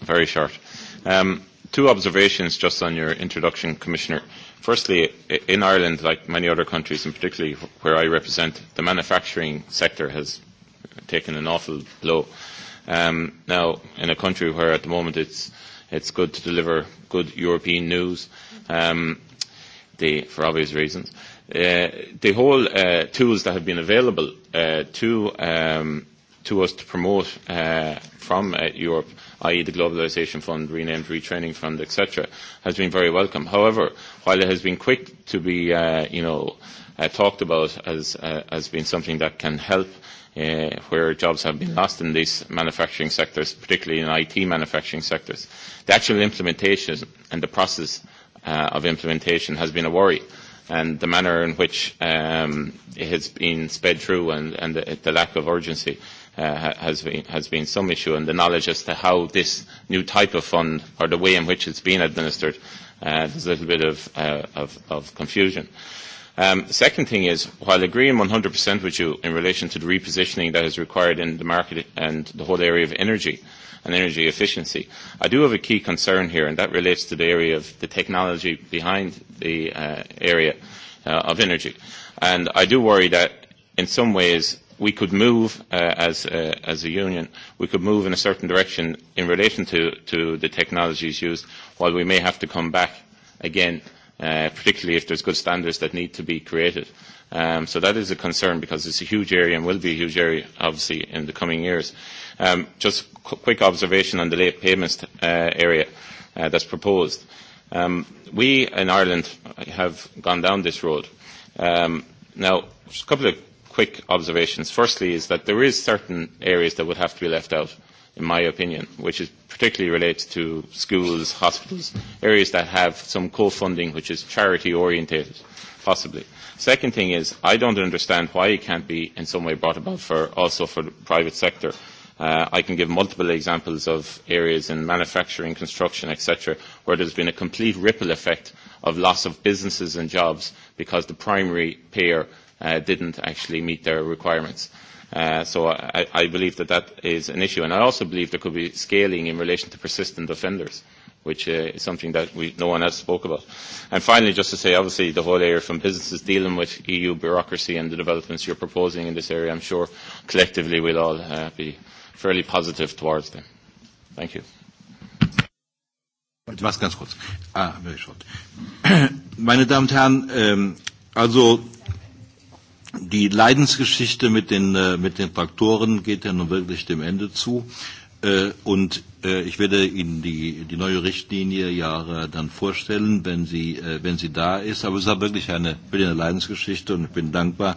Speaker 12: Very short. Um, two observations just on your introduction, Commissioner. Firstly, in Ireland, like many other countries, and particularly where I represent, the manufacturing sector has taken an awful blow. Um, now, in a country where at the moment it's, it's good to deliver good European news, um, the, for obvious reasons, uh, the whole uh, tools that have been available uh, to um, to us to promote uh, from uh, Europe, i.e. the Globalisation Fund, renamed Retraining Fund, etc., has been very welcome. However, while it has been quick to be, uh, you know, uh, talked about as, uh, as being something that can help uh, where jobs have been lost in these manufacturing sectors, particularly in IT manufacturing sectors, the actual implementation and the process uh, of implementation has been a worry and the manner in which um, it has been sped through and, and the, the lack of urgency uh, has, been, has been some issue and the knowledge as to how this new type of fund or the way in which it's been administered, uh, there's a little bit of, uh, of, of confusion. Um, second thing is, while agreeing 100% with you in relation to the repositioning that is required in the market and the whole area of energy and energy efficiency, I do have a key concern here, and that relates to the area of the technology behind the uh, area uh, of energy. And I do worry that in some ways we could move uh, as, uh, as a union, we could move in a certain direction in relation to, to the technologies used, while we may have to come back again, uh, particularly if there's good standards that need to be created. Um, so that is a concern because it's a huge area and will be a huge area, obviously, in the coming years. Um, just a quick observation on the late payments uh, area uh, that's proposed. Um, we in Ireland have gone down this road. Um, now, just a couple of quick observations. Firstly is that there is certain areas that would have to be left out, in my opinion, which is particularly relates to schools, hospitals, areas that have some co-funding which is charity orientated, possibly. Second thing is, I don't understand why it can't be in some way brought about for, also for the private sector. Uh, I can give multiple examples of areas in manufacturing, construction, etc., where there's been a complete ripple effect of loss of businesses and jobs because the primary payer uh, didn't actually meet their requirements. Uh, so I, I believe that that is an issue. And I also believe there could be scaling in relation to persistent offenders, which uh, is something that we, no one else spoke about. And finally, just to say, obviously, the whole area from businesses dealing with EU bureaucracy and the developments you're proposing in this area, I'm sure collectively we'll all uh, be fairly positive towards them. Thank you. mache ganz kurz. Ah, Meine Damen und
Speaker 2: Herren, ähm, also Die Leidensgeschichte mit den, äh, mit den Traktoren geht ja nun wirklich dem Ende zu. Äh, und äh, ich werde Ihnen die, die neue Richtlinie ja äh, dann vorstellen, wenn sie, äh, wenn sie da ist. Aber es war wirklich eine, wirklich eine Leidensgeschichte und ich bin dankbar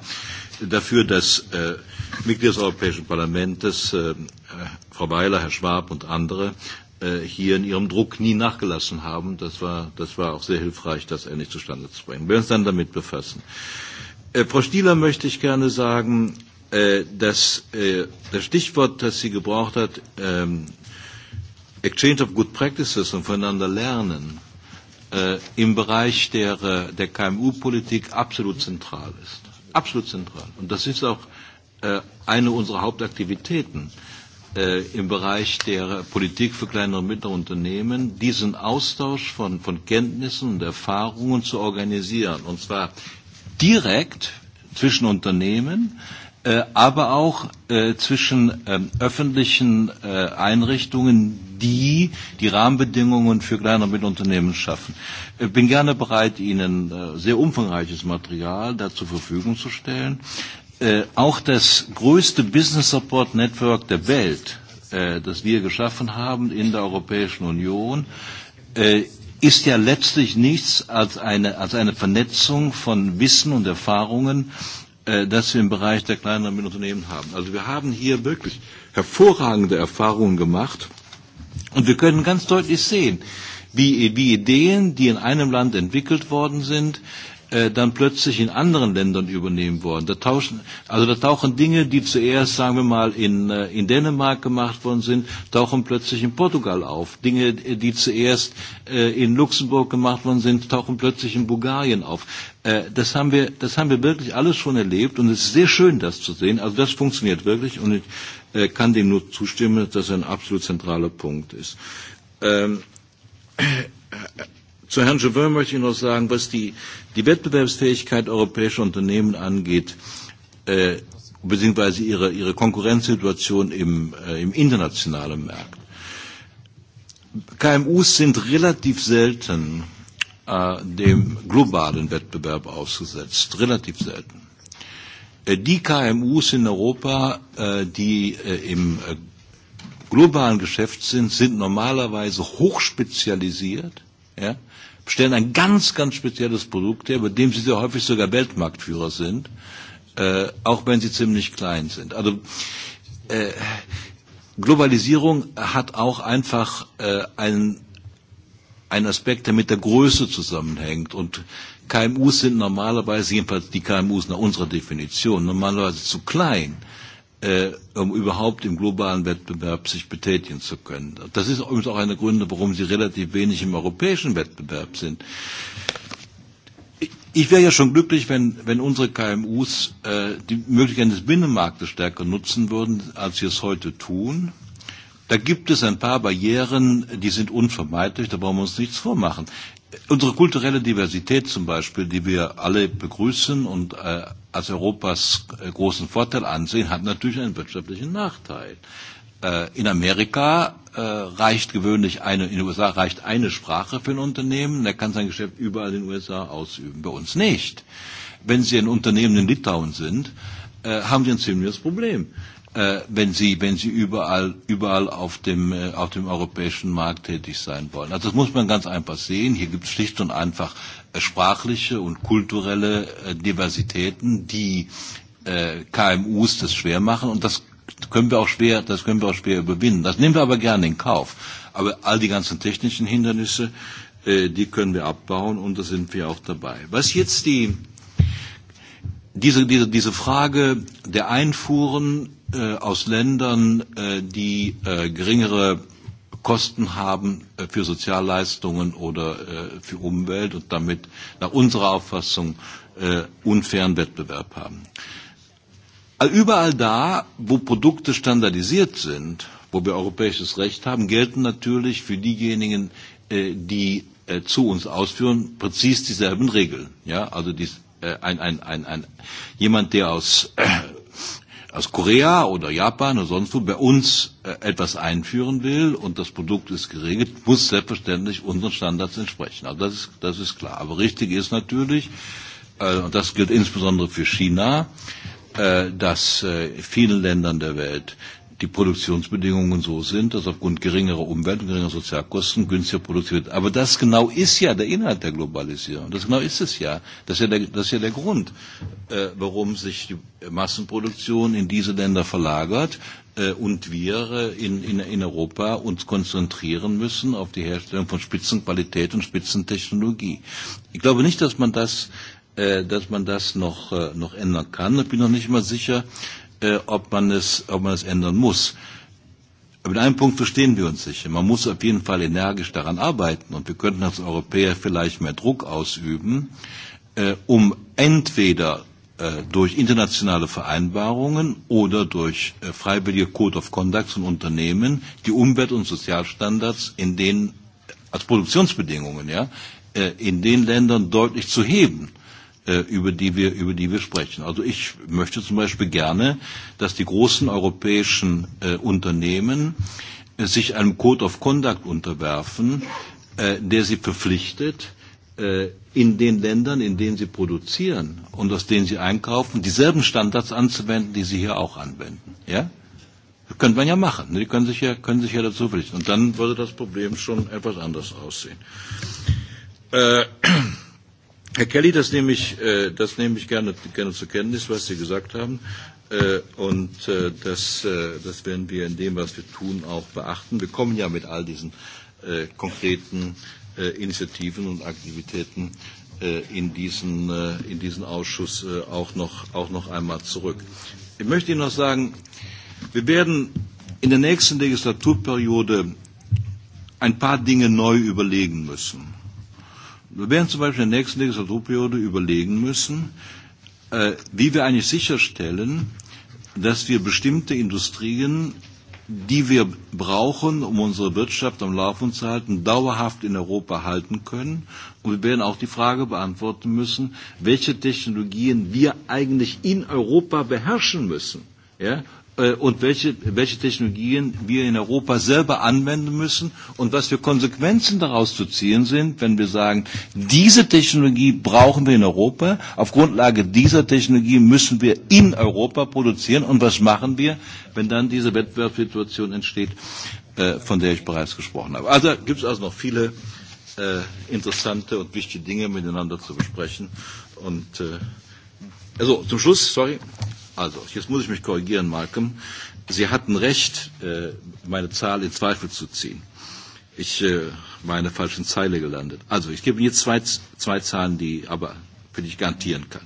Speaker 2: dafür, dass äh, Mitglieder des Europäischen Parlaments, äh, äh, Frau Weiler, Herr Schwab und andere, äh, hier in ihrem Druck nie nachgelassen haben. Das war, das war auch sehr hilfreich, das endlich zustande zu bringen. Wir werden uns dann damit befassen. Äh, Frau Stieler möchte ich gerne sagen, äh, dass äh, das Stichwort, das sie gebraucht hat, ähm, Exchange of Good Practices und voneinander lernen, äh, im Bereich der, äh, der KMU-Politik absolut zentral ist. Absolut zentral. Und das ist auch äh, eine unserer Hauptaktivitäten äh, im Bereich der Politik für kleine und mittlere Unternehmen, diesen Austausch von, von Kenntnissen und Erfahrungen zu organisieren. Und zwar direkt zwischen Unternehmen, äh, aber auch äh, zwischen äh, öffentlichen äh, Einrichtungen, die die Rahmenbedingungen für kleine und Mittelunternehmen schaffen. Ich äh, bin gerne bereit, Ihnen äh, sehr umfangreiches Material da zur Verfügung zu stellen. Äh, auch das größte Business Support Network der Welt, äh, das wir geschaffen haben in der Europäischen Union, äh, ist ja letztlich nichts als eine, als eine Vernetzung von Wissen und Erfahrungen, äh, das wir im Bereich der kleinen und Unternehmen haben. Also wir haben hier wirklich hervorragende Erfahrungen gemacht und wir können ganz deutlich sehen, wie, wie Ideen, die in einem Land entwickelt worden sind, äh, Äh, dann plötzlich in anderen Ländern übernehmen worden. Da tauschen, also da tauchen Dinge, die zuerst, sagen wir mal, in, äh, in Dänemark gemacht worden sind, tauchen plötzlich in Portugal auf. Dinge, die zuerst äh, in Luxemburg gemacht worden sind, tauchen plötzlich in Bulgarien auf. Äh, das haben, wir, das haben wir wirklich alles schon erlebt und es ist sehr schön, das zu sehen. Also das funktioniert wirklich und ich äh, kann dem nur zustimmen, dass das ein absolut zentraler Punkt ist. Ähm, Zu Herrn Jevin möchte ich noch sagen, was die, die Wettbewerbsfähigkeit europäischer Unternehmen angeht, äh, beziehungsweise ihre, ihre Konkurrenzsituation im, äh, im internationalen Markt. KMUs sind relativ selten äh, dem globalen Wettbewerb ausgesetzt, relativ selten. Äh, die KMUs in Europa, äh, die äh, im äh, globalen Geschäft sind, sind normalerweise hochspezialisiert, ja, stellen ein ganz, ganz spezielles Produkt her, bei dem sie sehr häufig sogar Weltmarktführer sind, äh, auch wenn sie ziemlich klein sind. Also äh, Globalisierung hat auch einfach äh, einen, ein Aspekt, der mit der Größe zusammenhängt. Und KMUs sind normalerweise, jedenfalls die KMUs nach unserer Definition, normalerweise zu klein. Äh, äh, um überhaupt im globalen Wettbewerb sich betätigen zu können. Das ist übrigens auch einer Gründe, warum sie relativ wenig im europäischen Wettbewerb sind. Ich wäre ja schon glücklich, wenn, wenn unsere KMUs äh, die Möglichkeiten des Binnenmarktes stärker nutzen würden, als sie es heute tun. Da gibt es ein paar Barrieren, die sind unvermeidlich, da brauchen wir uns nichts vormachen. Unsere kulturelle Diversität zum Beispiel, die wir alle begrüßen und äh, als Europas äh, großen Vorteil ansehen, hat natürlich einen wirtschaftlichen Nachteil. Äh, in Amerika äh, reicht gewöhnlich eine, in den USA reicht eine Sprache für ein Unternehmen, der kann sein Geschäft überall in den USA ausüben, bei uns nicht. Wenn Sie ein Unternehmen in Litauen sind, äh, haben Sie ein ziemliches Problem. Äh, wenn sie, wenn sie überall, überall auf, dem, äh, auf dem europäischen Markt tätig sein wollen. Also das muss man ganz einfach sehen. Hier gibt es schlicht und einfach äh, sprachliche und kulturelle Diversitäten, die KMUs das schwer machen und das können wir auch schwer, das können wir auch schwer überwinden. Das nehmen wir aber gerne in Kauf. Aber all die ganzen technischen Hindernisse, die können wir abbauen und da sind wir auch dabei. Was jetzt die, diese, diese, diese Frage der Einfuhren äh, aus Ländern, äh, die äh, geringere Kosten haben äh, für Sozialleistungen oder äh, für Umwelt und damit nach unserer Auffassung äh, unfairen Wettbewerb haben. Überall da, wo Produkte standardisiert sind, wo wir europäisches Recht haben, gelten natürlich für diejenigen, äh, die äh, zu uns ausführen, präzis dieselben Regeln. Ja? Also dies, äh, ein, ein, ein, ein, jemand, der aus äh, aus Korea oder Japan oder sonst wo bei uns äh, etwas einführen will und das Produkt ist geregelt, muss selbstverständlich unseren Standards entsprechen. Also das ist, das ist klar. Aber richtig ist natürlich, äh, und das gilt insbesondere für China, äh, dass äh, in vielen Ländern der Welt die Produktionsbedingungen so sind, dass aufgrund geringerer Umwelt und geringerer Sozialkosten günstiger produziert wird. Aber das genau ist ja der Inhalt der Globalisierung. Das genau ist es ja. Das ist ja der, das ist ja der Grund, äh, warum sich die Massenproduktion in diese Länder verlagert äh, und wir äh, in, in, in Europa uns konzentrieren müssen auf die Herstellung von Spitzenqualität und Spitzentechnologie. Ich glaube nicht, dass man das, äh, dass man das noch, äh, noch ändern kann. Ich bin noch nicht mal sicher, äh, äh, ob, man es, ob man es ändern muss. Aber in einem Punkt verstehen wir uns sicher. Man muss auf jeden Fall energisch daran arbeiten und wir könnten als Europäer vielleicht mehr Druck ausüben, äh, um entweder äh, durch internationale Vereinbarungen oder durch äh, freiwillige Code of Conduct von Unternehmen die Umwelt- und Sozialstandards in den, äh, als Produktionsbedingungen, ja, äh, in den Ländern deutlich zu heben Äh, über die wir, über die wir sprechen. Also ich möchte zum Beispiel gerne, dass die großen europäischen äh, Unternehmen äh, sich einem Code of Conduct unterwerfen, äh, der sie verpflichtet, äh, in den Ländern, in denen sie produzieren und aus denen sie einkaufen, dieselben Standards anzuwenden, die sie hier auch anwenden. Ja? Das könnte man ja machen. Die können sich ja, können sich ja dazu verpflichten. Und dann würde das Problem schon etwas anders aussehen. Äh, Herr Kelly, das nehme ich, äh, das nehme ich gerne, gerne zur Kenntnis, was Sie gesagt haben. Äh, und äh, das, das werden wir in dem, was wir tun, auch beachten. Wir kommen ja mit all diesen konkreten Initiativen und Aktivitäten in, diesen, in diesen Ausschuss auch, noch, auch noch einmal zurück. Ich möchte Ihnen noch sagen, wir werden in der nächsten Legislaturperiode ein paar Dinge neu überlegen müssen. Wir werden zum Beispiel in der nächsten Legislaturperiode überlegen müssen, äh, wie wir eigentlich sicherstellen, dass wir bestimmte Industrien, die wir brauchen, um unsere Wirtschaft am Laufen zu halten, dauerhaft in Europa halten können. Und wir werden auch die Frage beantworten müssen, welche Technologien wir eigentlich in Europa beherrschen müssen. Ja, Äh, und welche, welche Technologien wir in Europa selber anwenden müssen und was für Konsequenzen daraus zu ziehen sind, wenn wir sagen, diese Technologie brauchen wir in Europa, auf Grundlage dieser Technologie müssen wir in Europa produzieren und was machen wir, wenn dann diese Wettbewerbssituation entsteht, äh, von der ich bereits gesprochen habe. Also gibt es also noch viele äh, interessante und wichtige Dinge miteinander zu besprechen. Und äh, also zum Schluss, sorry, Also, jetzt muss ich mich korrigieren, Malcolm. Sie hatten recht, äh, meine Zahl in Zweifel zu ziehen. Ich äh, war in der falschen Zeile gelandet. Also, ich gebe Ihnen jetzt zwei, zwei Zahlen, die aber, für dich garantieren kann.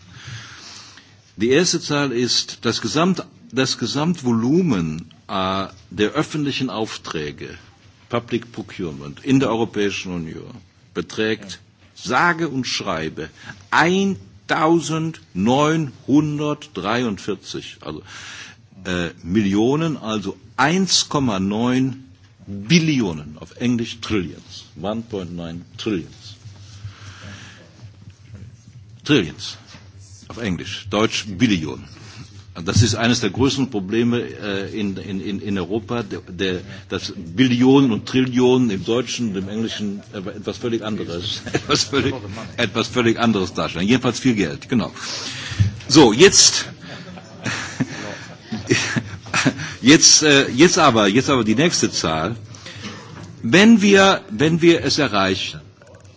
Speaker 2: Die erste Zahl ist, das, Gesamt, das Gesamtvolumen äh, der öffentlichen Aufträge, Public Procurement, in der Europäischen Union beträgt sage und schreibe 1943 also, äh, Millionen, also 1,9 Billionen, auf Englisch Trillions, 1.9 Trillions. Trillions, auf Englisch, Deutsch Billionen. Das ist eines der größten Probleme äh, in, in, in Europa, der, der, dass Billionen und Trillionen im Deutschen und im Englischen äh, etwas völlig anderes, etwas völlig, etwas völlig anderes darstellen. Jedenfalls viel Geld, genau. So, jetzt, jetzt, äh, jetzt aber, jetzt aber die nächste Zahl. Wenn wir, wenn wir es erreichen,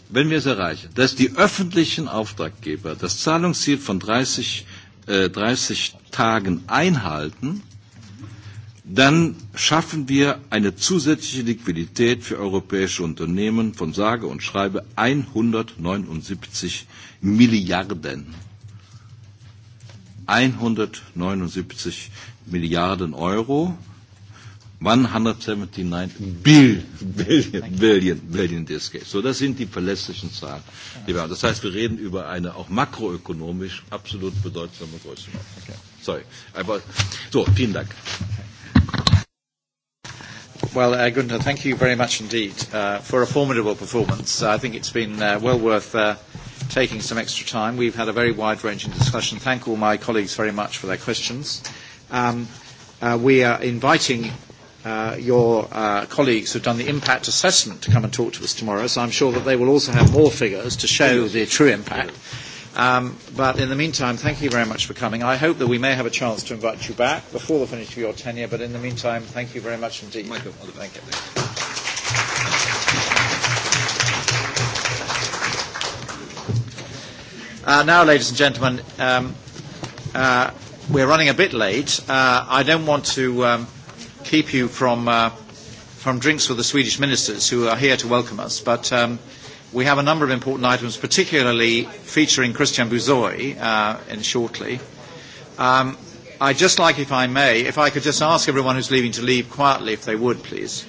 Speaker 2: wenn wir es erreichen, dass die öffentlichen Auftraggeber das Zahlungsziel von 30 äh, 30 Tagen einhalten, dann schaffen wir eine zusätzliche Liquidität für europäische Unternehmen von sage und schreibe 179 Milliarden. 179 Milliarden Euro 179 Bill, Billion, Billion, Billion DSK. So, das sind die verlässlichen Zahlen, die wir haben. Das heißt, wir reden über eine auch makroökonomisch absolut bedeutsame Größe. Okay. Sorry. Aber, so, vielen Dank. Well, uh, Gunther, thank you very much indeed uh,
Speaker 1: for a formidable performance. I think it's been uh, well worth uh, taking some extra time. We've had a very wide-ranging discussion. Thank all my colleagues very much for their questions. Um, uh, we are inviting uh, your uh, colleagues who've done the impact assessment to come and talk to us tomorrow, so I'm sure that they will also have more figures to show the true impact. Um, but in the meantime, thank you very much for coming. I hope that we may have a chance to invite you back before the finish of your tenure, but in the meantime, thank you very much indeed. Michael, all thank you. Uh, now, ladies and gentlemen, um, uh, we're running a bit late. Uh, I don't want to... Um, keep you from, uh, from drinks with the Swedish ministers who are here to welcome us, but um, we have a number of important items, particularly featuring Christian Buzoi uh, in shortly. Um, I'd just like, if I may, if I could just ask everyone who's leaving to leave quietly, if they would, please.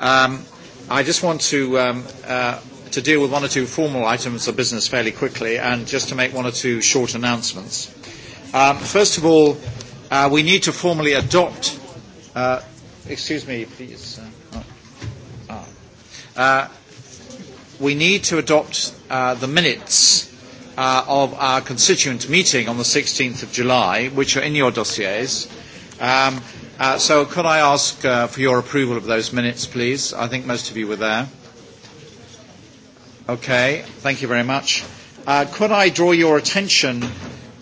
Speaker 1: Um, I just want to, um, uh, to deal with one or two formal items of business fairly quickly and just to make one or two short announcements. Um, first of all, uh, we need to formally adopt Uh, excuse me, please. Uh, oh. Ah. uh, we need to adopt uh, the minutes uh, of our constituent meeting on the 16th of July, which are in your dossiers. Um, uh, so could I ask uh, for your approval of those minutes, please? I think most of you were there. Okay, thank you very much. Uh, could I draw your attention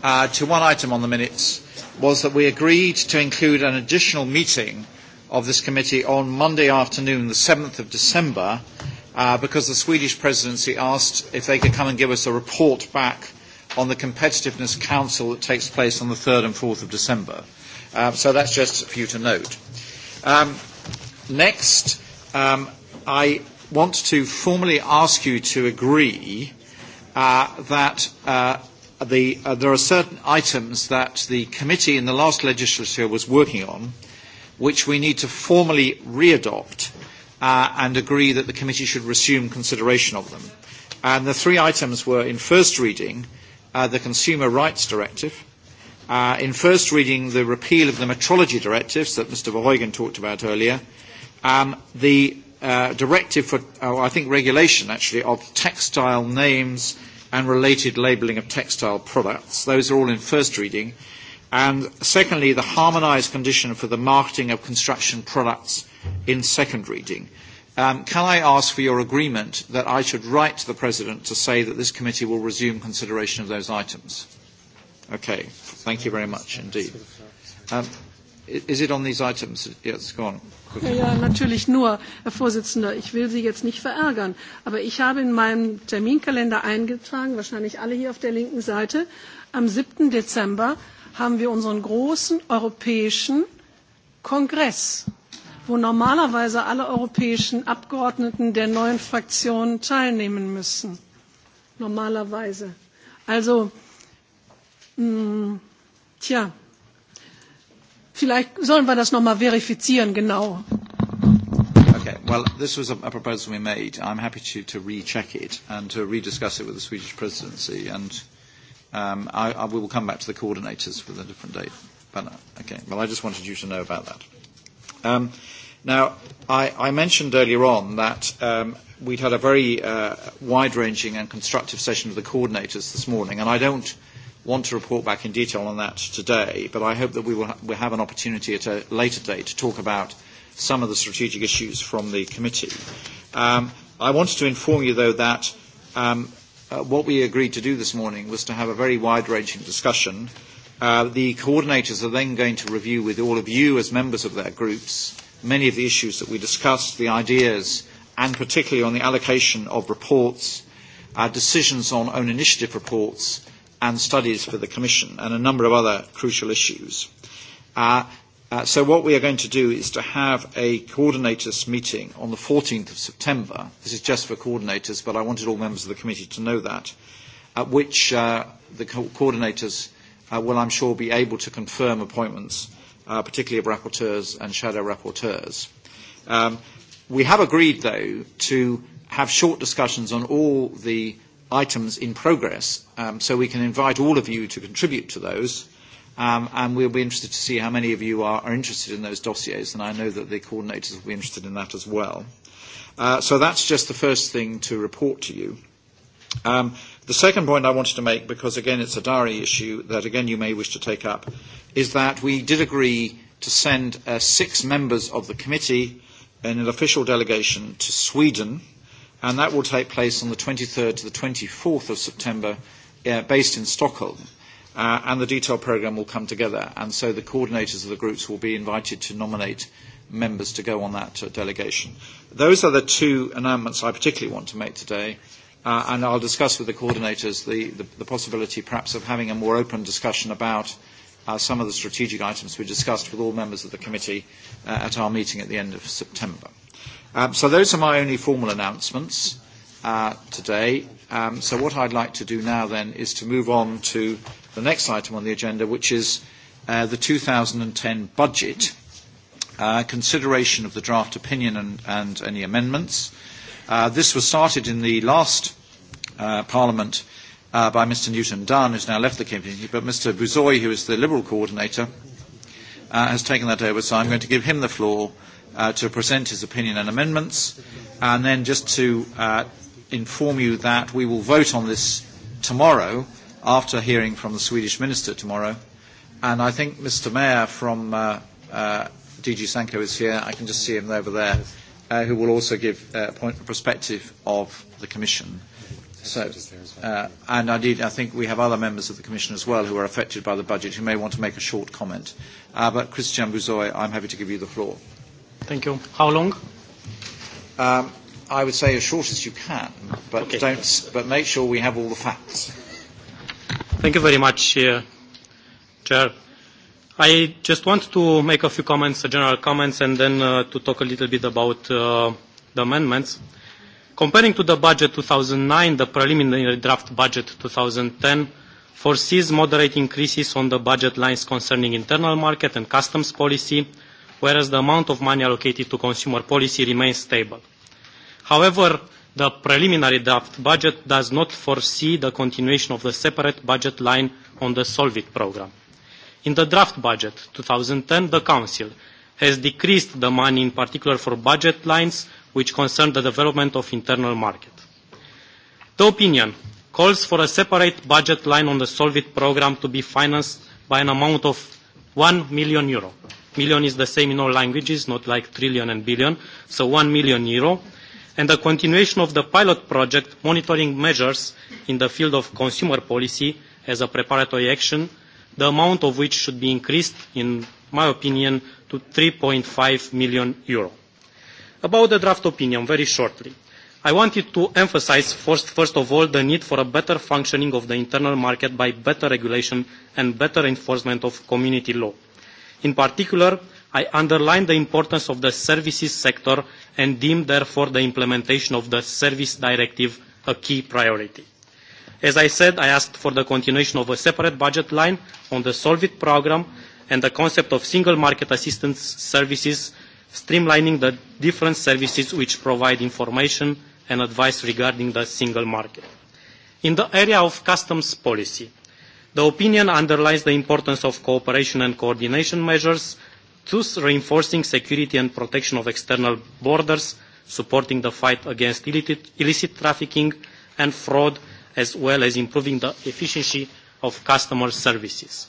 Speaker 1: uh, to one item on the minutes, was that we agreed to include an additional meeting of this committee on Monday afternoon, the 7th of December, uh, because the Swedish presidency asked if they could come and give us a report back on the Competitiveness Council that takes place on the 3rd and 4th of December. Uh, so that's just for you to note. Um, next, um, I want to formally ask you to agree uh, that uh, the, uh, there are certain items that the committee in the last legislature was working on, which we need to formally readopt uh, and agree that the committee should resume consideration of them. And the three items were in first reading, uh, the Consumer Rights Directive, uh, in first reading, the repeal of the metrology directives that Mr. Verheugen talked about earlier, um, the uh, directive for, oh, I think regulation actually, of textile names and related labelling of textile products. Those are all in first reading. And secondly, the harmonised condition for the marketing of construction products in second reading. Um, can I ask for your agreement that I should write to the President to say that this committee will resume consideration of those items? Okay, thank you very much indeed. Um, Is it on these items? Yes, go on. Ja, ja, natürlich
Speaker 10: nur, Herr Vorsitzender, ich will Sie jetzt nicht verärgern, aber ich habe in meinem Terminkalender eingetragen, wahrscheinlich alle hier auf der linken Seite, am 7. Dezember haben wir unseren großen europäischen Kongress, wo normalerweise alle europäischen Abgeordneten der neuen Fraktionen teilnehmen müssen. Normalerweise. Also, mh, mm, tja, Vielleicht sollen wir das nochmal verifizieren, genau.
Speaker 1: Okay, well, this was a, a proposal we made. I'm happy to, to recheck it and to rediscuss it with the Swedish presidency. And um, I, I, we will come back to the coordinators with a different date. But, uh, okay, well, I just wanted you to know about that. Um, now, I, I mentioned earlier on that um, we'd had a very uh, wide-ranging and constructive session with the coordinators this morning, and I don't – want to report back in detail on that today, but I hope that we will ha we have an opportunity at a later date to talk about some of the strategic issues from the committee. Um, I wanted to inform you, though, that um, uh, what we agreed to do this morning was to have a very wide-ranging discussion. Uh, the coordinators are then going to review with all of you as members of their groups many of the issues that we discussed, the ideas, and particularly on the allocation of reports, uh, decisions on own initiative reports, and studies for the Commission and a number of other crucial issues. Uh, uh, so what we are going to do is to have a coordinators meeting on the 14th of September. This is just for coordinators, but I wanted all members of the committee to know that, at which uh, the co coordinators uh, will, I'm sure, be able to confirm appointments, uh, particularly of rapporteurs and shadow rapporteurs. Um, we have agreed, though, to have short discussions on all the items in progress, um, so we can invite all of you to contribute to those. Um, and we'll be interested to see how many of you are, are interested in those dossiers, and I know that the coordinators will be interested in that as well. Uh, so that's just the first thing to report to you. Um, the second point I wanted to make, because again it's a diary issue that again you may wish to take up, is that we did agree to send uh, six members of the committee in an official delegation to Sweden and that will take place on the 23rd to the 24th of September, uh, based in Stockholm. Uh, and the detailed programme will come together, and so the coordinators of the groups will be invited to nominate members to go on that uh, delegation. Those are the two announcements I particularly want to make today, uh, and I'll discuss with the coordinators the, the, the possibility perhaps of having a more open discussion about uh, some of the strategic items we discussed with all members of the committee uh, at our meeting at the end of September. Um, so those are my only formal announcements uh, today. Um, so what I'd like to do now then is to move on to the next item on the agenda, which is uh, the 2010 budget, uh, consideration of the draft opinion and, and any amendments. Uh, this was started in the last uh, Parliament uh, by Mr Newton Dunn, who's now left the committee, but Mr Buzoy, who is the Liberal coordinator, uh, has taken that over, so I'm going to give him the floor uh, to present his opinion and amendments. And then just to uh, inform you that we will vote on this tomorrow after hearing from the Swedish minister tomorrow. And I think Mr. Mayor from uh, uh, DG Sanko is here. I can just see him over there, uh, who will also give uh, point, a perspective of the Commission. So, uh, and indeed, I think we have other members of the Commission as well who are affected by the budget who may want to make a short comment. Uh, but Christian Bouzoy, I'm happy to give you the floor. Thank you. How long? Um, I would say as
Speaker 13: short as you can, but, okay. don't, but make sure we have all the facts. Thank you very much, uh, Chair. I just want to make a few comments, uh, general comments, and then uh, to talk a little bit about uh, the amendments. Comparing to the budget 2009, the preliminary draft budget 2010 foresees moderate increases on the budget lines concerning internal market and customs policy, whereas the amount of money allocated to consumer policy remains stable. However, the preliminary draft budget does not foresee the continuation of the separate budget line on the Solvit programme. In the draft budget 2010, the Council has decreased the money in particular for budget lines which concern the development of internal market. The opinion calls for a separate budget line on the Solvit programme to be financed by an amount of 1 million euro. Million is the same in all languages, not like trillion and billion, so 1 million euro, and the continuation of the pilot project monitoring measures in the field of consumer policy as a preparatory action, the amount of which should be increased, in my opinion, to 3.5 million euro. About the draft opinion, very shortly. I wanted to emphasize first, first of all the need for a better functioning of the internal market by better regulation and better enforcement of community law. In particular, I underline the importance of the services sector and deem therefore the implementation of the Service Directive a key priority. As I said, I asked for the continuation of a separate budget line on the Solvit program and the concept of single market assistance services, streamlining the different services which provide information and advice regarding the single market. In the area of customs policy, The opinion underlines the importance of cooperation and coordination measures, thus reinforcing security and protection of external borders, supporting the fight against illicit trafficking and fraud, as well as improving the efficiency of customer services.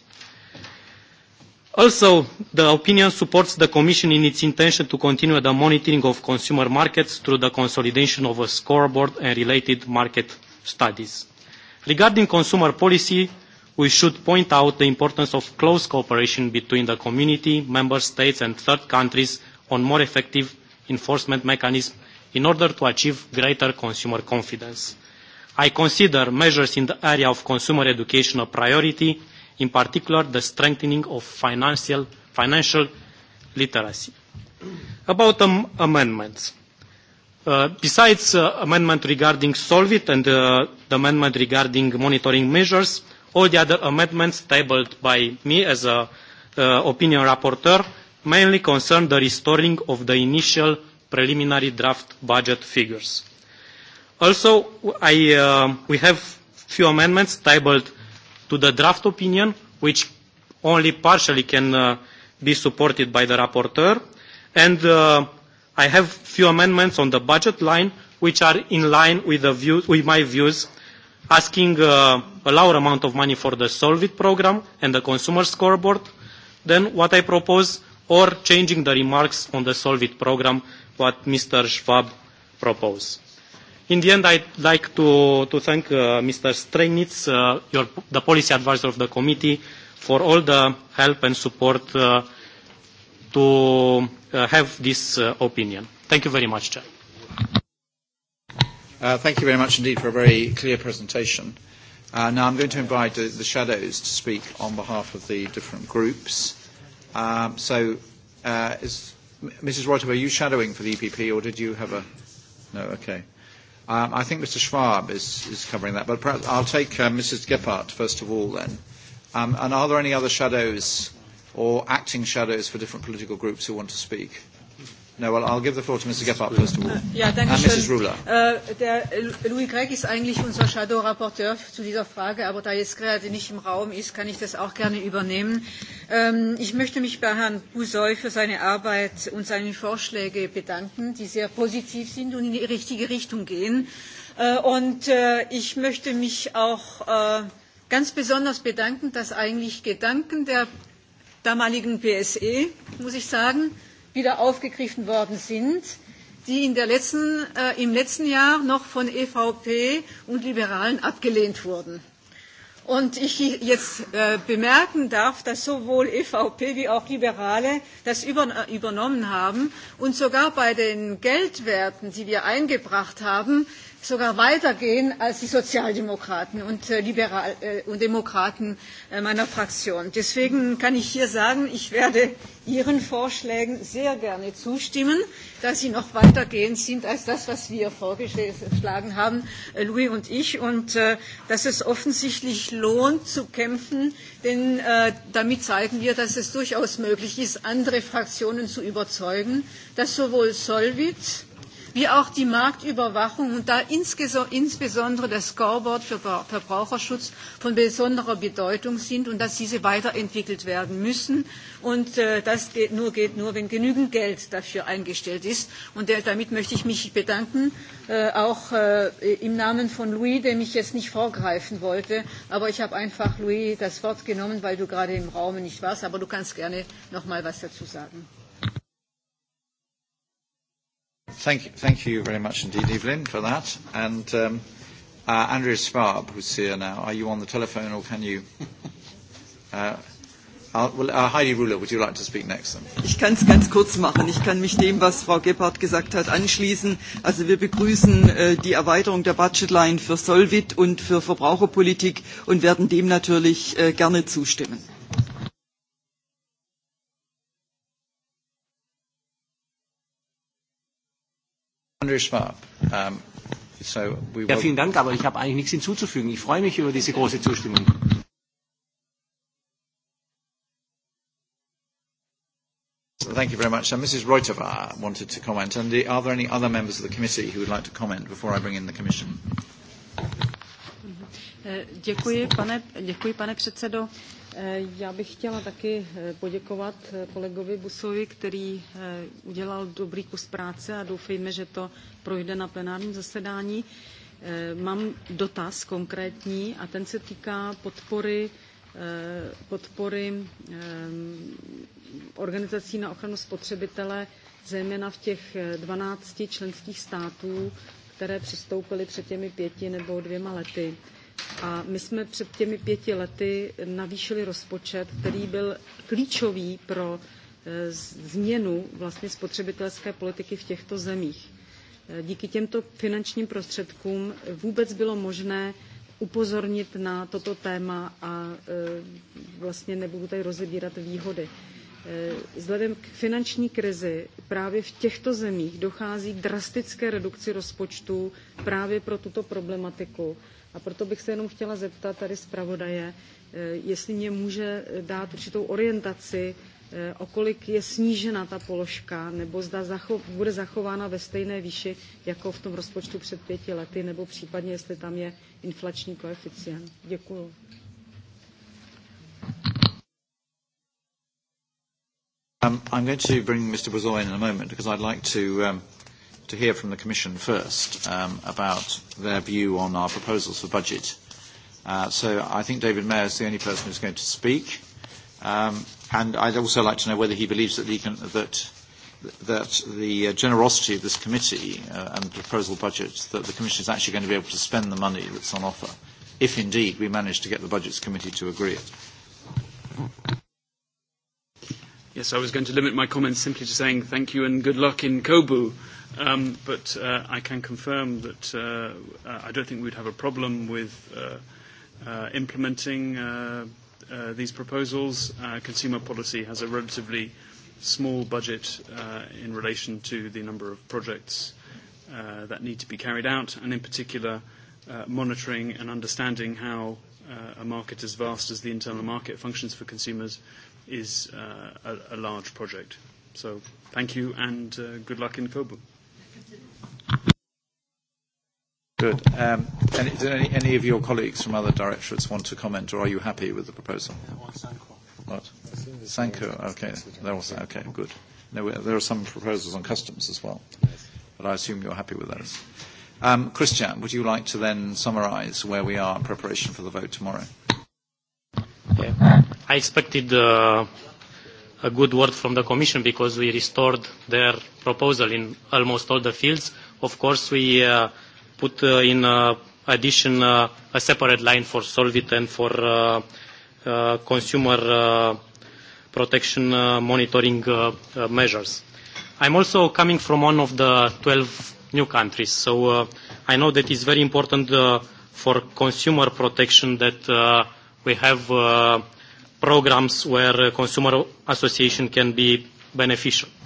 Speaker 13: Also, the opinion supports the Commission in its intention to continue the monitoring of consumer markets through the consolidation of a scoreboard and related market studies. Regarding consumer policy, we should point out the importance of close cooperation between the community, member states and third countries on more effective enforcement mechanisms in order to achieve greater consumer confidence. I consider measures in the area of consumer education a priority, in particular the strengthening of financial, financial literacy. About um, amendments. Uh, besides uh, amendment regarding Solvit and uh, the amendment regarding monitoring measures, all the other amendments tabled by me as a uh, opinion rapporteur mainly concern the restoring of the initial preliminary draft budget figures. Also, I, uh, we have few amendments tabled to the draft opinion, which only partially can uh, be supported by the rapporteur. And uh, I have few amendments on the budget line, which are in line with, the view, with my views asking uh, a lower amount of money for the Solvit program and the consumer scoreboard than what I propose, or changing the remarks on the Solvit program, what Mr. Schwab proposed. In the end, I'd like to, to thank uh, Mr. Strenitz, uh, your, the policy advisor of the committee, for all the help and support uh, to uh, have this uh, opinion. Thank you very much, Chair.
Speaker 1: Uh, thank you very much indeed for a very clear presentation. Uh, now I'm going to invite the the shadows to speak on behalf of the different groups. Um, so, uh, is Mrs. Reuter, are you shadowing for the EPP, or did you have a? No, okay. Um, I think Mr. Schwab is, is covering that, but perhaps I'll take uh, Mrs. Gephardt first of all then. Um, and are there any other shadows or acting shadows for different political groups who want to speak? No, well, I'll give the floor to Mr. Gephardt first of all. Ja, uh, danke And Mrs. Rula.
Speaker 3: Uh, der Louis Gregg ist eigentlich unser Shadow-Rapporteur zu dieser Frage, aber da jetzt gerade nicht im Raum ist, kann ich das auch gerne übernehmen. Um, ich möchte mich bei Herrn Bouzoy für seine Arbeit und seine Vorschläge bedanken, die sehr positiv sind und in die richtige Richtung gehen. Uh, und uh, ich möchte mich auch uh, ganz besonders bedanken, dass eigentlich Gedanken der damaligen PSE, muss ich sagen, wieder aufgegriffen worden sind, die in der letzten, äh, im letzten Jahr noch von EVP und Liberalen abgelehnt wurden. Und ich jetzt äh, bemerken darf, dass sowohl EVP wie auch Liberale das über, übernommen haben und sogar bei den Geldwerten, die wir eingebracht haben, sogar weitergehen als die Sozialdemokraten und, äh, Liberal, äh, und Demokraten äh, meiner Fraktion. Deswegen kann ich hier sagen, ich werde Ihren Vorschlägen sehr gerne zustimmen, dass sie noch weitergehend sind als das, was wir vorgeschlagen haben, äh, Louis und ich, und äh, dass es offensichtlich lohnt zu kämpfen, denn äh, damit zeigen wir, dass es durchaus möglich ist, andere Fraktionen zu überzeugen, dass sowohl Solvit, wie auch die Marktüberwachung und da insbesondere das Scoreboard für Verbraucherschutz von besonderer Bedeutung sind und dass diese weiterentwickelt werden müssen. Und äh, das geht nur, geht nur, wenn genügend Geld dafür eingestellt ist. Und damit möchte ich mich bedanken, äh, auch äh, im Namen von Louis, dem ich jetzt nicht vorgreifen wollte. Aber ich habe einfach, Louis, das Wort genommen, weil du gerade im Raum nicht warst. Aber du kannst gerne noch mal was dazu sagen.
Speaker 1: Thank you, thank you very much indeed, Evelyn, for that. And um, uh, Andrea Sparb, who's here now, are you on the telephone or can you? Uh, Uh, well, uh, Heidi Ruler, would you like to speak next? Then? Ich kann es ganz kurz machen. Ich kann mich dem, was Frau Gebhardt gesagt hat, anschließen. Also wir begrüßen äh,
Speaker 3: die Erweiterung der Budgetline für Solvit und für Verbraucherpolitik und werden dem natürlich äh, gerne zustimmen.
Speaker 8: Ähm, ja, vielen Dank, aber ich habe eigentlich nichts hinzuzufügen. Ich freue mich über diese große Zustimmung.
Speaker 1: Thank you very much. And Mrs. Reutova wanted to comment. And are there any other members of the committee who would like to comment before I bring in the Commission?
Speaker 14: Eh, děkuji, pane, děkuji, pane předsedo. Eh, já bych chtěla taky eh, poděkovat eh, kolegovi Busovi, který udělal dobrý kus práce a doufejme, že to projde na plenárním zasedání. Mám dotaz konkrétní a ten se týká podpory, podpory organizací na ochranu spotřebitele, zejména v těch 12 členských států, které přistoupily před těmi pěti nebo dvěma lety. A my jsme před těmi pěti lety navýšili rozpočet, který byl klíčový pro e, změnu vlastně spotřebitelské politiky v těchto zemích. E, díky těmto finančním prostředkům vůbec bylo možné upozornit na toto téma a e, vlastně nebudu tady rozebírat výhody. Vzhledem k finanční krizi právě v těchto zemích dochází k drastické redukci rozpočtů právě pro tuto problematiku A proto bych se jenom chtěla zeptat tady zpravodaje, eh, jestli mě může eh, dát určitou orientaci, eh, o kolik je snížena ta položka, nebo zda zacho bude zachována ve stejné výši, jako v tom rozpočtu před pěti lety, nebo případně, jestli tam je inflační koeficient. Děkuju.
Speaker 1: Um, I'm going to bring Mr. Bozoy in in a moment because I'd like to um, to hear from the Commission first um, about their view on our proposals for budget. Uh, so I think David Mayer is the only person who's going to speak. Um, and I'd also like to know whether he believes that, he can, that, that the uh, generosity of this committee uh, and the proposal budget, that the Commission is actually going to be able to spend the money that's on offer, if indeed we manage to get the Budgets Committee to agree it.
Speaker 15: Yes, I was going to limit my comments simply
Speaker 1: to saying thank you and good luck in Kobu. Um, but uh, I can confirm that uh, uh, I don't think we'd have a problem with uh, uh, implementing uh, uh, these proposals. Uh, consumer policy has a relatively small budget uh, in relation to the number of projects uh, that need to be carried out, and in particular, uh, monitoring and understanding how uh, a market as vast as the internal market functions for consumers is uh, a, a large project. So thank you and uh, good luck in Coburg. Good. Um, and did any, any of your colleagues from other directorates want to comment, or are you happy with the proposal? What? Sanko, okay. They're also, okay, good. No, there are some proposals on customs as well, but I assume you're happy with those. Um, Christian, would you like to then summarize where we are in preparation for the vote tomorrow?
Speaker 12: Yeah.
Speaker 13: I expected uh, a good word from the Commission because we restored their proposal in almost all the fields. Of course, we uh, put uh, in uh, addition uh, a separate line for Solvit and for uh, uh, consumer uh, protection uh, monitoring uh, uh, measures. I'm also coming from one of the 12 new countries, so uh, I know that it's very important uh, for consumer protection that uh, we have uh, programs where uh, consumer association can be beneficial. Uh,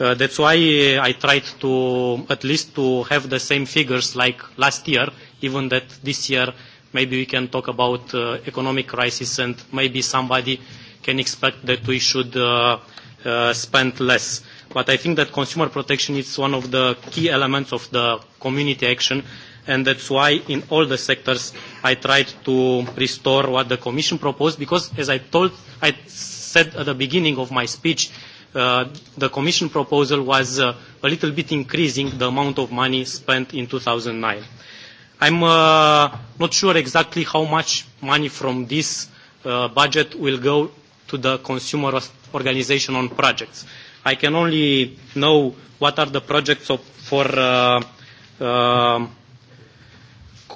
Speaker 13: Uh, that's why uh, I tried to at least to have the same figures like last year, even that this year maybe we can talk about uh, economic crisis and maybe somebody can expect that we should uh, uh, spend less. But I think that consumer protection is one of the key elements of the community action and that's why in all the sectors I tried to restore what the Commission proposed because as I told, I said at the beginning of my speech Uh, the Commission proposal was uh, a little bit increasing the amount of money spent in 2009. I'm uh, not sure exactly how much money from this uh, budget will go to the consumer organization on projects. I can only know what are the projects of, for uh, uh,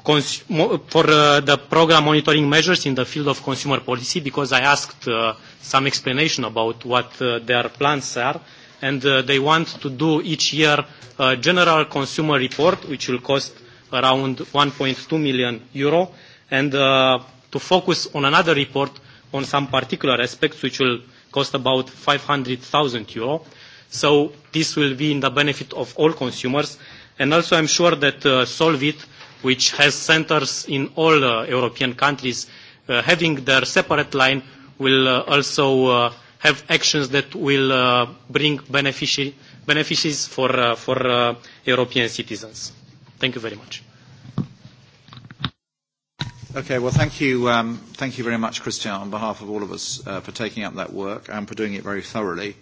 Speaker 13: for uh, the program monitoring measures in the field of consumer policy because I asked uh, some explanation about what uh, their plans are and uh, they want to do each year a general consumer report which will cost around 1.2 million euro and uh, to focus on another report on some particular aspects which will cost about 500,000 euro. So this will be in the benefit of all consumers and also I'm sure that uh, Solvit which has centers in all uh, European countries, uh, having their separate line will uh, also uh, have actions that will uh, bring benefici for, uh, for uh, European citizens. Thank you very much.
Speaker 1: Okay, well, thank you, um, thank you very much, Christian, on behalf of all of us uh, for taking up that work and for doing it very thoroughly.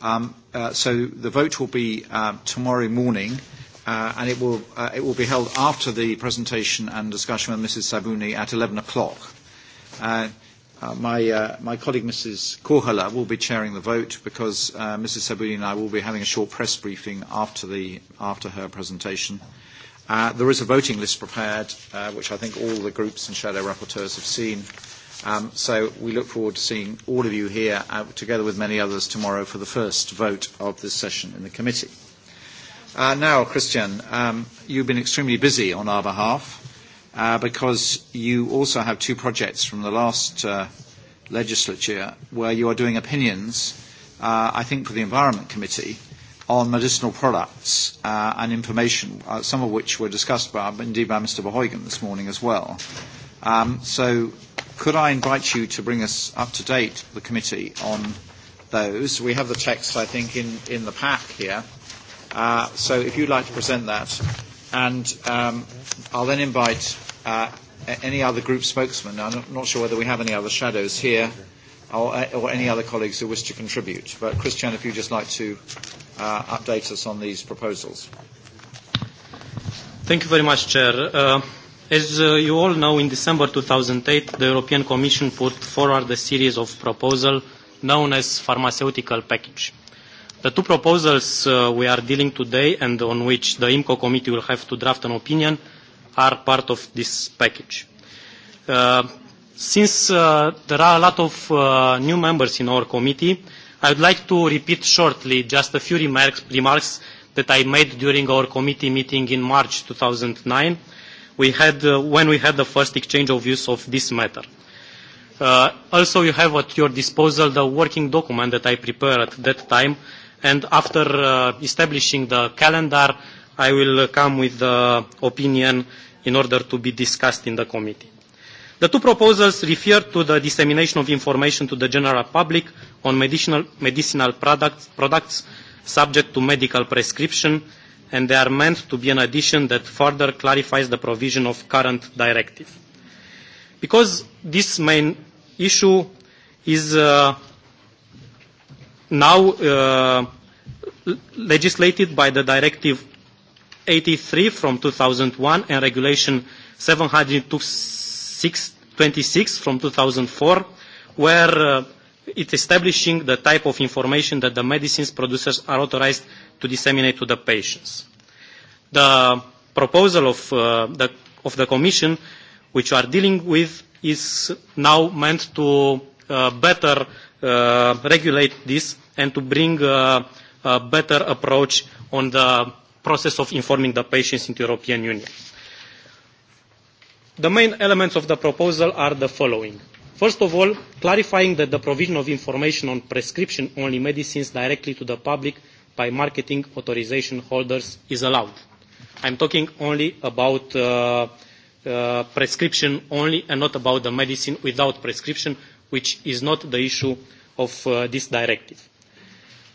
Speaker 1: Um, uh, so the vote will be uh, tomorrow morning uh, and it will, uh, it will be held after the presentation and discussion with Mrs. Sabuni at 11 o'clock. Uh, uh, my, uh, my colleague Mrs. Kohala will be chairing the vote because uh, Mrs. Sabuni and I will be having a short press briefing after, the, after her presentation. Uh, there is a voting list prepared, uh, which I think all the groups and shadow rapporteurs have seen. Um, so we look forward to seeing all of you here, uh, together with many others, tomorrow for the first vote of this session in the committee. Uh, now, Christian, um, you've been extremely busy on our behalf uh, because you also have two projects from the last uh, legislature where you are doing opinions, uh, I think, for the Environment Committee on medicinal products uh, and information, uh, some of which were discussed by, indeed by Mr. Verheugen this morning as well. Um, so could I invite you to bring us up to date, the committee, on those? We have the text, I think, in, in the pack here. Uh, so if you'd like to present that, and um, I'll then invite uh, any other group spokesman. I'm not, not sure whether we have any other shadows here or, uh, or any other colleagues who wish to contribute. But Christian, if you'd just like to uh, update us on these proposals.
Speaker 13: Thank you very much, Chair. Uh, as uh, you all know, in December 2008, the European Commission put forward a series of proposals known as pharmaceutical package. The two proposals uh, we are dealing today and on which the IMCO committee will have to draft an opinion are part of this package. Uh, since uh, there are a lot of uh, new members in our committee, I would like to repeat shortly just a few remarks, remarks that I made during our committee meeting in March 2009 we had, uh, when we had the first exchange of views of this matter. Uh, also, you have at your disposal the working document that I prepared at that time and after uh, establishing the calendar, I will come with the opinion in order to be discussed in the committee. The two proposals refer to the dissemination of information to the general public on medicinal, medicinal products, products subject to medical prescription, and they are meant to be an addition that further clarifies the provision of current directive. Because this main issue is uh, now uh, legislated by the Directive 83 from 2001 and Regulation 726 from 2004, where uh, it establishing the type of information that the medicines producers are authorized to disseminate to the patients. The proposal of, uh, the, of the Commission, which we are dealing with, is now meant to uh, better uh, regulate this and to bring a, a better approach on the process of informing the patients in the European Union. The main elements of the proposal are the following. First of all, clarifying that the provision of information on prescription-only medicines directly to the public by marketing authorization holders is allowed. I'm talking only about uh, uh, prescription only and not about the medicine without prescription, which is not the issue of uh, this directive.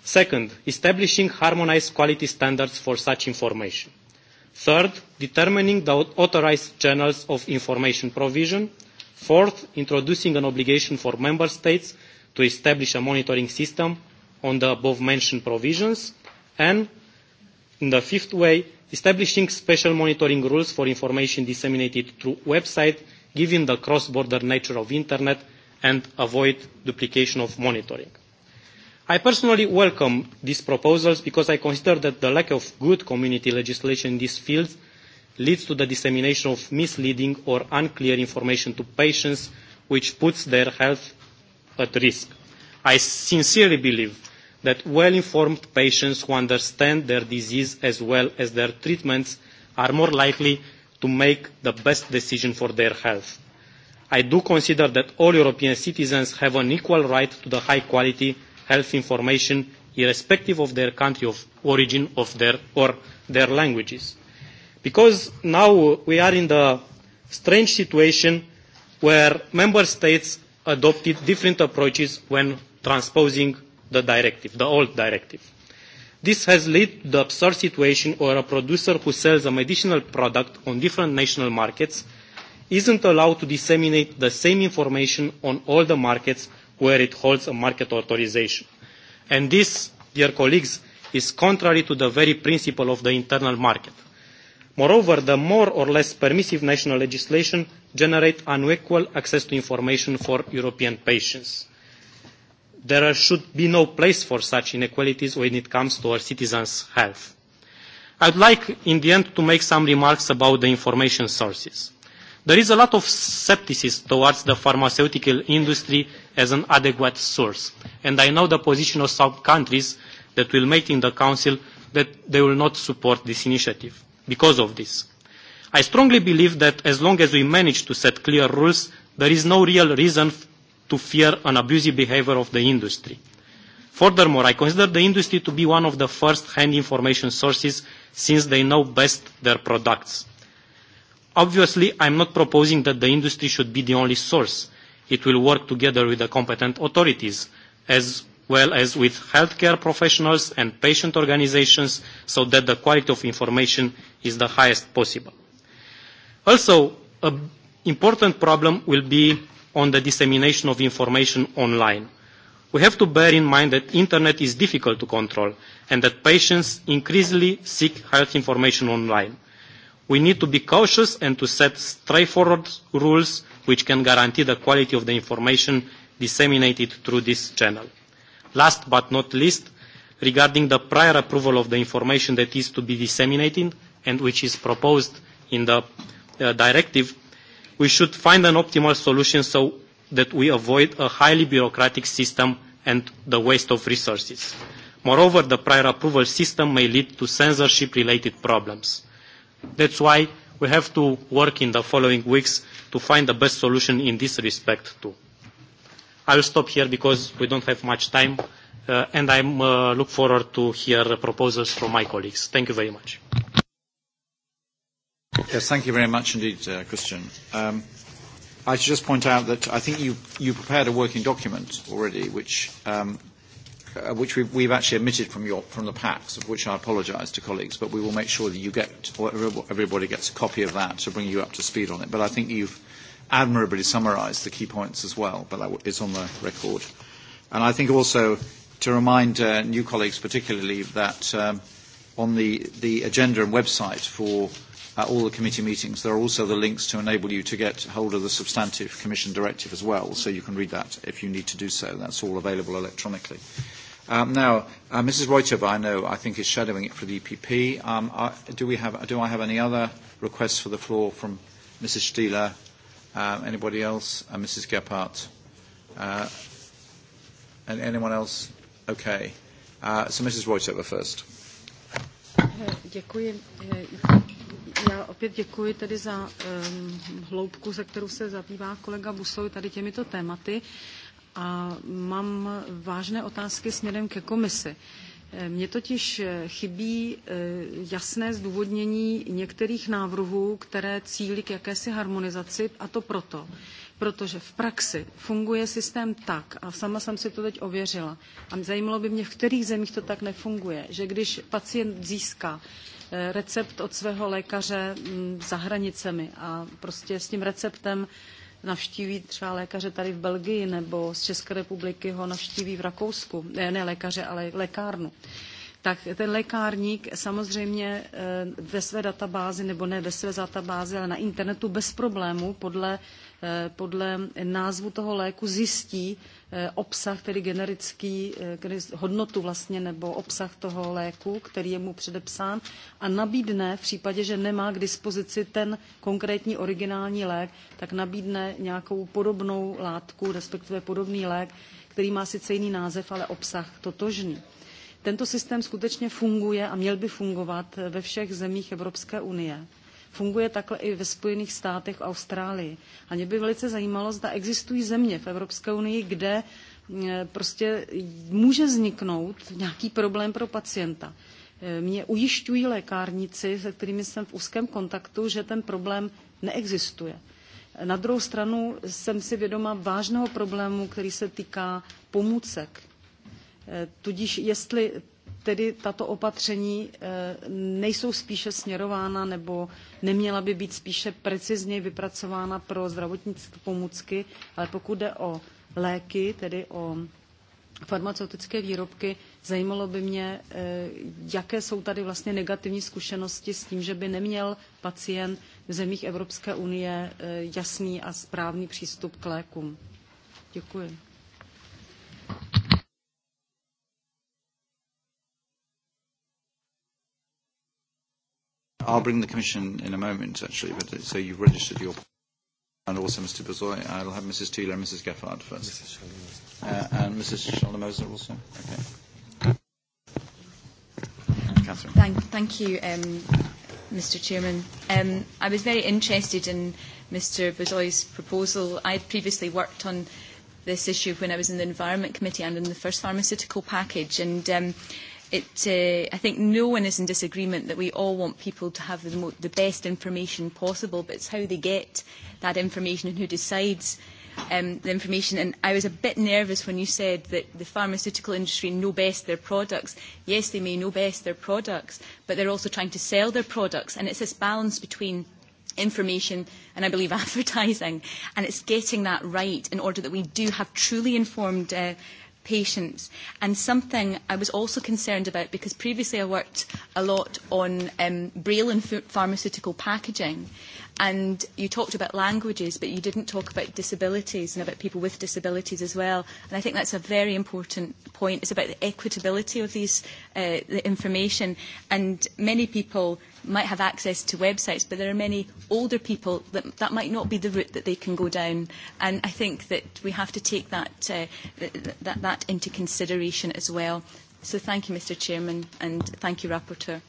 Speaker 13: Second, establishing harmonized quality standards for such information. Third, determining the authorized channels of information provision. Fourth, introducing an obligation for member states to establish a monitoring system on the above-mentioned provisions. And in the fifth way, establishing special monitoring rules for information disseminated through website, given the cross-border nature of Internet and avoid duplication of monitoring. I personally welcome these proposals because I consider that the lack of good community legislation in these fields leads to the dissemination of misleading or unclear information to patients, which puts their health at risk. I sincerely believe that well-informed patients who understand their disease as well as their treatments are more likely to make the best decision for their health. I do consider that all European citizens have an equal right to the high quality health information irrespective of their country of origin of their, or their languages. Because now we are in the strange situation where member states adopted different approaches when transposing the directive, the old directive. This has led to the absurd situation where a producer who sells a medicinal product on different national markets isn't allowed to disseminate the same information on all the markets where it holds a market authorization. And this, dear colleagues, is contrary to the very principle of the internal market. Moreover, the more or less permissive national legislation generates unequal access to information for European patients. There should be no place for such inequalities when it comes to our citizens' health. I would like, in the end, to make some remarks about the information sources. There is a lot of skepticism towards the pharmaceutical industry as an adequate source, and I know the position of some countries that will make in the Council that they will not support this initiative because of this. I strongly believe that as long as we manage to set clear rules, there is no real reason to fear an abusive behavior of the industry. Furthermore, I consider the industry to be one of the first-hand information sources since they know best their products. Obviously, I'm not proposing that the industry should be the only source. It will work together with the competent authorities, as well as with healthcare professionals and patient organizations, so that the quality of information is the highest possible. Also, an important problem will be on the dissemination of information online. We have to bear in mind that internet is difficult to control and that patients increasingly seek health information online. We need to be cautious and to set straightforward rules which can guarantee the quality of the information disseminated through this channel. Last but not least, regarding the prior approval of the information that is to be disseminated and which is proposed in the uh, directive, we should find an optimal solution so that we avoid a highly bureaucratic system and the waste of resources. Moreover, the prior approval system may lead to censorship-related problems. That's why we have to work in the following weeks to find the best solution in this respect too. I will stop here because we don't have much time uh, and I uh, look forward to hear proposals from my colleagues. Thank you very much.
Speaker 1: Yes, thank you very much indeed, uh, Christian. Um, I should just point out that I think you, you prepared a working document already, which um, uh, which we've, we've actually omitted from, your, from the packs, of which I apologise to colleagues, but we will make sure that you get, or everybody gets a copy of that to bring you up to speed on it. But I think you've admirably summarised the key points as well, but that is on the record. And I think also to remind uh, new colleagues particularly that um, on the, the agenda and website for uh, all the committee meetings, there are also the links to enable you to get hold of the substantive commission directive as well, so you can read that if you need to do so. That's all available electronically. Um, now, uh, Mrs. Reuter, I know, I think is shadowing it for the EPP. Um, uh, do, we have, do I have any other requests for the floor from Mrs. Stieler? Uh, anybody else? Uh, Mrs. Gephardt? Uh, and anyone else? Okay. Uh, so Mrs. Reuter first.
Speaker 14: Eh, děkuji. Eh, já opět děkuji tady za um, hloubku, se kterou se zabývá kolega Busovi tady těmito tématy. Uh, A mám vážné otázky směrem ke komisi. E, mně totiž e, chybí e, jasné zdůvodnění některých návrhů, které cílí k jakési harmonizaci, a to proto, protože v praxi funguje systém tak, a sama jsem si to teď ověřila, a zajímalo by mě, v kterých zemích to tak nefunguje, že když pacient získá recept od svého lékaře za hranicemi a prostě s tím receptem navštíví třeba lékaře tady v Belgii nebo z České republiky ho navštíví v Rakousku, ne, ne lékaře, ale lékárnu tak ten lékárník samozřejmě ve eh, své databázi, nebo ne ve své databázi, ale na internetu bez problému podle Eh, podle názvu toho léku zjistí eh, obsah, tedy generický, eh, hodnotu vlastně nebo obsah toho léku, který je mu předepsán a nabídne v případě, že nemá k dispozici ten konkrétní originální lék, tak nabídne nějakou podobnou látku, respektive podobný lék, který má sice jiný název, ale obsah totožný. Tento systém skutečně funguje a měl by fungovat ve všech zemích Evropské unie Funguje takhle i ve Spojených státech v Austrálii. A mě by velice zajímalo, zda existují země v Evropské unii, kde eh, prostě může vzniknout nějaký problém pro pacienta. Eh, mě ujišťují lékárníci, se kterými jsem v úzkém kontaktu, že ten problém neexistuje. Na druhou stranu jsem si vědoma vážného problému, který se týká pomůcek. Eh, tudíž jestli tedy tato opatření eh, nejsou spíše směrována nebo neměla by být spíše precizněji vypracována pro zdravotnické pomůcky, ale pokud jde o léky, tedy o farmaceutické výrobky, zajímalo by mě, eh, jaké jsou tady vlastně negativní zkušenosti s tím, že by neměl pacient v zemích Evropské unie eh, jasný a správný přístup k lékům. Děkuji.
Speaker 1: I'll bring the Commission in a moment, actually, but uh, so you've registered your... And also Mr. Bezoy. I'll have Mrs. Teeler and Mrs. Gaffard first. Mrs. Uh, and Mrs. Schaldemoser also. Okay. Catherine.
Speaker 9: Thank, thank you, um, Mr. Chairman. Um, I was very interested in Mr. Bezoy's proposal. I had previously worked on this issue when I was in the Environment Committee and in the first pharmaceutical package. And um, it, uh, I think no one is in disagreement that we all want people to have the, mo the best information possible, but it's how they get that information and who decides um, the information. And I was a bit nervous when you said that the pharmaceutical industry know best their products. Yes, they may know best their products, but they're also trying to sell their products. And it's this balance between information and I believe advertising. And it's getting that right in order that we do have truly informed uh, patients. And something I was also concerned about because previously I worked a lot on um, braille and pharmaceutical packaging. And you talked about languages, but you didn't talk about disabilities and about people with disabilities as well. And I think that's a very important point. It's about the equitability of these, uh, the information. And many people might have access to websites, but there are many older people that that might not be the route that they can go down. And I think that we have to take that, uh, that, that into consideration as well. So thank you, Mr Chairman, and
Speaker 3: thank you, Rapporteur.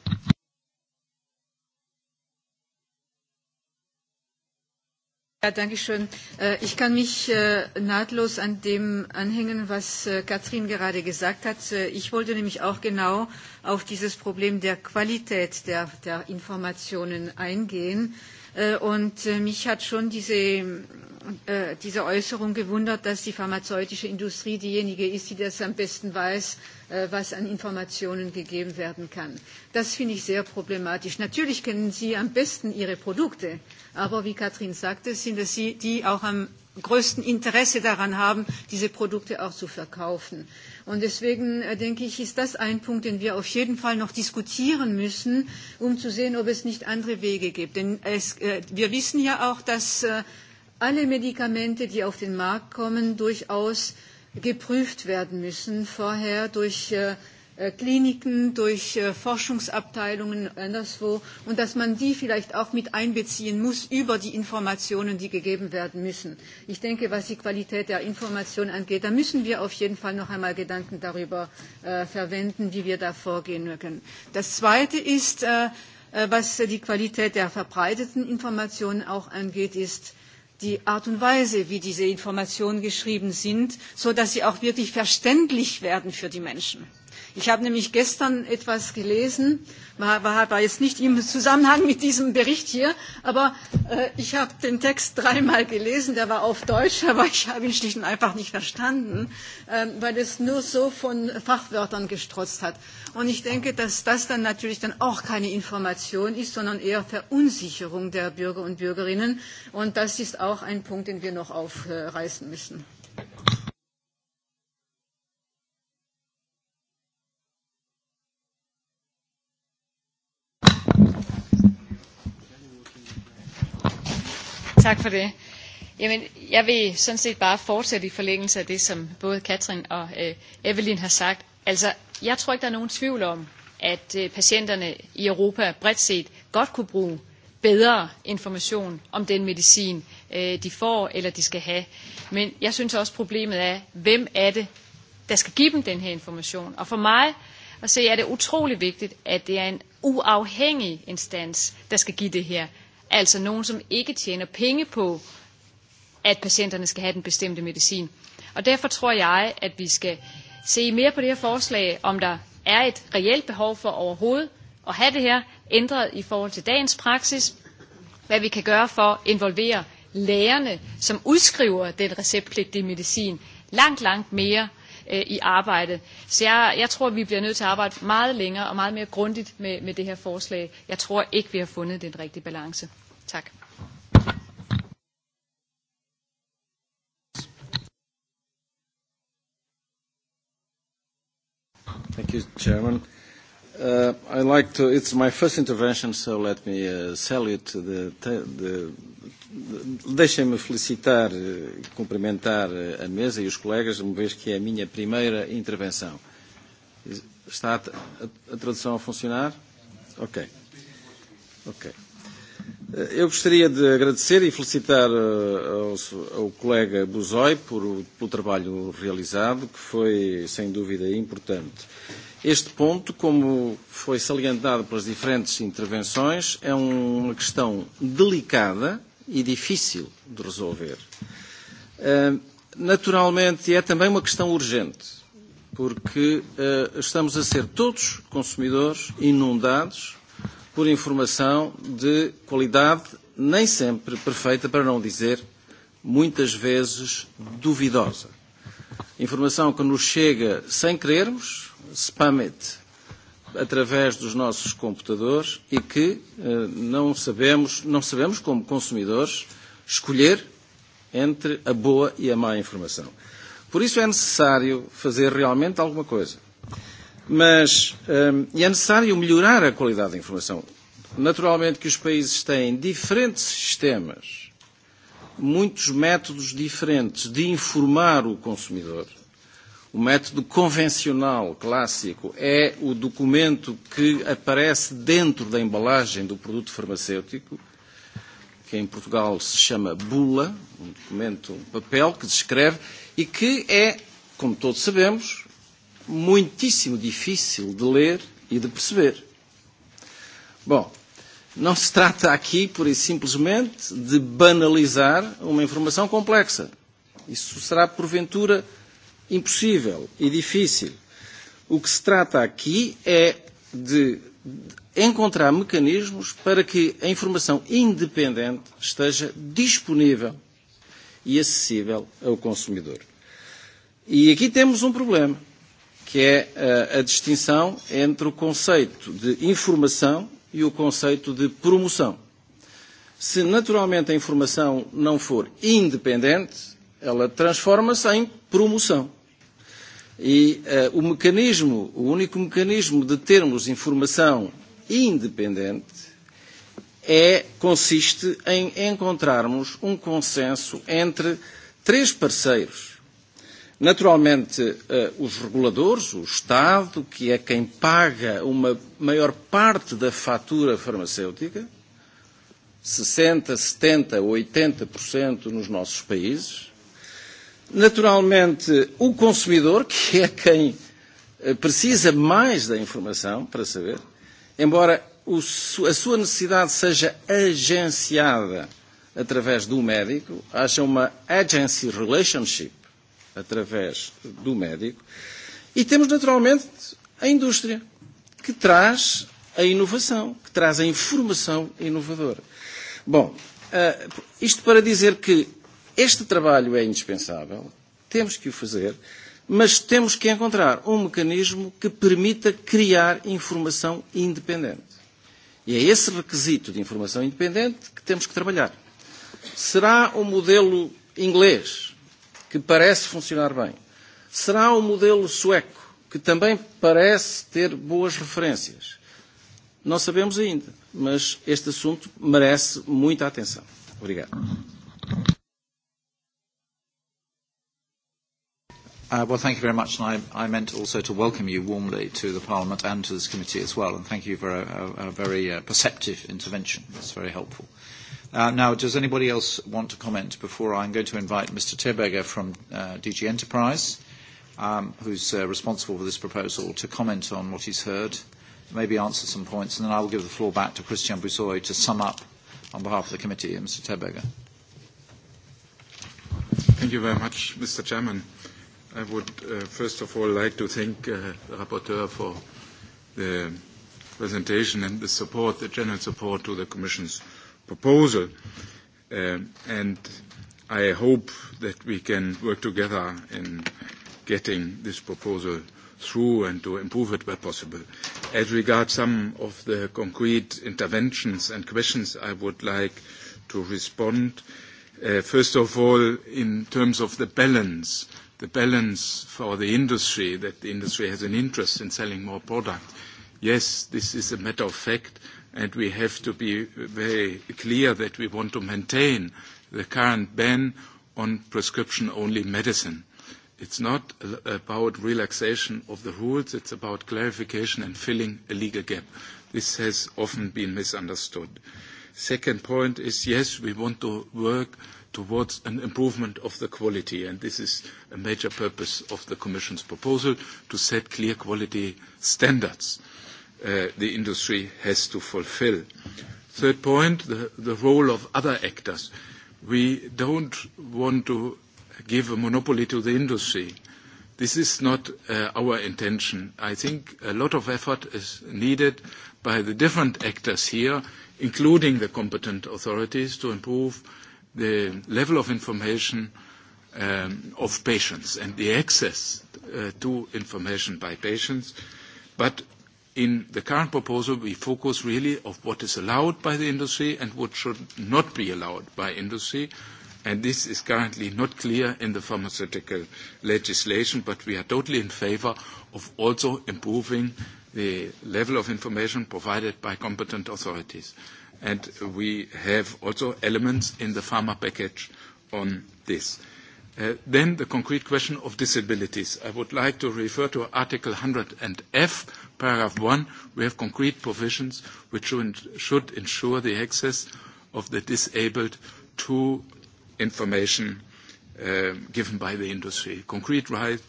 Speaker 3: Ja, danke schön. Äh, ich kann mich äh, nahtlos an dem anhängen, was äh, Katrin gerade gesagt hat. Ich wollte nämlich auch genau auf dieses Problem der Qualität der, der Informationen eingehen. Und mich hat schon diese, diese Äußerung gewundert, dass die pharmazeutische Industrie diejenige ist, die das am besten weiß, was an Informationen gegeben werden kann. Das finde ich sehr problematisch. Natürlich kennen Sie am besten Ihre Produkte aber wie Katrin sagte, sind es sie, die auch am größten Interesse daran haben, diese Produkte auch zu verkaufen. Und deswegen äh, denke ich, ist das ein Punkt, den wir auf jeden Fall noch diskutieren müssen, um zu sehen, ob es nicht andere Wege gibt. Denn es, äh, wir wissen ja auch, dass äh, alle Medikamente, die auf den Markt kommen, durchaus geprüft werden müssen vorher durch äh, Äh, Kliniken, durch äh, Forschungsabteilungen äh, anderswo und dass man die vielleicht auch mit einbeziehen muss über die Informationen, die gegeben werden müssen. Ich denke, was die Qualität der Informationen angeht, da müssen wir auf jeden Fall noch einmal Gedanken darüber äh, verwenden, wie wir da vorgehen können. Das Zweite ist, äh, was die Qualität der verbreiteten Informationen auch angeht, ist, die Art und Weise, wie diese Informationen geschrieben sind, so dass sie auch wirklich verständlich werden für die Menschen. Ich habe nämlich gestern etwas gelesen, war, war, war jetzt nicht im Zusammenhang mit diesem Bericht hier, aber äh, ich habe den Text dreimal gelesen, der war auf Deutsch, aber ich habe ihn schlicht und einfach nicht verstanden, äh, weil es nur so von Fachwörtern gestrotzt hat. Und ich denke, dass das dann natürlich dann auch keine Information ist, sondern eher Verunsicherung der Bürger und Bürgerinnen. Und das ist auch ein Punkt, den wir noch aufreißen müssen.
Speaker 4: Tak for det. Jamen, jeg vil sådan set bare fortsætte i forlængelse af det, som både Katrin og øh, Evelyn har sagt. Altså, jeg tror ikke, der er nogen tvivl om, at øh, patienterne i Europa bredt set godt kunne bruge bedre information om den medicin, øh, de får eller de skal have. Men jeg synes også, problemet er, hvem er det, der skal give dem den her information. Og for mig at se er det utrolig vigtigt, at det er en uafhængig instans, der skal give det her altså nogen, som ikke tjener penge på, at patienterne skal have den bestemte medicin. Og derfor tror jeg, at vi skal se mere på det her forslag, om der er et reelt behov for overhovedet at have det her ændret i forhold til dagens praksis, hvad vi kan gøre for at involvere lægerne, som udskriver den receptpligtige medicin, langt, langt mere øh, i arbejde. Så jeg, jeg tror, vi bliver nødt til at arbejde meget længere og meget mere grundigt med, med det her forslag. Jeg tror ikke, vi har fundet den rigtige balance. Tak.
Speaker 2: Thank you, Chairman.
Speaker 16: Uh, I like to, it's my first intervention, so let me uh, salute the, the Deixem-me felicitar, e cumprimentar eh, a mesa e os colegas, uma vez que é a minha primeira intervenção. Está a, a, a tradução a funcionar? Ok. Ok. Eh, eu gostaria de agradecer e felicitar ao, ao colega Buzoi por, pelo trabalho realizado, que foi, sem dúvida, importante. Este ponto, como foi salientado pelas diferentes intervenções, é uma questão delicada e difícil de resolver. Ehm, naturalmente, e é também uma questão urgente, porque eh, estamos a ser todos consumidores inundados por informação de qualidade nem sempre perfeita, para não dizer muitas vezes duvidosa. Informação que nos chega sem querermos, spam it, através dos nossos computadores e que eh, não sabemos, não sabemos como consumidores escolher entre a boa e a má informação. Por isso é necessário fazer realmente alguma coisa. Mas um, é necessário melhorar a qualidade da informação. Naturalmente que os países têm diferentes sistemas, muitos métodos diferentes de informar o consumidor O método convencional, clássico, é o documento que aparece dentro da embalagem do produto farmacêutico, que em Portugal se chama bula, um documento, um papel que descreve e que é, como todos sabemos, muitíssimo difícil de ler e de perceber. Bom, não se trata aqui, por e simplesmente, de banalizar uma informação complexa. Isso será, porventura, impossível e difícil. O que se trata aqui é de encontrar mecanismos para que a informação independente esteja disponível e acessível ao consumidor. E aqui temos um problema, que é a, eh, a distinção entre o conceito de informação e o conceito de promoção. Se naturalmente a informação não for independente, ela transforma-se em promoção. E uh, o mecanismo, o único mecanismo de termos informação independente é, consiste em encontrarmos um consenso entre três parceiros. Naturalmente, uh, os reguladores, o Estado, que é quem paga uma maior parte da fatura farmacêutica, 60, 70, 80% nos nossos países, naturalmente, o consumidor, que é quem eh, precisa mais da informação para saber, embora o, a sua necessidade seja agenciada através do médico, haja uma agency relationship através do médico, e temos naturalmente a indústria, que traz a inovação, que traz a informação inovadora. Bom, eh, isto para dizer que Este trabalho é indispensável, temos que o fazer, mas temos que encontrar um mecanismo que permita criar informação independente. E é esse requisito de informação independente que temos que trabalhar. Será o um modelo inglês, que parece funcionar bem? Será o um modelo sueco, que também parece ter boas referências? Não sabemos ainda, mas este assunto merece muita atenção.
Speaker 1: Obrigado. Uh, well, thank you very much, and I, I meant also to welcome you warmly to the Parliament and to this committee as well, and thank you for a, a, a very uh, perceptive intervention. It's very helpful. Uh, now, does anybody else want to comment before I'm going to invite Mr. Teberger from uh, DG Enterprise, um, who's uh, responsible for this proposal, to comment on what he's heard, maybe answer some points, and then I will give the floor back to Christian Boussoy to sum up on behalf of the committee. Mr. Teberger.
Speaker 15: Thank you very much, Mr. Chairman. I would uh, first of all like to thank uh, the rapporteur for the presentation and the support, the general support to the Commission's proposal. Um, and I hope that we can work together in getting this proposal through and to improve it where possible. As regards some of the concrete interventions and questions, I would like to respond. Uh, first of all, in terms of the balance the balance for the industry, that the industry has an interest in selling more product. Yes, this is a matter of fact, and we have to be very clear that we want to maintain the current ban on prescription-only medicine. It's not about relaxation of the rules, it's about clarification and filling a legal gap. This has often been misunderstood. Second point is, yes, we want to work towards an improvement of the quality. And this is a major purpose of the Commission's proposal to set clear quality standards uh, the industry has to fulfill. Third point, the, the role of other actors. We don't want to give a monopoly to the industry. This is not uh, our intention. I think a lot of effort is needed by the different actors here, including the competent authorities, to improve the level of information um, of patients and the access uh, to information by patients. But in the current proposal, we focus really on what is allowed by the industry and what should not be allowed by industry. And this is currently not clear in the pharmaceutical legislation, but we are totally in favor of also improving the level of information provided by competent authorities and we have also elements in the pharma package on this. Uh, then the concrete question of disabilities. I would like to refer to Article 100F, paragraph 1. We have concrete provisions which should ensure the access of the disabled to information uh, given by the industry, concrete rights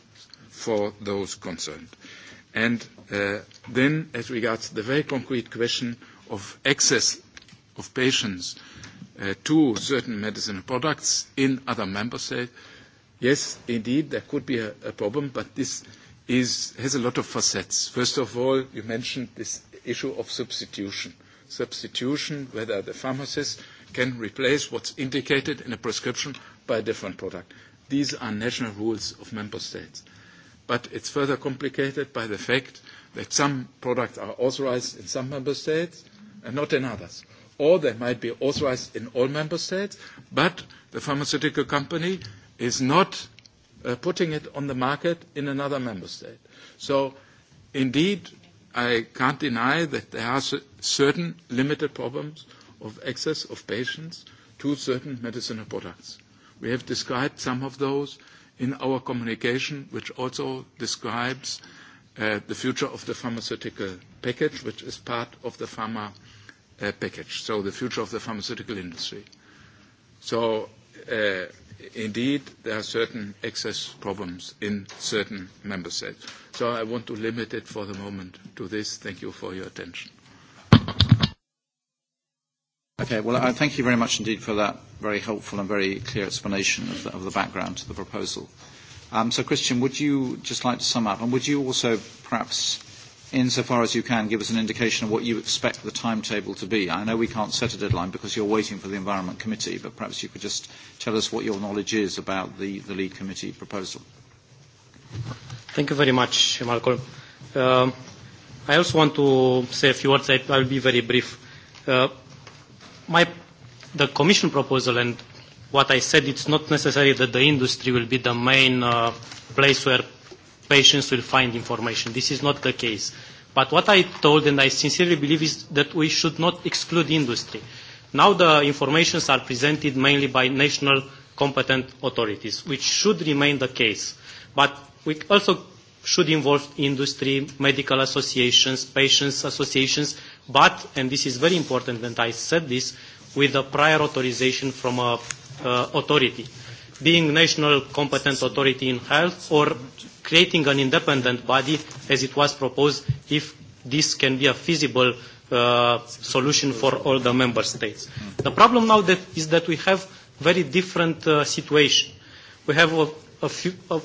Speaker 15: for those concerned. And uh, then as regards the very concrete question of access of patients uh, to certain medicinal products in other member states, yes, indeed, there could be a, a problem, but this is, has a lot of facets. First of all, you mentioned this issue of substitution. Substitution, whether the pharmacist can replace what's indicated in a prescription by a different product. These are national rules of member states. But it's further complicated by the fact that some products are authorized in some member states and not in others or they might be authorized in all member states, but the pharmaceutical company is not uh, putting it on the market in another member state. So indeed, I can't deny that there are certain limited problems of access of patients to certain medicinal products. We have described some of those in our communication, which also describes uh, the future of the pharmaceutical package, which is part of the pharma uh, package, so the future of the pharmaceutical industry. So uh, indeed, there are certain excess problems in certain member states. So I want to limit it for the moment to this. Thank you for your attention. Okay, well, I thank you very much indeed for that
Speaker 1: very helpful and very clear explanation of the, of the background to the proposal. Um, so, Christian, would you just like to sum up? And would you also perhaps insofar as you can, give us an indication of what you expect the timetable to be. I know we can't set a deadline because you're waiting for the Environment Committee, but perhaps you could just tell us what your knowledge is about the, the lead committee proposal.
Speaker 13: Thank you very much, Malcolm. Uh, I also want to say a few words. I will be very brief. Uh, my, the Commission proposal and what I said, it's not necessary that the industry will be the main uh, place where patients will find information. This is not the case. But what I told and I sincerely believe is that we should not exclude industry. Now the informations are presented mainly by national competent authorities, which should remain the case. But we also should involve industry, medical associations, patients associations, but, and this is very important, and I said this, with a prior authorization from a uh, authority, being national competent authority in health or creating an independent body as it was proposed if this can be a feasible uh, solution for all the member states. The problem now that is that we have very different uh, situation. We have a, a, few, a,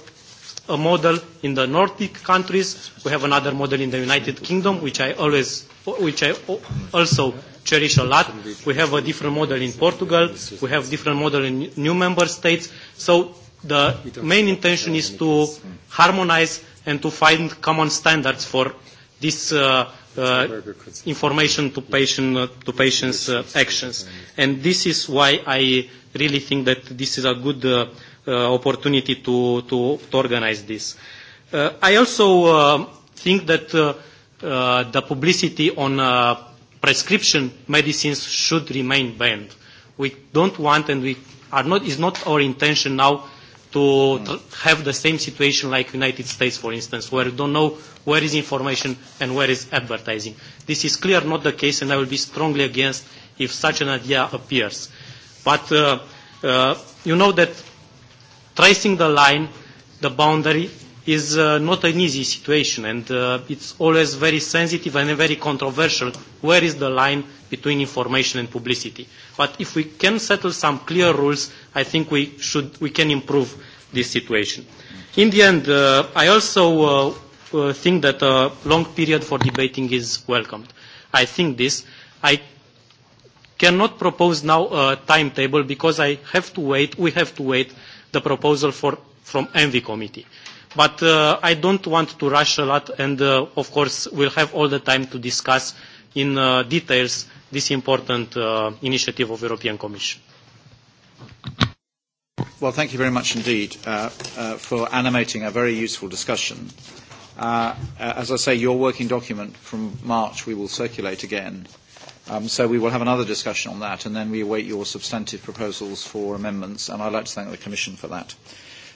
Speaker 13: a model in the Nordic countries. We have another model in the United Kingdom, which I always, which I also cherish a lot. We have a different model in Portugal. We have different model in new member states. So the main intention is to harmonize and to find common standards for this uh, uh, information to, patient, uh, to patients' uh, actions. And this is why I really think that this is a good uh, uh, opportunity to, to, to organize this. Uh, I also uh, think that uh, uh, the publicity on uh, prescription medicines should remain banned. We don't want and we are not, is not our intention now to have the same situation like United States, for instance, where you don't know where is information and where is advertising. This is clear not the case, and I will be strongly against if such an idea appears. But uh, uh, you know that tracing the line, the boundary, is uh, not an easy situation, and uh, it's always very sensitive and very controversial. Where is the line between information and publicity. But if we can settle some clear rules, I think we, should, we can improve this situation. In the end, uh, I also uh, uh, think that a long period for debating is welcomed. I think this. I cannot propose now a timetable because I have to wait, we have to wait the proposal for, from ENVI committee. But uh, I don't want to rush a lot and uh, of course we'll have all the time to discuss in uh, details this important uh, initiative of European Commission.
Speaker 1: Well, thank you very much indeed uh, uh, for animating a very useful discussion. Uh, uh, as I say, your working document from March we will circulate again. Um, so we will have another discussion on that, and then we await your substantive proposals for amendments, and I'd like to thank the Commission for that.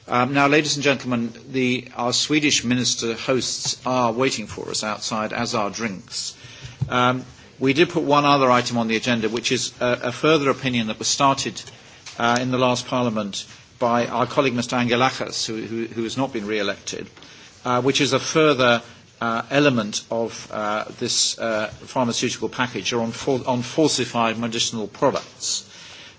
Speaker 1: Um, now, ladies and gentlemen, the, our Swedish minister hosts are waiting for us outside, as are drinks. Um, We did put one other item on the agenda, which is a, a further opinion that was started uh, in the last Parliament by our colleague Mr. Angelakis, who, who, who has not been re-elected, uh, which is a further uh, element of uh, this uh, pharmaceutical package on, for on falsified medicinal products.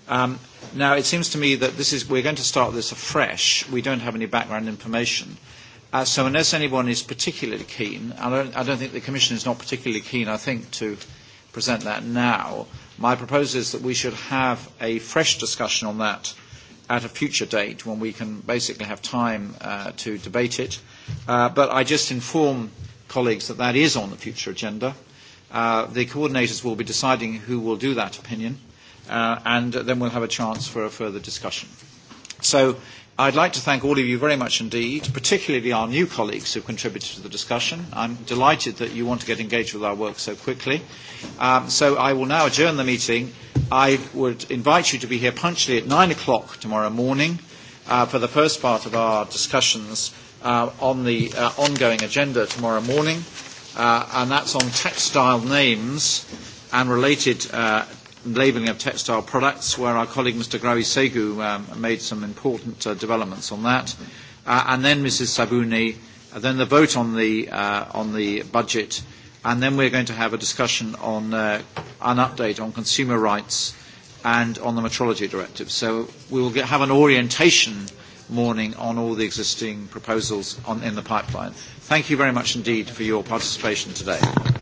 Speaker 1: Um, now, it seems to me that this is, we're going to start this afresh. We don't have any background information. Uh, so unless anyone is particularly keen, I don't, I don't think the Commission is not particularly keen, I think, to present that now. My proposal is that we should have a fresh discussion on that at a future date when we can basically have time uh, to debate it. Uh, but I just inform colleagues that that is on the future agenda. Uh, the coordinators will be deciding who will do that opinion, uh, and then we'll have a chance for a further discussion. So I'd like to thank all of you very much indeed, particularly our new colleagues who contributed to the discussion. I'm delighted that you want to get engaged with our work so quickly. Um, so I will now adjourn the meeting. I would invite you to be here punctually at nine o'clock tomorrow morning uh, for the first part of our discussions uh, on the uh, ongoing agenda tomorrow morning, uh, and that's on textile names and related uh, labelling of textile products, where our colleague Mr. Grawi Segu um, made some important uh, developments on that, uh, and then Mrs. Sabuni, uh, then the vote on the, uh, on the budget, and then we're going to have a discussion on uh, an update on consumer rights and on the metrology directive. So we will get, have an orientation morning on all the existing proposals on, in the pipeline. Thank you very much indeed for your participation today.